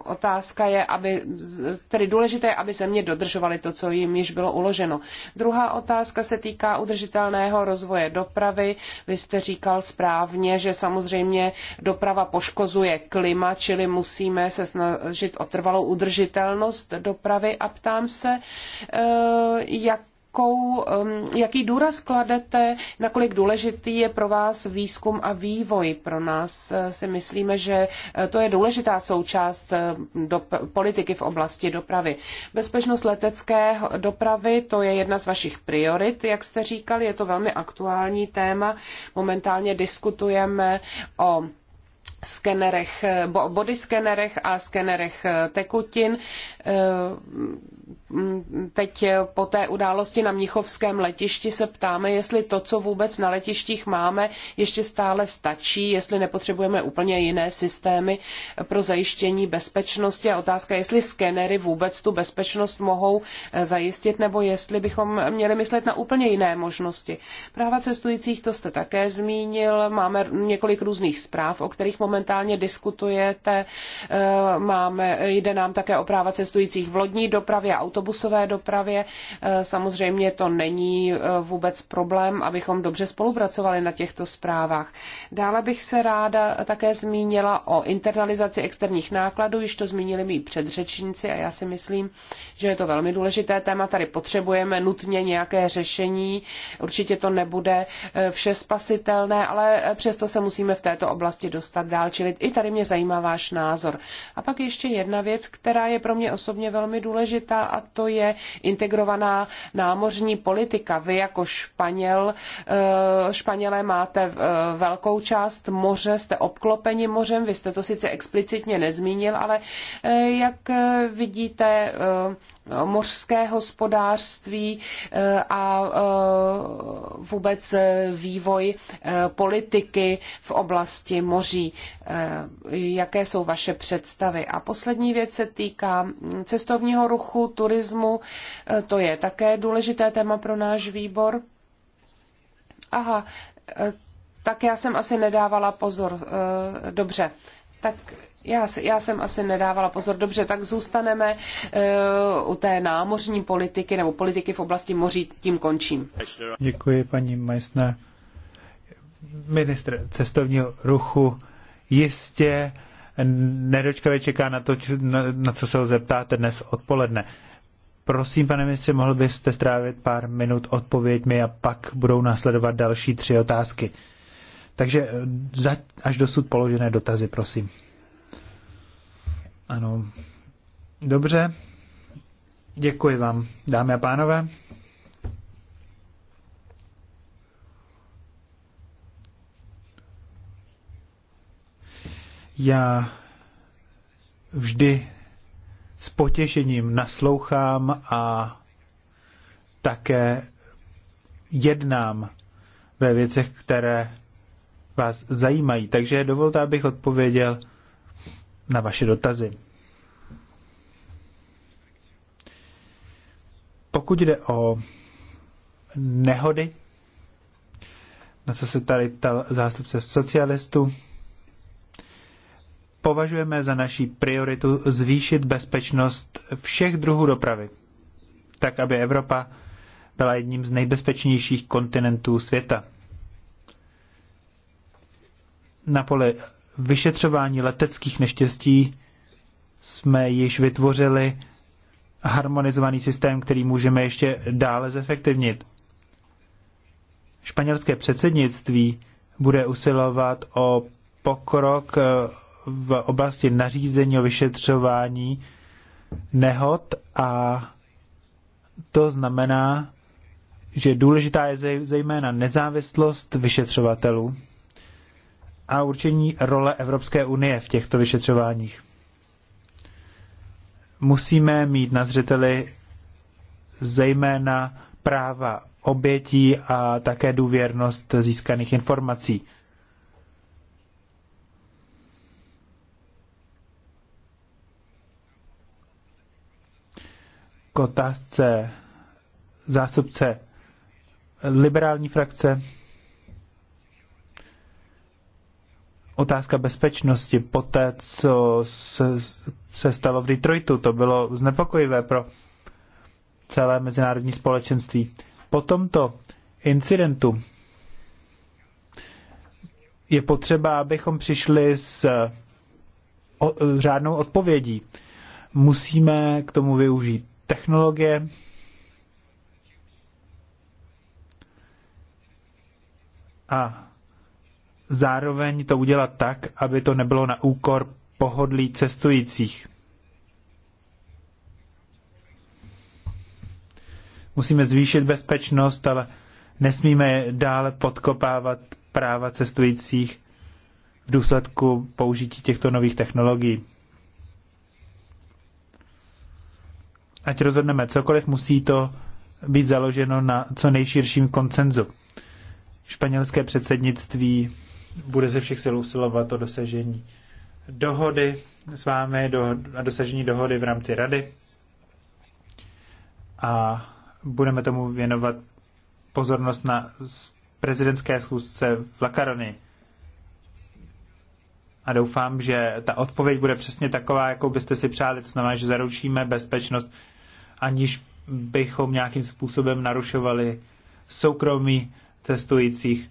otázka je, aby, tedy důležité, je, aby země dodržovaly to, co jim již bylo uloženo. Druhá otázka se týká udržitelného rozvoje dopravy. Vy jste říkal správně, že samozřejmě doprava poškozuje klima, čili musíme se snažit o trvalou udržitelnost dopravy a ptám se, e, jak jakou, um, jaký důraz kladete, nakolik důležitý je pro vás výzkum a vývoj. Pro nás eh, si myslíme, že eh, to je důležitá součást eh, do, politiky v oblasti dopravy. Bezpečnost letecké dopravy, to je jedna z vašich priorit, jak jste říkali, je to velmi aktuální téma. Momentálně diskutujeme o skenerech, body skenerech a skenerech tekutin. Eh, teď po té události na Mnichovském letišti se ptáme, jestli to, co vůbec na letištích máme, ještě stále stačí, jestli nepotřebujeme úplně jiné systémy pro zajištění bezpečnosti. A otázka, jestli skenery vůbec tu bezpečnost mohou eh, zajistit, nebo jestli bychom měli myslet na úplně jiné možnosti. Práva cestujících, to jste také zmínil. Máme několik různých zpráv, o kterých momentálně momentálně diskutujete. Eh, máme, jde nám také o práva cestujících v lodní dopravě a autobusové dopravě. Eh, samozřejmě to není eh, vůbec problém, abychom dobře spolupracovali na těchto zprávách. Dále bych se ráda také zmínila o internalizaci externích nákladů, již to zmínili mý předřečníci a já si myslím, že je to velmi důležité téma. Tady potřebujeme nutně nějaké řešení. Určitě to nebude vše spasitelné, ale přesto se musíme v této oblasti dostat dál. Čili i tady mě zajímá váš názor. A pak ještě jedna věc, která je pro mě osobně velmi důležitá a to je integrovaná námořní politika. Vy jako Španěl, eh, Španělé máte eh, velkou část moře, jste obklopeni mořem, vy jste to sice explicitně nezmínil, ale eh, jak vidíte, mořské hospodářství eh, a eh, vůbec vývoj eh, politiky v oblasti moří. Jaké jsou vaše představy? A poslední věc se týká cestovního ruchu, turismu. To je také důležité téma pro náš výbor. Aha, tak já jsem asi nedávala pozor. Dobře, tak já, já jsem asi nedávala pozor. Dobře, tak zůstaneme uh, u té námořní politiky nebo politiky v oblasti moří. Tím končím. Děkuji, paní Meissner. Ministr cestovního ruchu jistě nedočkavě čeká na to, na, na co se ho zeptáte dnes odpoledne. Prosím, pane ministře, mohl byste strávit pár minut odpověďmi a pak budou následovat další tři otázky. Takže až dosud položené dotazy, prosím. Ano. Dobře. Děkuji vám, dámy a pánové. Já vždy s potěšením naslouchám a také jednám ve věcech, které vás zajímají. Takže dovolte, abych odpověděl na vaše dotazy. Pokud jde o nehody, na co se tady ptal zástupce socialistů, považujeme za naší prioritu zvýšit bezpečnost všech druhů dopravy, tak aby Evropa byla jedním z nejbezpečnějších kontinentů světa. Na poli vyšetřování leteckých neštěstí jsme již vytvořili harmonizovaný systém, který můžeme ještě dále zefektivnit. Španělské předsednictví bude usilovat o pokrok eh, v oblasti nařízení o vyšetřování nehod a to znamená, že důležitá je zejména nezávislost vyšetřovatelů a určení role Evropské unie v těchto vyšetřováních. Musíme mít na zřeteli zejména práva obětí a také důvěrnost získaných informací. K otázce zástupce liberální frakce otázka bezpečnosti po té, co se, se stalo v Detroitu. To bylo znepokojivé pro celé mezinárodní společenství. Po tomto incidentu je potřeba, abychom přišli s o, řádnou odpovědí. Musíme k tomu využít technologie, a zároveň to udělat tak, aby to nebylo na úkor pohodlí cestujících. Musíme zvýšit bezpečnost, ale nesmíme dále podkopávat práva cestujících v důsledku použití těchto nových technologií. Ať rozhodneme cokoliv, musí to být založeno na co nejširším koncenzu. Španělské předsednictví bude ze všech sil usilovat o dosažení dohody s vámi do, a dosažení dohody v rámci rady. A budeme tomu věnovat pozornost na prezidentské schůzce v Lakarony. A doufám, že ta odpověď bude přesně taková, jakou byste si přáli. To znamená, že zaručíme bezpečnost, aniž bychom nějakým způsobem narušovali soukromí cestujících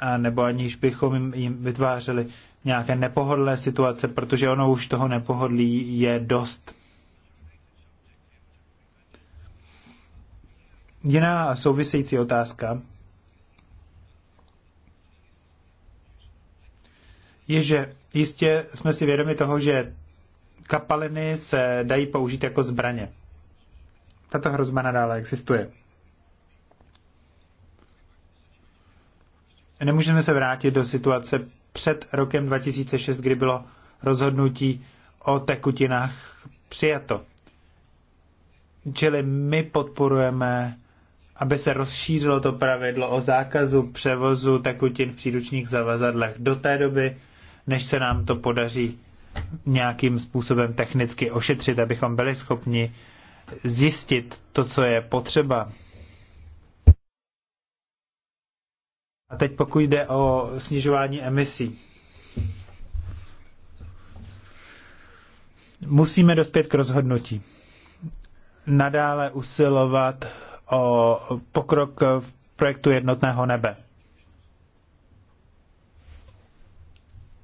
a nebo aniž bychom jim vytvářeli nějaké nepohodlné situace, protože ono už toho nepohodlí je dost. Jiná související otázka je, že jistě jsme si vědomi toho, že kapaliny se dají použít jako zbraně. Tato hrozba nadále existuje. nemůžeme se vrátit do situace před rokem 2006, kdy bylo rozhodnutí o tekutinách přijato. Čili my podporujeme, aby se rozšířilo to pravidlo o zákazu převozu tekutin v příručních zavazadlech do té doby, než se nám to podaří nějakým způsobem technicky ošetřit, abychom byli schopni zjistit to, co je potřeba A teď pokud jde o snižování emisí. Musíme dospět k rozhodnutí. Nadále usilovat o pokrok v projektu jednotného nebe.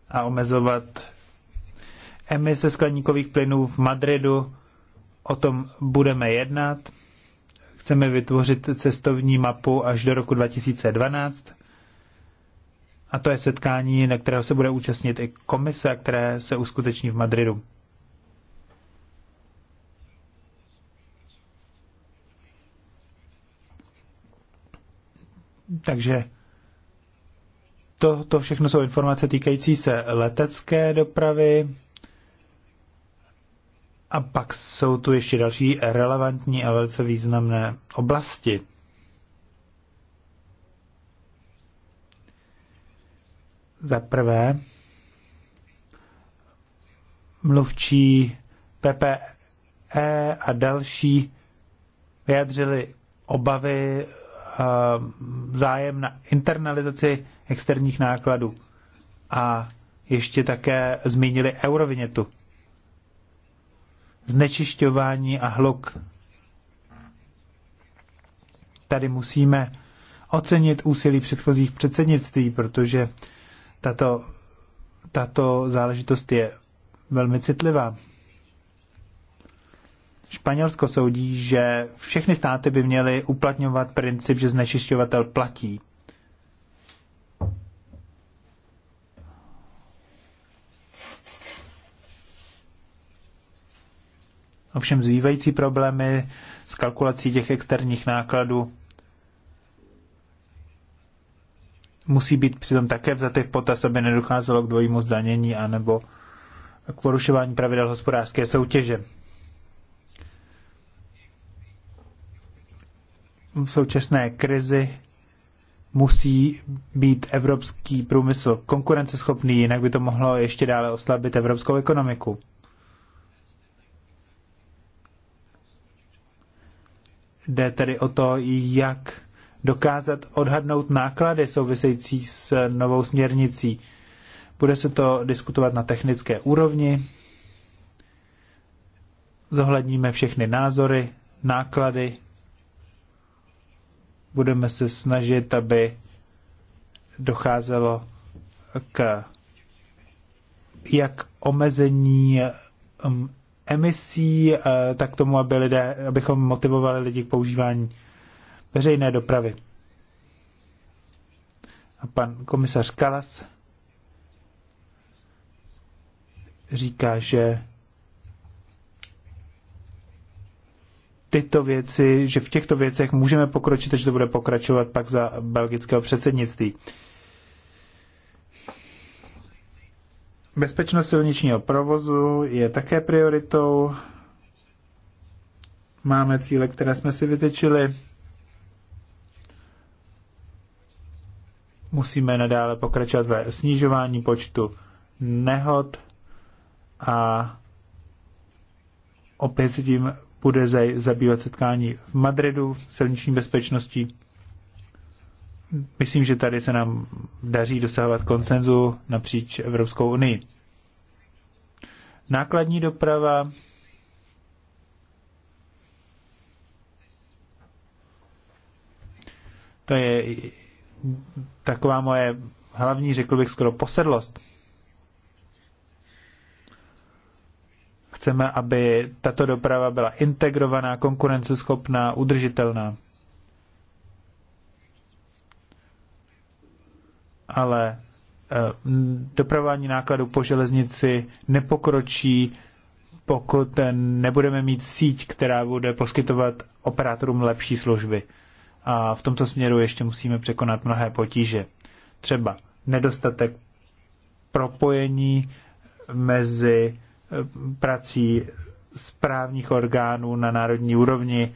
A omezovat emise skleníkových plynů v Madridu. O tom budeme jednat chceme vytvořit cestovní mapu až do roku 2012. A to je setkání, na kterého se bude účastnit i komise, které se uskuteční v Madridu. Takže to, to všechno jsou informace týkající se letecké dopravy. A pak jsou tu ještě další relevantní a velice významné oblasti. Za prvé, mluvčí PPE a další vyjadřili obavy eh, zájem na internalizaci externích nákladů a ještě také zmínili eurovinětu. Znečišťování a hluk. Tady musíme ocenit úsilí předchozích předsednictví, protože tato, tato záležitost je velmi citlivá. Španělsko soudí, že všechny státy by měly uplatňovat princip, že znečišťovatel platí. Ovšem zbývající problémy s kalkulací těch externích nákladů musí být přitom také vzaty v potaz, aby nedocházelo k dvojímu zdanění anebo k porušování pravidel hospodářské soutěže. V současné krizi musí být evropský průmysl konkurenceschopný, jinak by to mohlo ještě dále oslabit evropskou ekonomiku. Jde tedy o to, jak dokázat odhadnout náklady související s novou směrnicí. Bude se to diskutovat na technické úrovni. Zohledníme všechny názory, náklady. Budeme se snažit, aby docházelo k jak omezení um, emisí, eh, tak tomu, aby lidé, abychom motivovali lidi k používání veřejné dopravy. A pan komisař Kalas říká, že tyto věci, že v těchto věcech můžeme pokročit, že to bude pokračovat pak za belgického předsednictví. Bezpečnost silničního provozu je také prioritou. Máme cíle, které jsme si vytyčili. musíme nadále pokračovat ve snižování počtu nehod a opět se tím bude zabývat setkání v Madridu silniční bezpečnosti Myslím, že tady se nám daří dosahovat konsenzu napříč Evropskou unii. Nákladní doprava. To je taková moje hlavní, řekl bych, skoro posedlost. Chceme, aby tato doprava byla integrovaná, konkurenceschopná, udržitelná. Ale eh, dopravování nákladů po železnici nepokročí, pokud eh, nebudeme mít síť, která bude poskytovat operátorům lepší služby a v tomto směru ještě musíme překonat mnohé potíže. Třeba nedostatek propojení mezi eh, prací správních orgánů na národní úrovni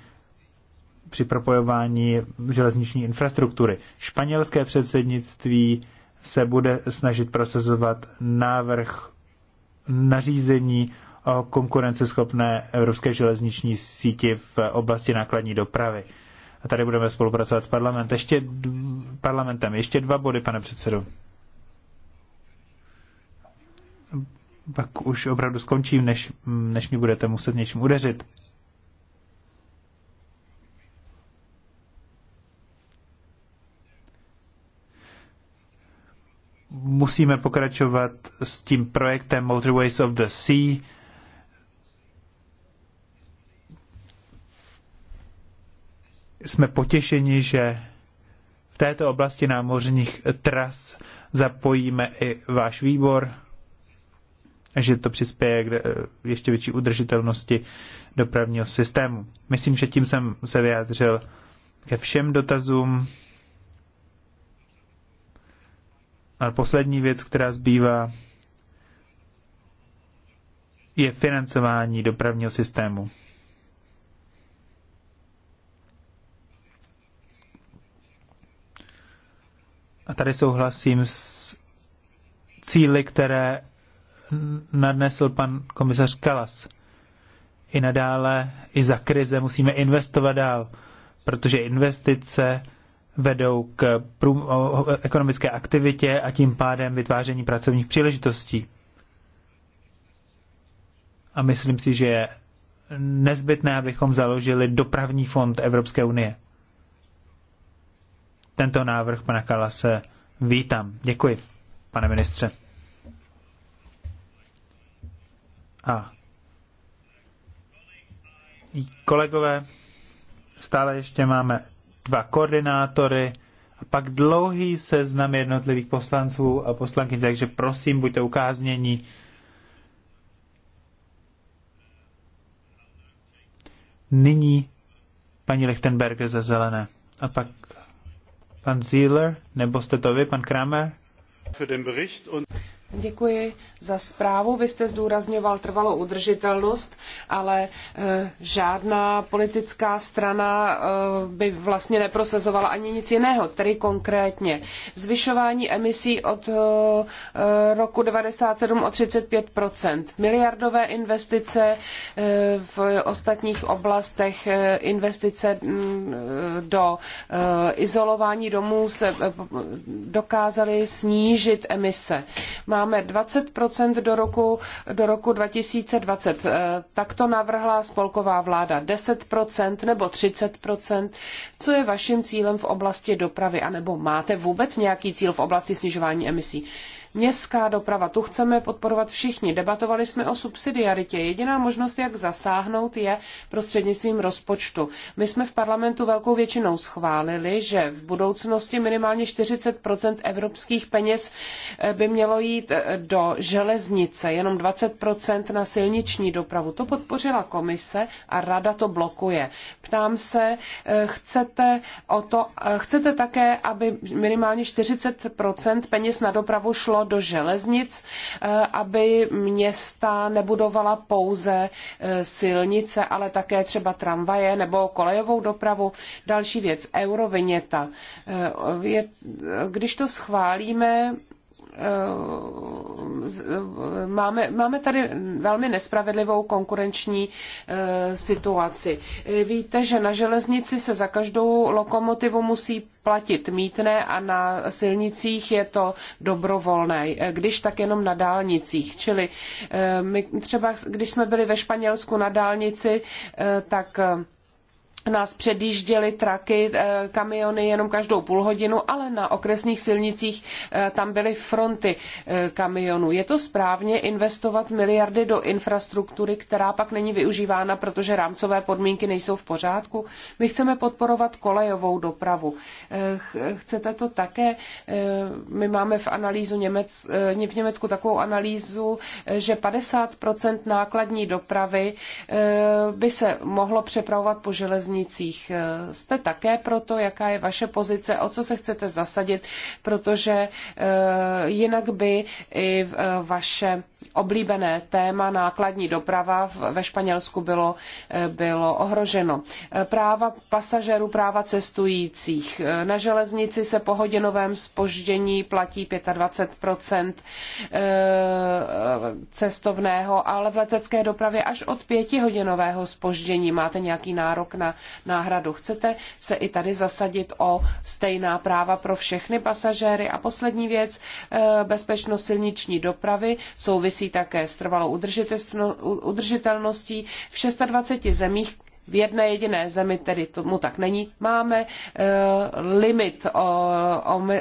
při propojování železniční infrastruktury. Španělské předsednictví se bude snažit procesovat návrh nařízení o konkurenceschopné evropské železniční síti v oblasti nákladní dopravy. A tady budeme spolupracovat s parlament. ještě, parlamentem. Ještě dva body, pane předsedo. Pak už opravdu skončím, než, než mi budete muset něčím udeřit. musíme pokračovat s tím projektem Motorways of the Sea, jsme potěšeni, že v této oblasti námořních tras zapojíme i váš výbor, že to přispěje k eh, ještě větší udržitelnosti dopravního systému. Myslím, že tím jsem se vyjádřil ke všem dotazům. A poslední věc, která zbývá, je financování dopravního systému. a tady souhlasím s cíly, které nadnesl pan komisař Kalas. I nadále, i za krize musíme investovat dál, protože investice vedou k ekonomické aktivitě a tím pádem vytváření pracovních příležitostí. A myslím si, že je nezbytné, abychom založili dopravní fond Evropské unie. Tento návrh pana Kalase vítám. Děkuji, pane ministře. A kolegové, stále ještě máme dva koordinátory a pak dlouhý seznam jednotlivých poslanců a poslanky, takže prosím, buďte ukáznění. Nyní paní Lichtenberger ze zelené a pak Pan Zieler, nebo jste to vy, pan Kramer? Děkuji za zprávu. Vy jste zdůrazňoval trvalou udržitelnost, ale eh, žádná politická strana eh, by vlastně neprosazovala ani nic jiného, tedy konkrétně zvyšování emisí od eh, roku 97 o 35 miliardové investice v ostatních oblastech, investice mm, do izolování domů se dokázaly snížit emise. Má máme 20 do roku, do roku 2020. Eh, tak to navrhla spolková vláda 10 nebo 30 Co je vaším cílem v oblasti dopravy, a nebo máte vůbec nějaký cíl v oblasti snižování emisí? Městská doprava, tu chceme podporovat všichni. Debatovali jsme o subsidiaritě. Jediná možnost, jak zasáhnout, je prostřednictvím rozpočtu. My jsme v parlamentu velkou většinou schválili, že v budoucnosti minimálně 40 evropských peněz eh, by mělo jít eh, do železnice, jenom 20 na silniční dopravu. To podpořila komise a rada to blokuje. Ptám se, eh, chcete, o to, chcete také, aby minimálně 40 peněz na dopravu šlo do železnic, eh, aby města nebudovala pouze eh, silnice, ale také třeba tramvaje nebo kolejovou dopravu. Další věc, euroviněta. Eh, když to schválíme, máme, máme tady velmi nespravedlivou konkurenční e, situaci. Víte, že na železnici se za každou lokomotivu musí platit mítné a na silnicích je to dobrovolné, e, když tak jenom na dálnicích. Čili e, my třeba, když jsme byli ve Španělsku na dálnici, tak nás předjížděly traky, eh, kamiony jenom každou půl hodinu, ale na okresních silnicích eh, tam byly fronty eh, kamionů. Je to správně investovat miliardy do infrastruktury, která pak není využívána, protože rámcové podmínky nejsou v pořádku? My chceme podporovat kolejovou dopravu. Chcete to také? My máme v analýzu Němec, v Německu takovou analýzu, že 50% nákladní dopravy by se mohlo přepravovat po železnici železnicích. Eh, jste také proto, jaká je vaše pozice, o co se chcete zasadit, protože eh, jinak by i eh, vaše oblíbené téma nákladní doprava ve Španělsku bylo, eh, bylo ohroženo. Eh, práva pasažérů, práva cestujících. Eh, na železnici se po hodinovém spoždění platí 25 cestovného, ale v letecké dopravě až od pětihodinového spoždění máte nějaký nárok na náhradu. Chcete se i tady zasadit o stejná práva pro všechny pasažéry? A poslední věc, bezpečnost silniční dopravy souvisí souvisí také s trvalou udržitelností. V 26 zemích v jedné jediné zemi, tedy tomu tak není, máme eh, limit o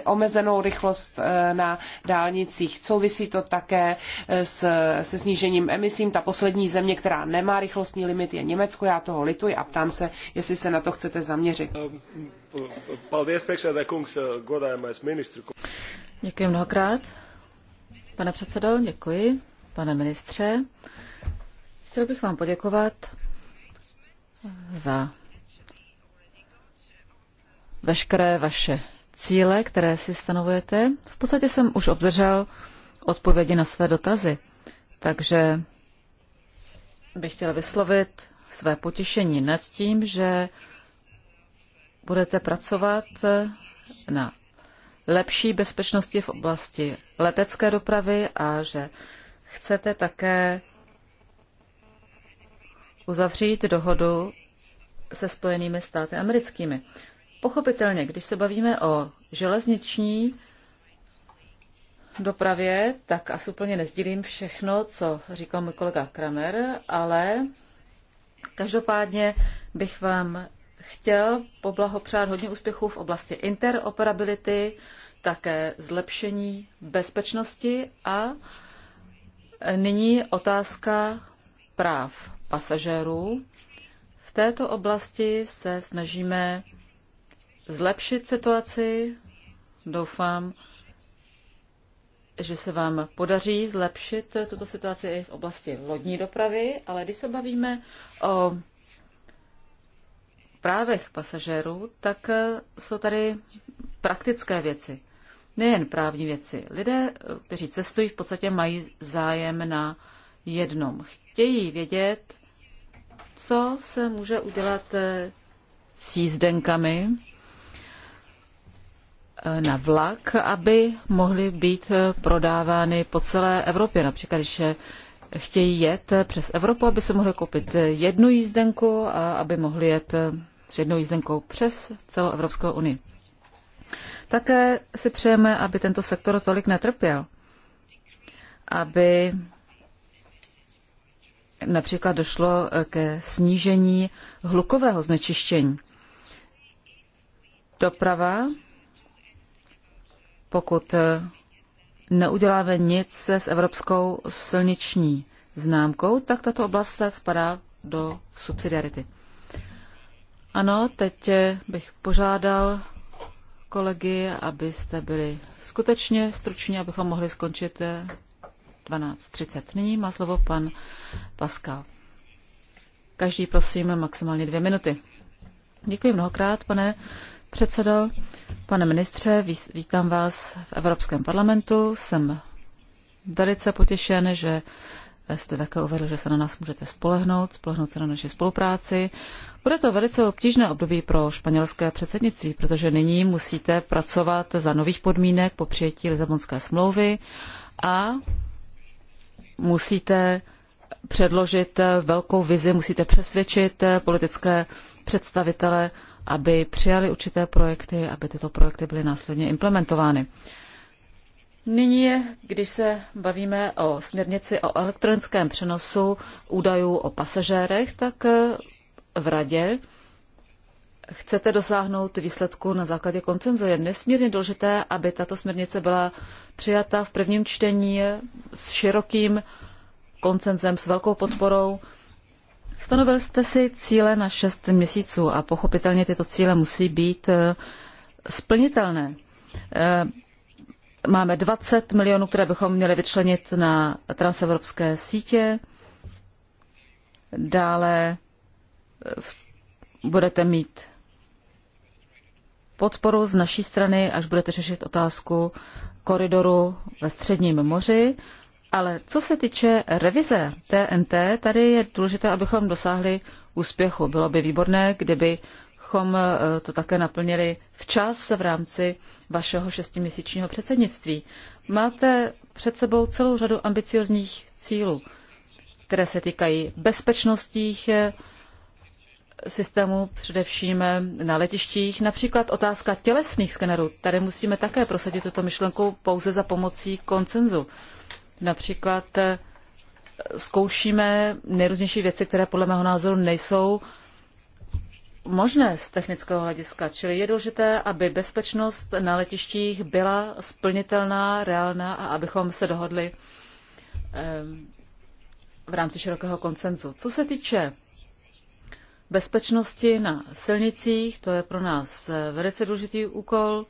omezenou rychlost eh, na dálnicích. Souvisí to také eh, s, se snížením emisí. Ta poslední země, která nemá rychlostní limit, je Německo. Já toho lituji a ptám se, jestli se na to chcete zaměřit. Děkuji mnohokrát. Pane předsedo, děkuji. Pane ministře, chtěl bych vám poděkovat za veškeré vaše cíle, které si stanovujete. V podstatě jsem už obdržel odpovědi na své dotazy, takže bych chtěl vyslovit své potěšení nad tím, že budete pracovat na lepší bezpečnosti v oblasti letecké dopravy a že chcete také uzavřít dohodu se Spojenými státy americkými. Pochopitelně, když se bavíme o železniční dopravě, tak asi úplně nezdílím všechno, co říkal můj kolega Kramer, ale každopádně bych vám chtěl poblahopřát hodně úspěchů v oblasti interoperability, také zlepšení bezpečnosti a nyní otázka práv pasažérů. V této oblasti se snažíme zlepšit situaci. Doufám, že se vám podaří zlepšit tuto situaci i v oblasti lodní dopravy, ale když se bavíme o právech pasažérů, tak eh, jsou tady praktické věci, nejen právní věci. Lidé, eh, kteří cestují, v podstatě mají zájem na jednom. Chtějí vědět, co se může udělat eh, s jízdenkami na vlak, aby mohly být prodávány po celé Evropě. Například, když chtějí jet přes Evropu, aby se mohli koupit jednu jízdenku a aby mohli jet s jednou jízdenkou přes celou Evropskou unii. Také si přejeme, aby tento sektor tolik netrpěl, aby například došlo ke snížení hlukového znečištění. Doprava, pokud neuděláme nic s evropskou silniční známkou, tak tato oblast spadá do subsidiarity. Ano, teď bych požádal kolegy, abyste byli skutečně struční, abychom mohli skončit 12.30. Eh, Nyní má slovo pan Pascal. Každý, prosím, maximálně dvě minuty. Děkuji mnohokrát, pane předsedo. Pane ministře, vítám vás v Evropském parlamentu. Jsem velice potěšen, že jste také uvedl, že se na nás můžete spolehnout, spolehnout se na naši spolupráci. Bude to velice obtížné období pro španělské předsednictví, protože nyní musíte pracovat za nových podmínek po přijetí Lisabonské smlouvy a musíte předložit velkou vizi, musíte přesvědčit politické představitele aby přijali určité projekty, aby tyto projekty byly následně implementovány. Nyní, když se bavíme o směrnici o elektronickém přenosu údajů o pasažérech, tak eh, v radě chcete dosáhnout výsledku na základě koncenzu. Je nesmírně důležité, aby tato směrnice byla přijata v prvním čtení s širokým koncenzem, s velkou podporou Stanovil jste si cíle na 6 měsíců a pochopitelně tyto cíle musí být eh, splnitelné. Eh, máme 20 milionů, které bychom měli vyčlenit na transevropské sítě. Dále eh, budete mít podporu z naší strany, až budete řešit otázku koridoru ve Středním moři. Ale co se týče revize TNT, tady je důležité, abychom dosáhli úspěchu. Bylo by výborné, kdybychom eh, to také naplnili včas v rámci vašeho šestiměsíčního předsednictví. Máte před sebou celou řadu ambiciozních cílů, které se týkají bezpečnostních eh, systémů, především eh, na letištích. Například otázka tělesných skenerů. Tady musíme také prosadit tuto myšlenku pouze za pomocí koncenzu. Například eh, zkoušíme nejrůznější věci, které podle mého názoru nejsou možné z technického hlediska. Čili je důležité, aby bezpečnost na letištích byla splnitelná, reálná a abychom se dohodli eh, v rámci širokého koncenzu. Co se týče bezpečnosti na silnicích, to je pro nás eh, velice důležitý úkol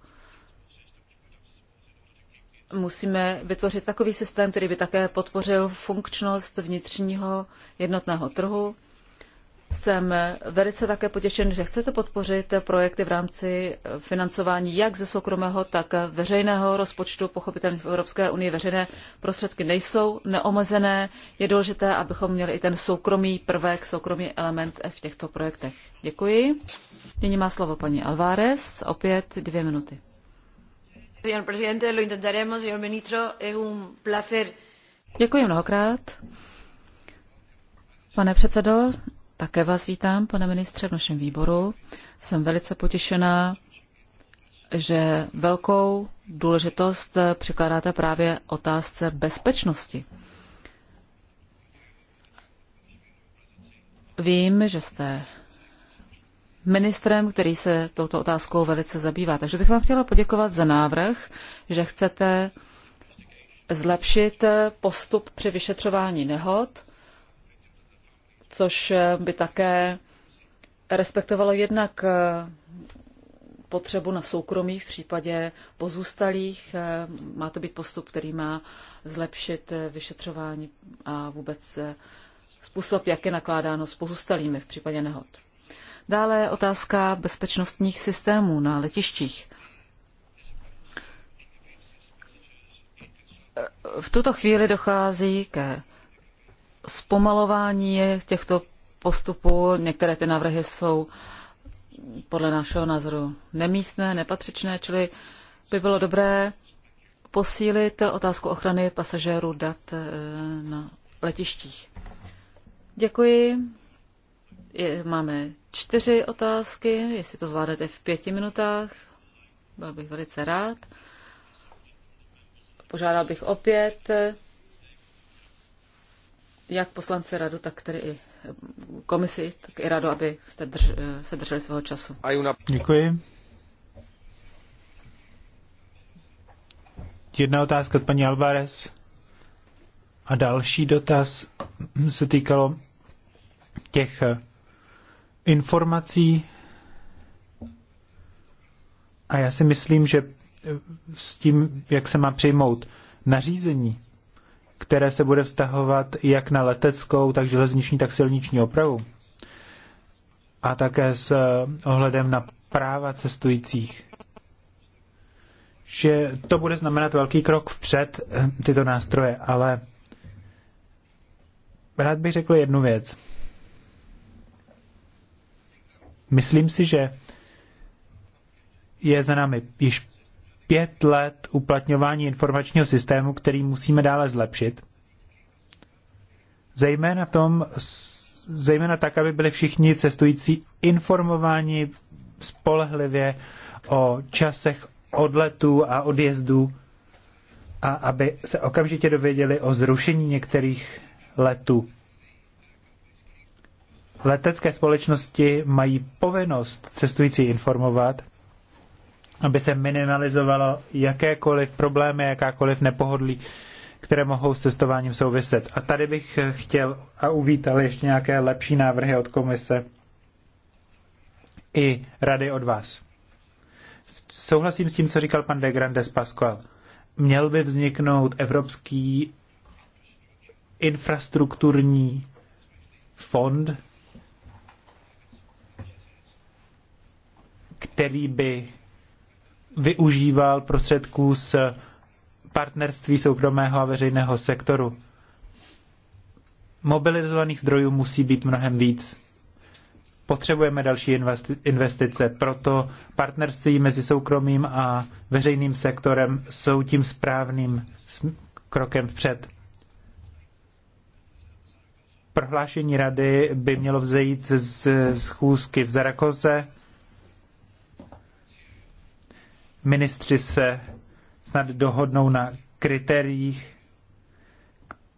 musíme vytvořit takový systém, který by také podpořil funkčnost vnitřního jednotného trhu. Jsem velice také potěšen, že chcete podpořit projekty v rámci financování jak ze soukromého, tak veřejného rozpočtu. Pochopitelně v Evropské unii veřejné prostředky nejsou neomezené. Je důležité, abychom měli i ten soukromý prvek, soukromý element v těchto projektech. Děkuji. Nyní má slovo paní Alvarez. Opět dvě minuty. Señor presidente, lo intentaremos, señor ministro, es un placer. Děkuji mnohokrát. Pane předsedo, také vás vítám, pane ministře, v našem výboru. Jsem velice potěšená, že velkou důležitost přikládáte právě otázce bezpečnosti. Vím, že jste ministrem, který se touto otázkou velice zabývá. Takže bych vám chtěla poděkovat za návrh, že chcete zlepšit postup při vyšetřování nehod, což by také respektovalo jednak potřebu na soukromí v případě pozůstalých. Má to být postup, který má zlepšit vyšetřování a vůbec způsob, jak je nakládáno s pozůstalými v případě nehod. Dále otázka bezpečnostních systémů na letištích. V tuto chvíli dochází ke zpomalování těchto postupů. Některé ty návrhy jsou podle našeho názoru nemístné, nepatřičné, čili by bylo dobré posílit otázku ochrany pasažérů dat eh, na letištích. Děkuji. máme čtyři otázky, jestli to zvládnete v pěti minutách, byl bych velice rád. Požádal bych opět jak poslance radu, tak tedy i komisi, tak i radu, aby jste drž, se drželi svého času. Děkuji. Jedna otázka od paní Alvarez. A další dotaz se týkalo těch informací a já si myslím, že eh, s tím, jak se má přijmout nařízení, které se bude vztahovat jak na leteckou, tak železniční, tak silniční opravu, a také s eh, ohledem na práva cestujících, že to bude znamenat velký krok vpřed eh, tyto nástroje, ale rád bych řekl jednu věc. Myslím si, že je za námi již pět let uplatňování informačního systému, který musíme dále zlepšit. Zejména v tom, zejména tak, aby byli všichni cestující informováni spolehlivě o časech odletů a odjezdů a aby se okamžitě dověděli o zrušení některých letů letecké společnosti mají povinnost cestující informovat, aby se minimalizovalo jakékoliv problémy, jakákoliv nepohodlí, které mohou s cestováním souviset. A tady bych chtěl a uvítal ještě nějaké lepší návrhy od komise i rady od vás. Souhlasím s tím, co říkal pan de Grandes Pascual. Měl by vzniknout evropský infrastrukturní fond, který by využíval prostředků z partnerství soukromého a veřejného sektoru. Mobilizovaných zdrojů musí být mnohem víc. Potřebujeme další investice, proto partnerství mezi soukromým a veřejným sektorem jsou tím správným krokem vpřed. Prohlášení rady by mělo vzejít z schůzky v Zarakoze ministři se snad dohodnou na kritériích,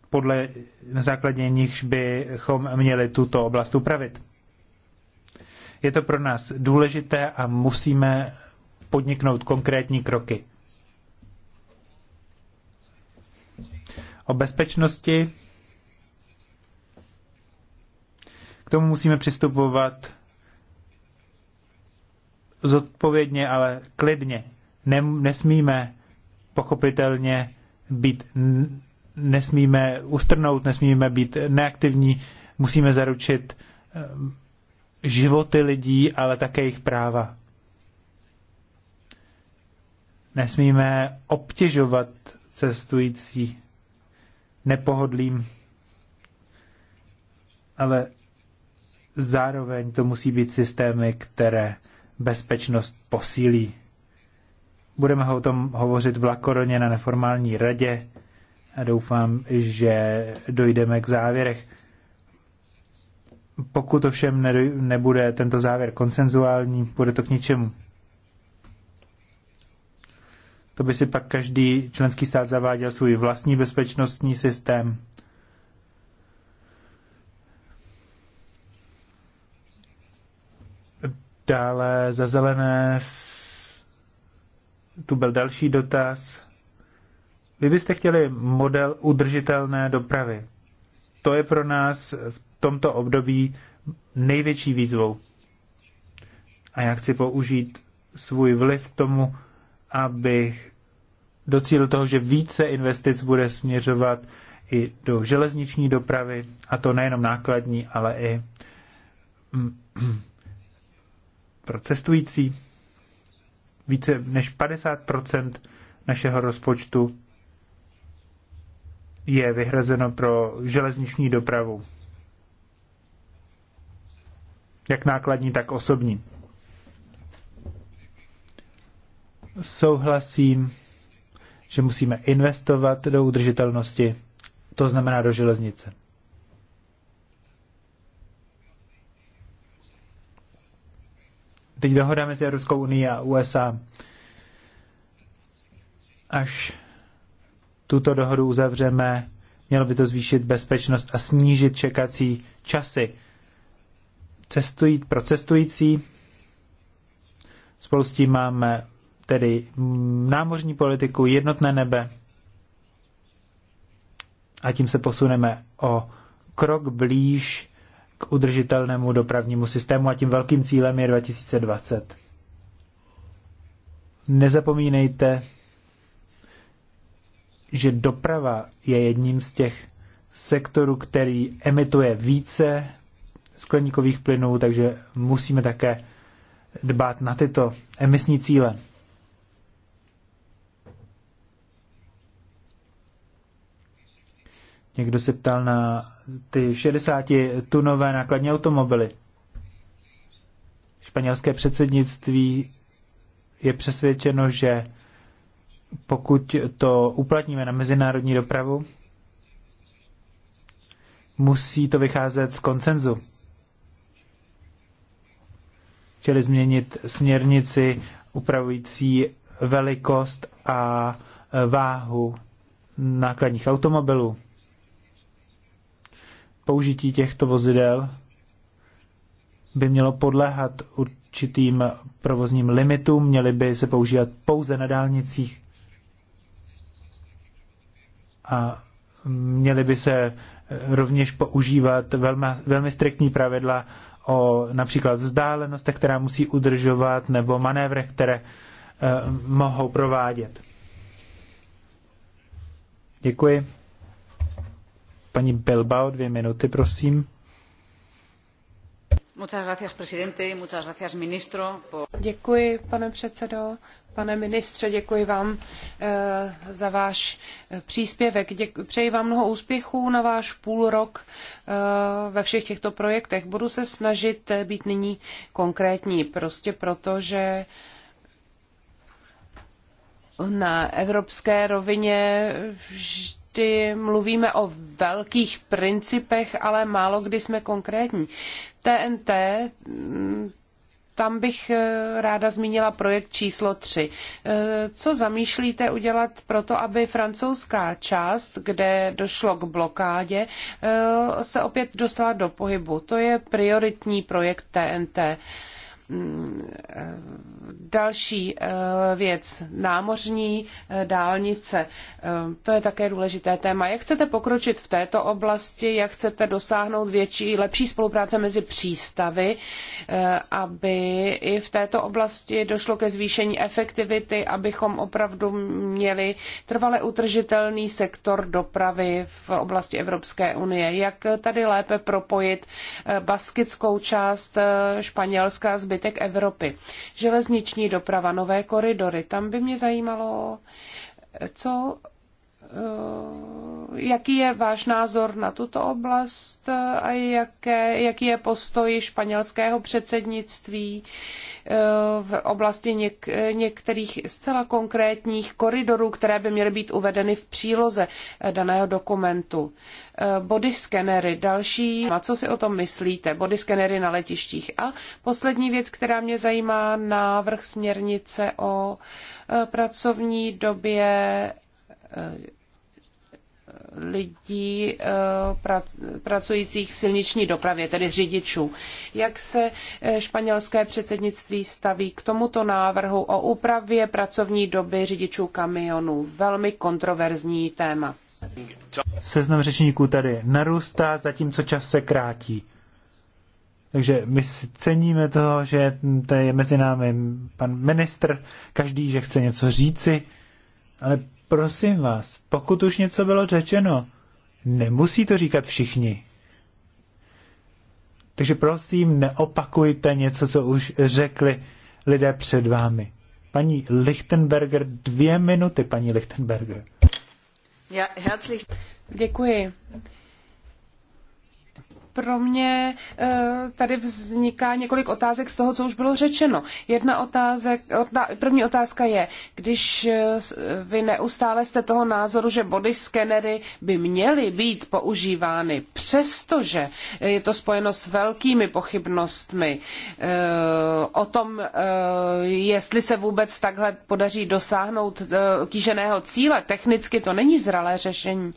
podle na základě nichž bychom měli tuto oblast upravit. Je to pro nás důležité a musíme podniknout konkrétní kroky. O bezpečnosti k tomu musíme přistupovat zodpovědně, ale klidně ne, nesmíme pochopitelně být, nesmíme ustrnout, nesmíme být neaktivní, musíme zaručit eh, životy lidí, ale také jejich práva. Nesmíme obtěžovat cestující nepohodlím, ale zároveň to musí být systémy, které bezpečnost posílí. Budeme o tom hovořit v Lakoroně na neformální radě a doufám, že dojdeme k závěrech. Pokud ovšem nebude tento závěr konsenzuální, bude to k ničemu. To by si pak každý členský stát zaváděl svůj vlastní bezpečnostní systém. Dále za zelené tu byl další dotaz. Vy byste chtěli model udržitelné dopravy. To je pro nás v tomto období největší výzvou. A já chci použít svůj vliv k tomu, abych docílil toho, že více investic bude směřovat i do železniční dopravy, a to nejenom nákladní, ale i mm, pro cestující více než 50 našeho rozpočtu je vyhrazeno pro železniční dopravu. Jak nákladní, tak osobní. Souhlasím, že musíme investovat do udržitelnosti, to znamená do železnice. teď dohoda mezi Ruskou unii a USA. Až tuto dohodu uzavřeme, mělo by to zvýšit bezpečnost a snížit čekací časy cestují, pro cestující. Spolu s tím máme tedy námořní politiku, jednotné nebe a tím se posuneme o krok blíž k udržitelnému dopravnímu systému a tím velkým cílem je 2020. Nezapomínejte, že doprava je jedním z těch sektorů, který emituje více skleníkových plynů, takže musíme také dbát na tyto emisní cíle. Někdo se ptal na ty 60-tunové nákladní automobily. Španělské předsednictví je přesvědčeno, že pokud to uplatníme na mezinárodní dopravu, musí to vycházet z koncenzu. Čili změnit směrnici upravující velikost a váhu nákladních automobilů použití těchto vozidel by mělo podléhat určitým provozním limitům, měly by se používat pouze na dálnicích a měly by se eh, rovněž používat velmi, velmi striktní pravidla o například vzdálenostech, která musí udržovat, nebo manévrech, které eh, mohou provádět. Děkuji. Paní Bilbao, dvě minuty, prosím. Děkuji, pane předsedo. Pane ministře, děkuji vám eh, za váš eh, příspěvek. Děkuji, přeji vám mnoho úspěchů na váš půlrok eh, ve všech těchto projektech. Budu se snažit být nyní konkrétní, prostě proto, že na evropské rovině vždy vždy mluvíme o velkých principech, ale málo kdy jsme konkrétní. TNT, mm, tam bych eh, ráda zmínila projekt číslo 3. Eh, co zamýšlíte udělat pro to, aby francouzská část, kde došlo k blokádě, eh, se opět dostala do pohybu? To je prioritní projekt TNT. Další eh, věc, námořní eh, dálnice. Eh, to je také důležité téma. Jak chcete pokročit v této oblasti, jak chcete dosáhnout větší, lepší spolupráce mezi přístavy, aby i v této oblasti došlo ke zvýšení efektivity, abychom opravdu měli trvale utržitelný sektor dopravy v oblasti Evropské unie. Jak tady lépe propojit baskickou část Španělska s zbytek Evropy. Železniční doprava, nové koridory, tam by mě zajímalo, co eh, jaký je váš názor na tuto oblast a jaké, jaký je postoj španělského předsednictví eh, v oblasti něk, některých zcela konkrétních koridorů, které by měly být uvedeny v příloze daného dokumentu. Eh, body skenery, další, a co si o tom myslíte, body skenery na letištích. A poslední věc, která mě zajímá, návrh směrnice o eh, pracovní době eh, lidí pracujících v silniční dopravě, tedy řidičů. Jak se španělské předsednictví staví k tomuto návrhu o úpravě pracovní doby řidičů kamionů? Velmi kontroverzní téma. Seznam řečníků tady narůstá, zatímco čas se krátí. Takže my ceníme toho, že to je mezi námi pan ministr, každý, že chce něco říci, ale prosím vás, pokud už něco bylo řečeno, nemusí to říkat všichni. Takže prosím, neopakujte něco, co už řekli lidé před vámi. Paní Lichtenberger, dvě minuty, paní Lichtenberger. Děkuji. Pro mě eh, tady vzniká několik otázek z toho, co už bylo řečeno. Jedna otázek, první otázka je, když eh, vy neustále jste toho názoru, že body skenery by měly být používány, přestože je to spojeno s velkými pochybnostmi eh, o tom, jestli se vůbec takhle podaří dosáhnout kýženého cíle, technicky to není zralé řešení.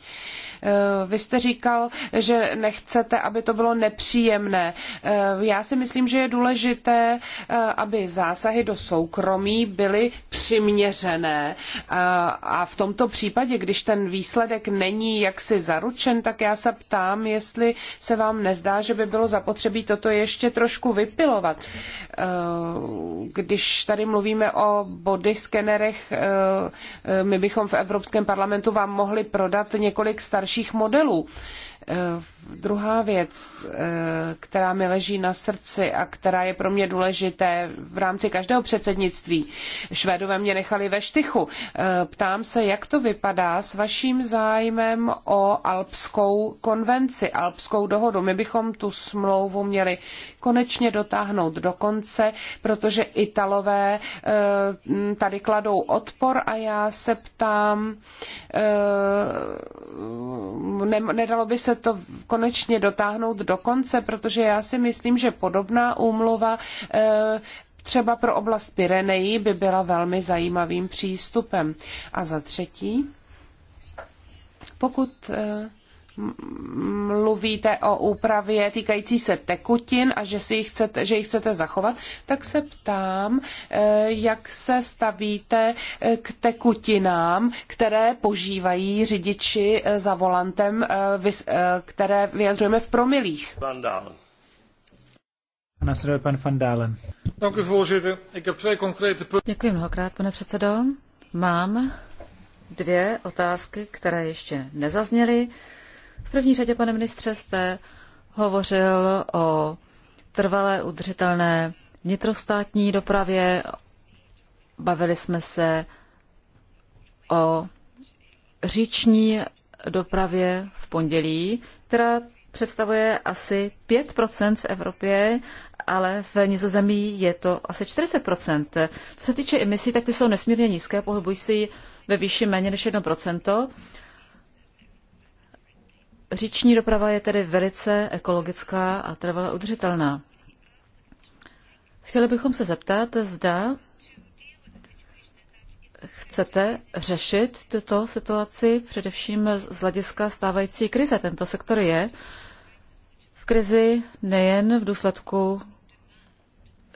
Eh, vy jste říkal, že nechcete, aby to bylo nepříjemné. Eh, já si myslím, že je důležité, eh, aby zásahy do soukromí byly přiměřené. A v tomto případě, když ten výsledek není jaksi zaručen, tak já se ptám, jestli se vám nezdá, že by bylo zapotřebí toto ještě trošku vypilovat. Když tady mluvíme o body skenerech, my bychom v Evropském parlamentu vám mohli prodat několik starších dalších modelů. Eh, Druhá věc, eh, která mi leží na srdci a která je pro mě důležité v rámci každého předsednictví. Švédové mě nechali ve štychu. Eh, ptám se, jak to vypadá s vaším zájmem o Alpskou konvenci, Alpskou dohodu. My bychom tu smlouvu měli konečně dotáhnout do konce, protože Italové eh, tady kladou odpor a já se ptám, nedalo by se to v konečně dotáhnout do konce, protože já si myslím, že podobná úmluva eh, třeba pro oblast Pireneji by byla velmi zajímavým přístupem. A za třetí, pokud eh, mluvíte o úpravě týkající se tekutin a že, si ji chcete, že ji chcete zachovat, tak se ptám, eh, jak se stavíte eh, k tekutinám, které požívají řidiči eh, za volantem, které vyjadřujeme v promilích. Van Dalen. Následuje pan Van Dalen. Děkuji mnohokrát, pane předsedo. Mám dvě otázky, které ještě nezazněly. V první řadě, pane ministře, jste hovořil o trvalé udržitelné vnitrostátní dopravě, bavili jsme se o říční dopravě v pondělí, která představuje asi 5 v Evropě, ale v Nizozemí je to asi 40 Co se týče emisí, tak ty jsou nesmírně nízké, pohybují si ve výši méně než Říční doprava je tedy velice ekologická a trvale udržitelná. Chtěli bychom se zeptat, zda chcete řešit tuto situaci především z hlediska stávající krize. Tento sektor je v krizi nejen v důsledku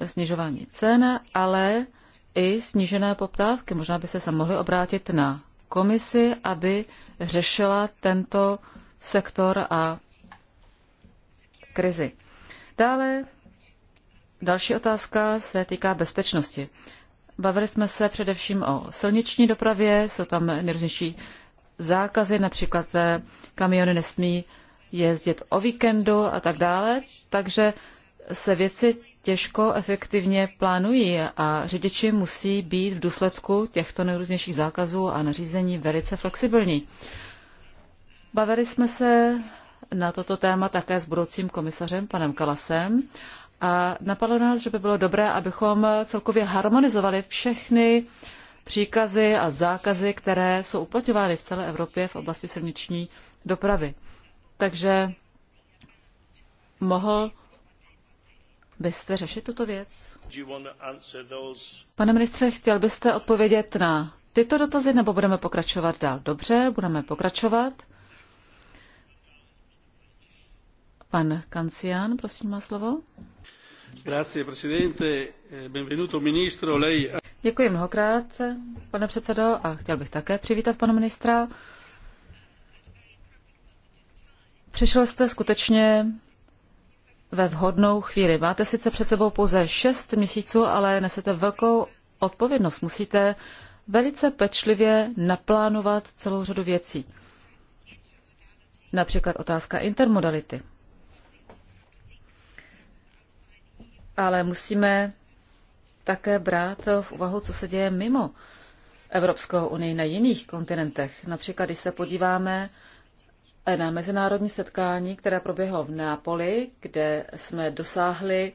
snižování cen, ale i snížené poptávky. Možná by se mohli obrátit na komisi, aby řešila tento sektor a krizi. Dále další otázka se týká bezpečnosti. Bavili jsme se především o silniční dopravě, jsou tam nejrůznější zákazy, například eh, kamiony nesmí jezdit o víkendu a tak dále, takže se věci těžko efektivně plánují a řidiči musí být v důsledku těchto nejrůznějších zákazů a nařízení velice flexibilní. Bavili jsme se na toto téma také s budoucím komisařem, panem Kalasem, a napadlo nás, že by bylo dobré, abychom celkově harmonizovali všechny příkazy a zákazy, které jsou uplatňovány v celé Evropě v oblasti silniční dopravy. Takže mohl byste řešit tuto věc? Pane ministře, chtěl byste odpovědět na tyto dotazy, nebo budeme pokračovat dál? Dobře, budeme pokračovat. Pan Kancián, prosím, má slovo. Děkuji mnohokrát, pane předsedo, a chtěl bych také přivítat pana ministra. Přišel jste skutečně ve vhodnou chvíli. Máte sice před sebou pouze šest měsíců, ale nesete velkou odpovědnost. Musíte velice pečlivě naplánovat celou řadu věcí. Například otázka intermodality. ale musíme také brát v úvahu, co se děje mimo Evropskou unii na jiných kontinentech. Například, když se podíváme na mezinárodní setkání, které proběhlo v Nápoli, kde jsme dosáhli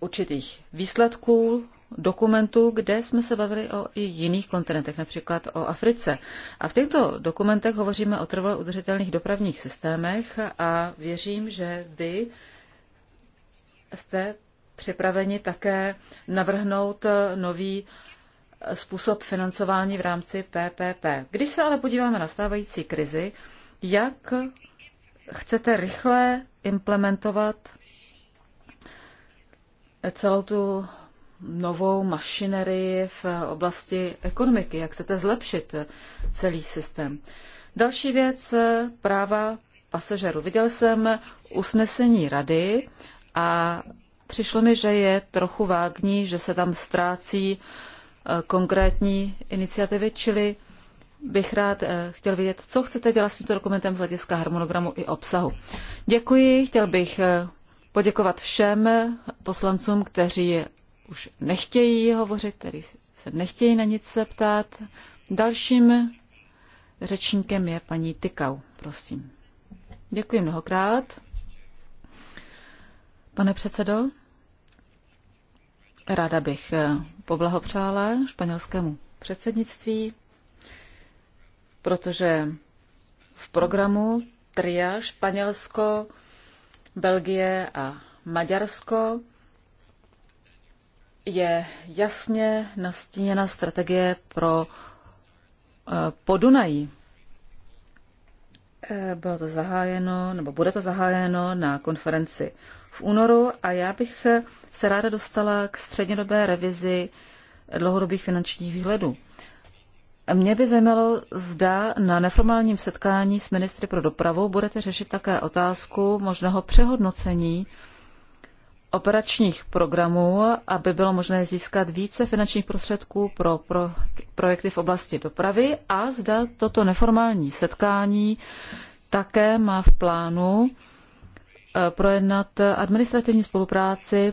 určitých výsledků, dokumentů, kde jsme se bavili o i jiných kontinentech, například o Africe. A v těchto dokumentech hovoříme o trvalo udržitelných dopravních systémech a věřím, že vy by jste připraveni také navrhnout nový způsob financování v rámci PPP. Když se ale podíváme na stávající krizi, jak chcete rychle implementovat celou tu novou mašinerii v oblasti ekonomiky, jak chcete zlepšit celý systém. Další věc, práva pasažerů. Viděl jsem usnesení rady a přišlo mi, že je trochu vágní, že se tam ztrácí e, konkrétní iniciativy, čili bych rád e, chtěl vědět, co chcete dělat s tímto dokumentem z hlediska harmonogramu i obsahu. Děkuji, chtěl bych e, poděkovat všem poslancům, kteří už nechtějí hovořit, kteří se nechtějí na nic zeptat. ptát. Dalším řečníkem je paní Tykau, prosím. Děkuji mnohokrát. Pane předsedo, ráda bych eh, poblahopřála španělskému předsednictví, protože v programu TRIA Španělsko, Belgie a Maďarsko je jasně nastíněna strategie pro eh, Podunají. Eh, bylo to zahájeno, nebo bude to zahájeno na konferenci v únoru a já bych se ráda dostala k střednědobé revizi dlouhodobých finančních výhledů. Mě by zajímalo, zda na neformálním setkání s ministry pro dopravu budete řešit také otázku možného přehodnocení operačních programů, aby bylo možné získat více finančních prostředků pro, pro projekty v oblasti dopravy a zda toto neformální setkání také má v plánu Eh, projednat administrativní spolupráci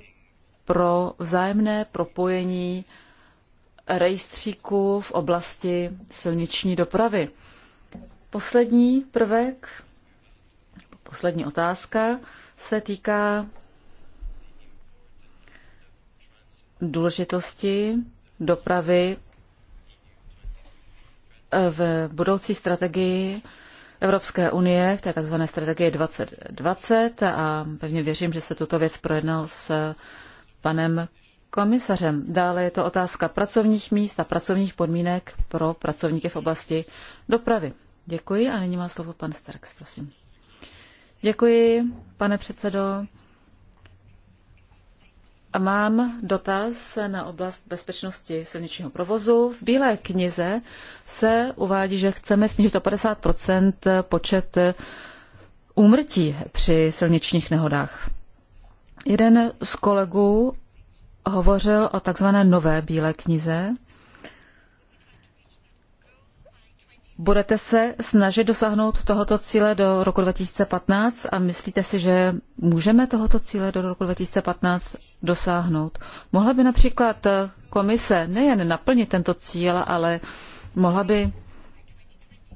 pro vzájemné propojení rejstříků v oblasti silniční dopravy. Poslední prvek, poslední otázka se týká důležitosti dopravy v budoucí strategii Evropské unie v té tzv. strategii 2020 a pevně věřím, že se tuto věc projednal s panem komisařem. Dále je to otázka pracovních míst a pracovních podmínek pro pracovníky v oblasti dopravy. Děkuji a nyní má slovo pan Starks, prosím. Děkuji, pane předsedo. Mám dotaz na oblast bezpečnosti silničního provozu. V Bílé knize se uvádí, že chceme snížit o 50 počet úmrtí při silničních nehodách. Jeden z kolegů hovořil o takzvané nové Bílé knize, Budete se snažit dosáhnout tohoto cíle do roku 2015 a myslíte si, že můžeme tohoto cíle do roku 2015 dosáhnout? Mohla by například eh, komise nejen naplnit tento cíl, ale mohla by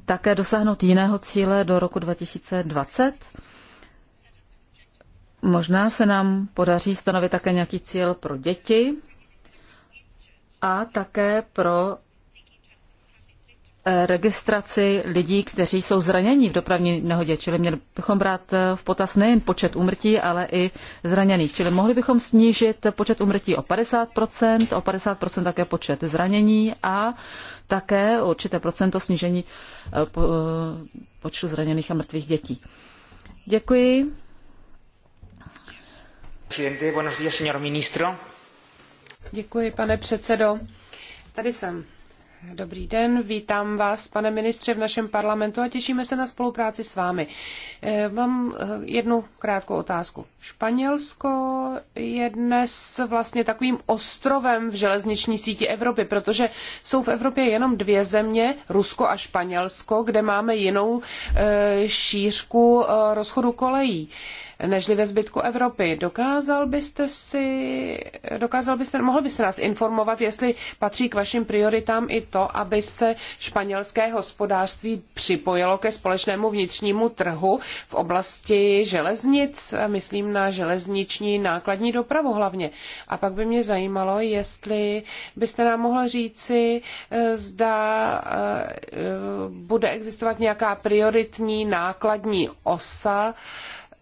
také dosáhnout jiného cíle do roku 2020? Možná se nám podaří stanovit také nějaký cíl pro děti a také pro registraci lidí, kteří jsou zraněni v dopravní nehodě, čili měli bychom brát eh, v potaz nejen počet úmrtí, ale i zraněných. Čili mohli bychom snížit počet úmrtí o 50%, o 50% také počet zranění a také určité procento snížení eh, eh, počtu zraněných a mrtvých dětí. Děkuji. Presidente, buenos días, señor ministro. Děkuji, pane předsedo. Tady jsem. Dobrý den, vítám vás, pane ministře, v našem parlamentu a těšíme se na spolupráci s vámi. Eh, mám eh, jednu krátkou otázku. Španělsko je dnes vlastně takovým ostrovem v železniční síti Evropy, protože jsou v Evropě jenom dvě země, Rusko a Španělsko, kde máme jinou eh, šířku rozchodu kolejí nežli ve zbytku Evropy. Dokázal byste si, dokázal byste, mohl byste nás informovat, jestli patří k vašim prioritám i to, aby se španělské hospodářství připojilo ke společnému vnitřnímu trhu v oblasti železnic, myslím na železniční nákladní dopravu hlavně. A pak by mě zajímalo, jestli byste nám mohl říci, eh, zda eh, eh, bude existovat nějaká prioritní nákladní osa,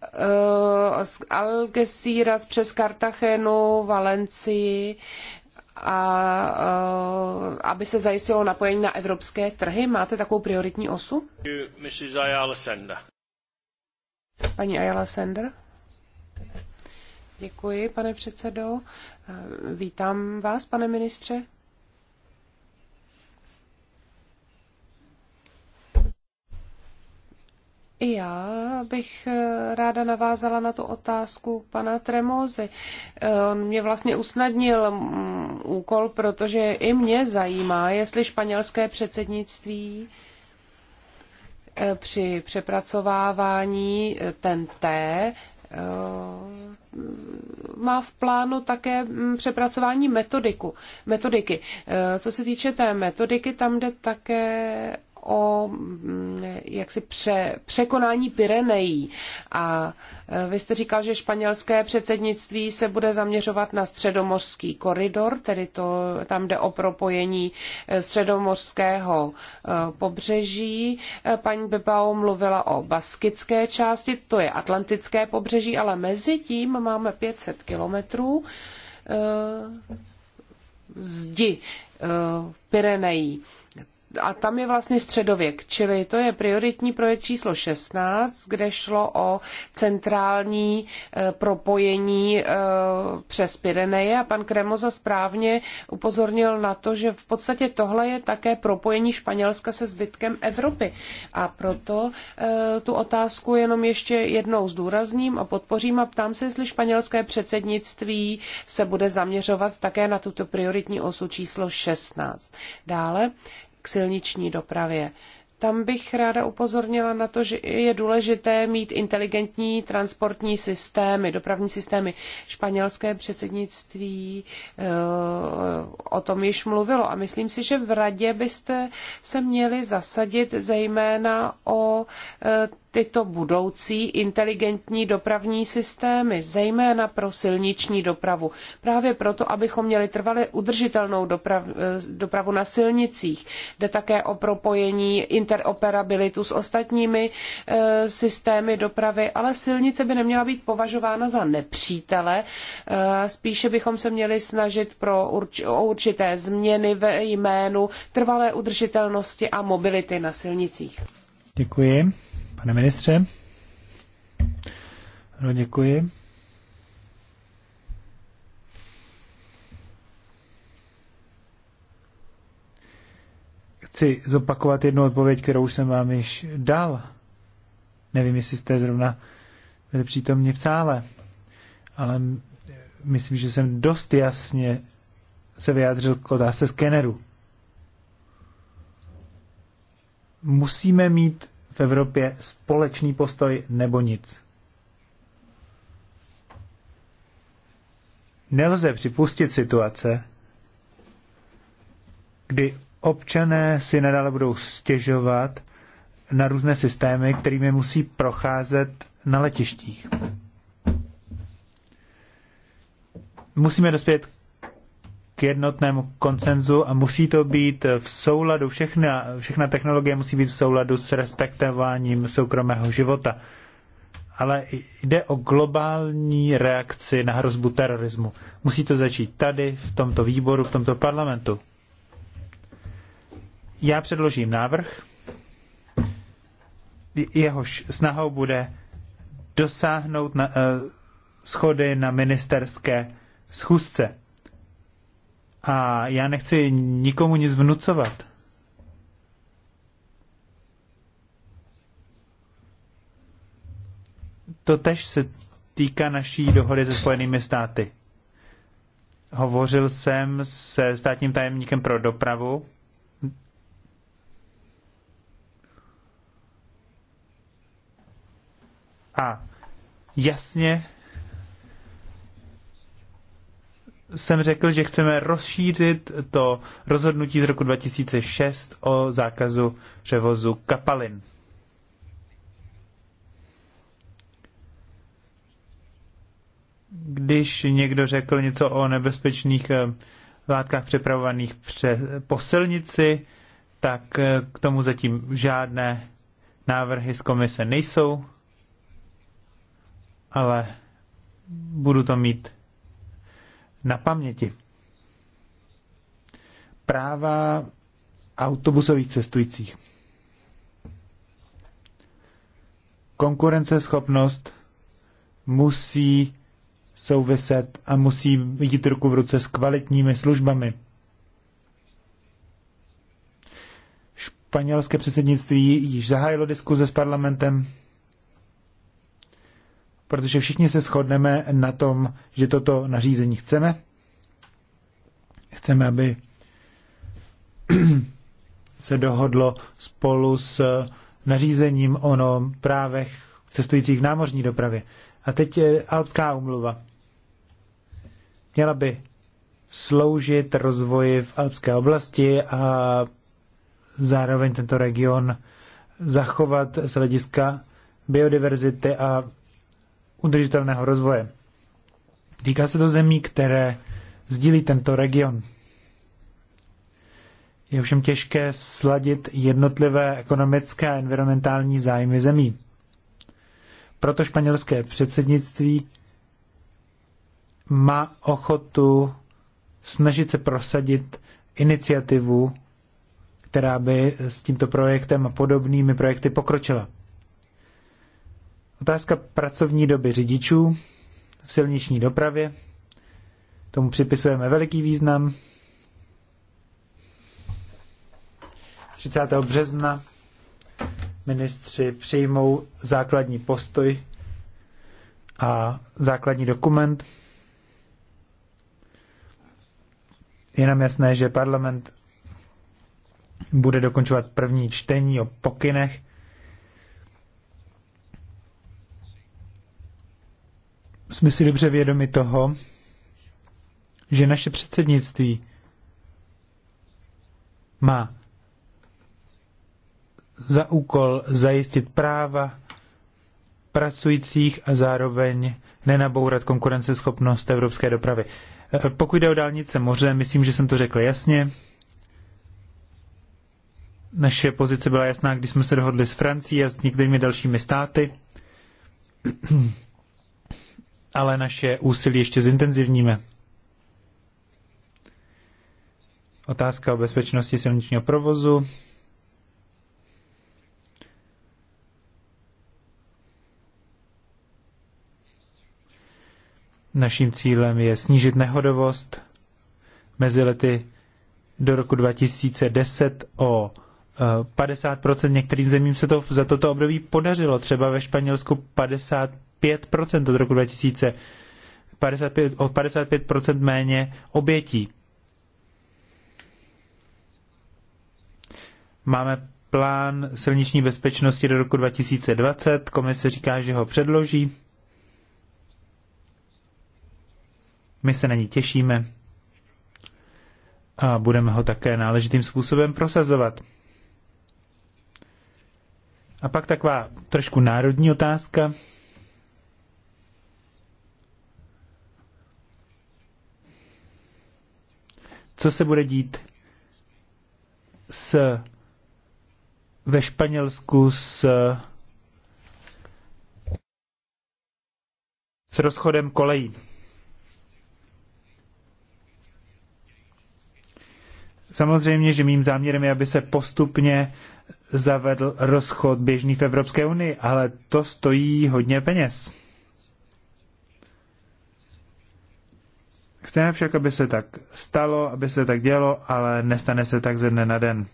Eh, z Algeciras přes Cartagenu, Valencii, a, eh, aby se zajistilo napojení na evropské trhy? Máte takovou prioritní osu? Ayala Sender. Paní Ayala Sender. Děkuji, pane předsedo. Eh, vítám vás, pane ministře. I já bych eh, ráda navázala na tu otázku pana Tremozy. Eh, on mě vlastně usnadnil mm, úkol, protože i mě zajímá, jestli španělské předsednictví eh, při přepracovávání T má v plánu také mm, přepracování metodiku, metodiky. Co se týče té metodiky, tam jde také o mm, jaksi pře, překonání Pyrenejí. A e, vy jste říkal, že španělské předsednictví se bude zaměřovat na středomořský koridor, tedy to, tam jde o propojení e, středomořského e, pobřeží. Paní Bebao mluvila o baskické části, to je atlantické pobřeží, ale mezi tím máme 500 kilometrů zdi Pyrenejí a tam je vlastně středověk, čili to je prioritní projekt číslo 16, kde šlo o centrální eh, propojení eh, přes Pireneje a pan Kremoza správně upozornil na to, že v podstatě tohle je také propojení Španělska se zbytkem Evropy a proto eh, tu otázku jenom ještě jednou zdůrazním a podpořím a ptám se, jestli španělské předsednictví se bude zaměřovat také na tuto prioritní osu číslo 16. Dále k silniční dopravě. Tam bych ráda upozornila na to, že je důležité mít inteligentní transportní systémy, dopravní systémy. Španělské předsednictví eh, o tom již mluvilo a myslím si, že v radě byste se měli zasadit zejména o eh, tyto budoucí inteligentní dopravní systémy, zejména pro silniční dopravu. Právě proto, abychom měli trvale udržitelnou doprav, eh, dopravu na silnicích. Jde také o propojení, interoperabilitu s ostatními e, systémy dopravy, ale silnice by neměla být považována za nepřítele. E, spíše bychom se měli snažit pro urč, o určité změny ve jménu trvalé udržitelnosti a mobility na silnicích. Děkuji. Pane ministře. No, děkuji. Chci zopakovat jednu odpověď, kterou jsem vám již dal. Nevím, jestli jste zrovna byli přítomně v sále, ale myslím, že jsem dost jasně se vyjádřil k otázce skeneru. Musíme mít Evropě společný postoj nebo nic. Nelze připustit situace, kdy občané si nadále budou stěžovat na různé systémy, kterými musí procházet na letištích. Musíme dospět k jednotnému koncenzu a musí to být v souladu, všechna, všechna technologie musí být v souladu s respektováním soukromého života. Ale jde o globální reakci na hrozbu terorismu. Musí to začít tady, v tomto výboru, v tomto parlamentu. Já předložím návrh, jehož snahou bude dosáhnout na, eh, schody na ministerské schůzce. A já nechci nikomu nic vnucovat. To tež se týká naší dohody se Spojenými státy. Hovořil jsem se státním tajemníkem pro dopravu. A jasně jsem řekl, že chceme rozšířit to rozhodnutí z roku 2006 o zákazu převozu kapalin. Když někdo řekl něco o nebezpečných eh, látkách přepravovaných pře, po silnici, tak eh, k tomu zatím žádné návrhy z komise nejsou, ale budu to mít na paměti. Práva autobusových cestujících. Konkurenceschopnost musí souviset a musí jít ruku v ruce s kvalitními službami. Španělské předsednictví již zahájilo diskuze s parlamentem protože všichni se shodneme na tom, že toto nařízení chceme. Chceme, aby se dohodlo spolu s nařízením o právech cestujících v námořní dopravě. A teď je Alpská umluva. Měla by sloužit rozvoji v alpské oblasti a zároveň tento region zachovat z hlediska biodiverzity a udržitelného rozvoje. Týká se to zemí, které sdílí tento region. Je ovšem těžké sladit jednotlivé ekonomické a environmentální zájmy zemí. Proto španělské předsednictví má ochotu snažit se prosadit iniciativu, která by s tímto projektem a podobnými projekty pokročila. Otázka pracovní doby řidičů v silniční dopravě. Tomu připisujeme veliký význam. 30. března ministři přijmou základní postoj a základní dokument. Je nám jasné, že parlament bude dokončovat první čtení o pokynech jsme si dobře vědomi toho, že naše předsednictví má za úkol zajistit práva pracujících a zároveň nenabourat konkurenceschopnost evropské dopravy. Eh, pokud jde o dálnice moře, myslím, že jsem to řekl jasně. Naše pozice byla jasná, když jsme se dohodli s Francií a s některými dalšími státy ale naše úsilí ještě zintenzivníme. Otázka o bezpečnosti silničního provozu. Naším cílem je snížit nehodovost mezi lety do roku 2010 o 50%. E, Některým zemím se to za toto období podařilo. Třeba ve Španělsku 50 55% od roku 2000, 55, o 55% méně obětí. Máme plán silniční bezpečnosti do roku 2020, komise říká, že ho předloží. My se na ní těšíme a budeme ho také náležitým způsobem prosazovat. A pak taková trošku národní otázka. co se bude dít s ve Španělsku s s rozchodem kolejí. Samozřejmě, že mým záměrem je, aby se postupně zavedl rozchod běžný v Evropské unii, ale to stojí hodně peněz. Chceme však, aby se tak stalo, aby se tak dělo, ale nestane se tak ze dne na den.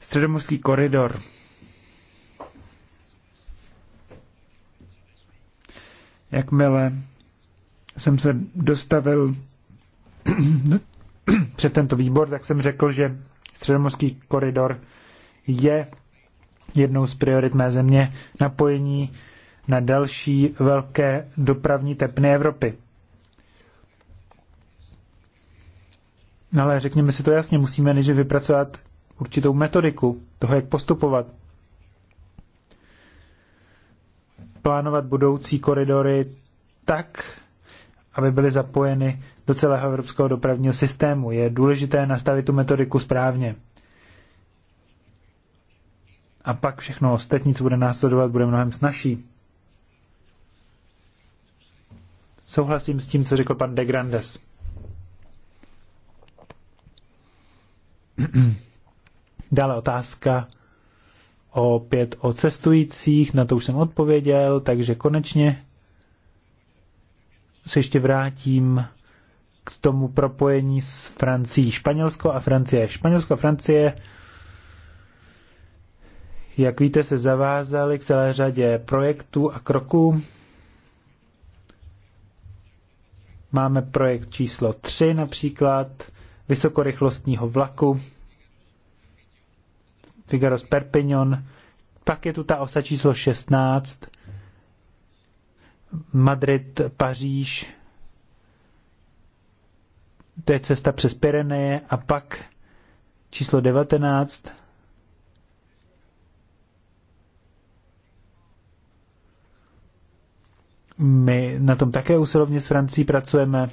Středomorský koridor. Jakmile jsem se dostavil před tento výbor, tak jsem řekl, že Středomorský koridor je jednou z priorit mé země napojení na další velké dopravní tepny Evropy. No ale řekněme si to jasně, musíme než vypracovat určitou metodiku toho, jak postupovat. Plánovat budoucí koridory tak, aby byly zapojeny do celého evropského dopravního systému. Je důležité nastavit tu metodiku správně. A pak všechno ostatní, co bude následovat, bude mnohem snažší. Souhlasím s tím, co řekl pan de Grandes. Dále otázka opět o cestujících, na to už jsem odpověděl, takže konečně se ještě vrátím k tomu propojení s Francií. Španělsko a Francie. Španělsko a Francie, jak víte, se zavázali k celé řadě projektů a kroků Máme projekt číslo 3 například, vysokorychlostního vlaku, Figaro z Perpignan, pak je tu ta osa číslo 16, Madrid, Paříž, to je cesta přes Pireneje a pak číslo 19, My na tom také usilovně s Francí pracujeme.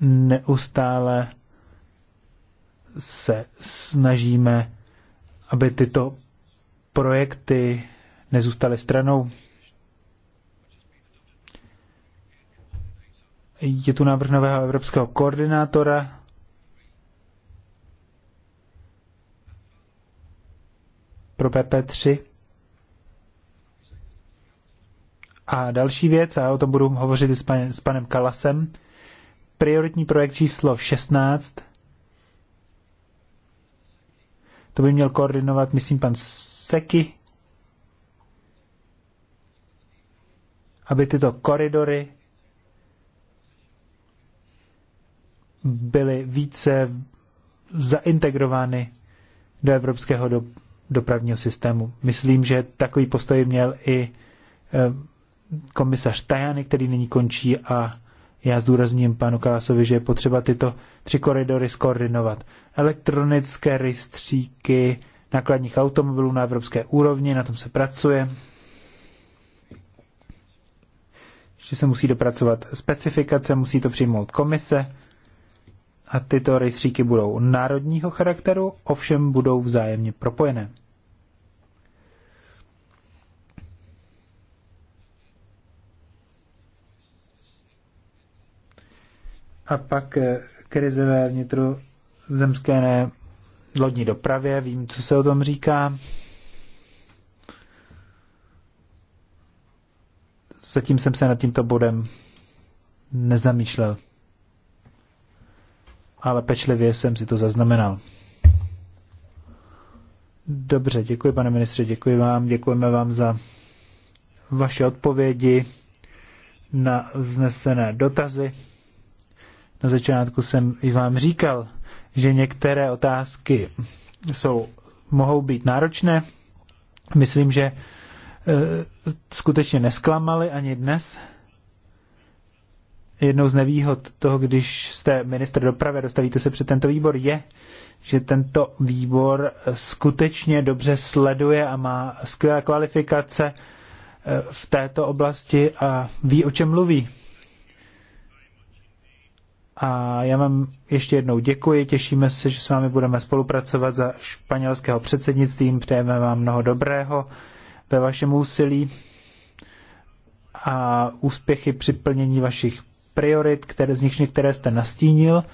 Neustále se snažíme, aby tyto projekty nezůstaly stranou. Je tu návrh nového evropského koordinátora. Pro PP3. A další věc, a o tom budu hovořit s, pan, s panem Kalasem, prioritní projekt číslo 16, to by měl koordinovat, myslím, pan Seky, aby tyto koridory byly více zaintegrovány do evropského dopravního systému. Myslím, že takový postoj měl i eh, komisař Tajany, který nyní končí a já zdůrazním panu Kalasovi, že je potřeba tyto tři koridory skoordinovat. Elektronické rejstříky nákladních automobilů na evropské úrovni, na tom se pracuje. Ještě se musí dopracovat specifikace, musí to přijmout komise a tyto rejstříky budou národního charakteru, ovšem budou vzájemně propojené. A pak eh, krize ve vnitru zemské ne, lodní dopravě, vím, co se o tom říká. Zatím jsem se nad tímto bodem nezamýšlel. Ale pečlivě jsem si to zaznamenal. Dobře, děkuji pane ministře, děkuji vám, děkujeme vám za vaše odpovědi na vznesené dotazy. Na začátku jsem i vám říkal, že některé otázky jsou, mohou být náročné. Myslím, že e, skutečně nesklamali ani dnes. Jednou z nevýhod toho, když jste minister dopravy a dostavíte se před tento výbor, je, že tento výbor skutečně dobře sleduje a má skvělé kvalifikace e, v této oblasti a ví, o čem mluví. A já vám ještě jednou děkuji, těšíme se, že s vámi budeme spolupracovat za španělského předsednictví, přejeme vám mnoho dobrého ve vašem úsilí a úspěchy při plnění vašich priorit, které z nich některé jste nastínil.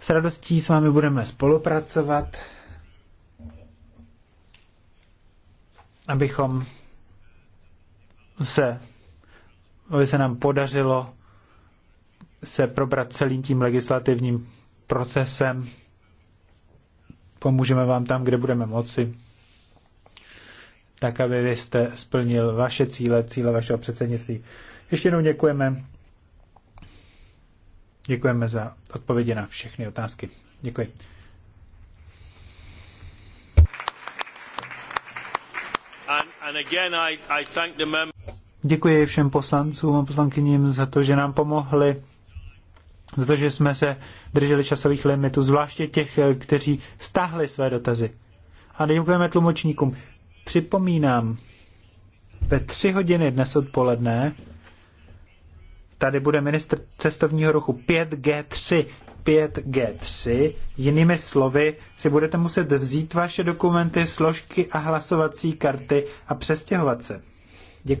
S radostí s vámi budeme spolupracovat, abychom se, aby se nám podařilo se probrat celým tím legislativním procesem. Pomůžeme vám tam, kde budeme moci, tak aby vy jste splnil vaše cíle, cíle vašeho předsednictví. Ještě jednou děkujeme. Děkujeme za odpovědi na všechny otázky. Děkuji. Děkuji všem poslancům a poslankyním za to, že nám pomohli za to, že jsme se drželi časových limitů, zvláště těch, eh, kteří stáhli své dotazy. A děkujeme tlumočníkům. Připomínám, ve tři hodiny dnes odpoledne tady bude ministr cestovního ruchu 5G3. 5G3. Jinými slovy, si budete muset vzít vaše dokumenty, složky a hlasovací karty a přestěhovat se.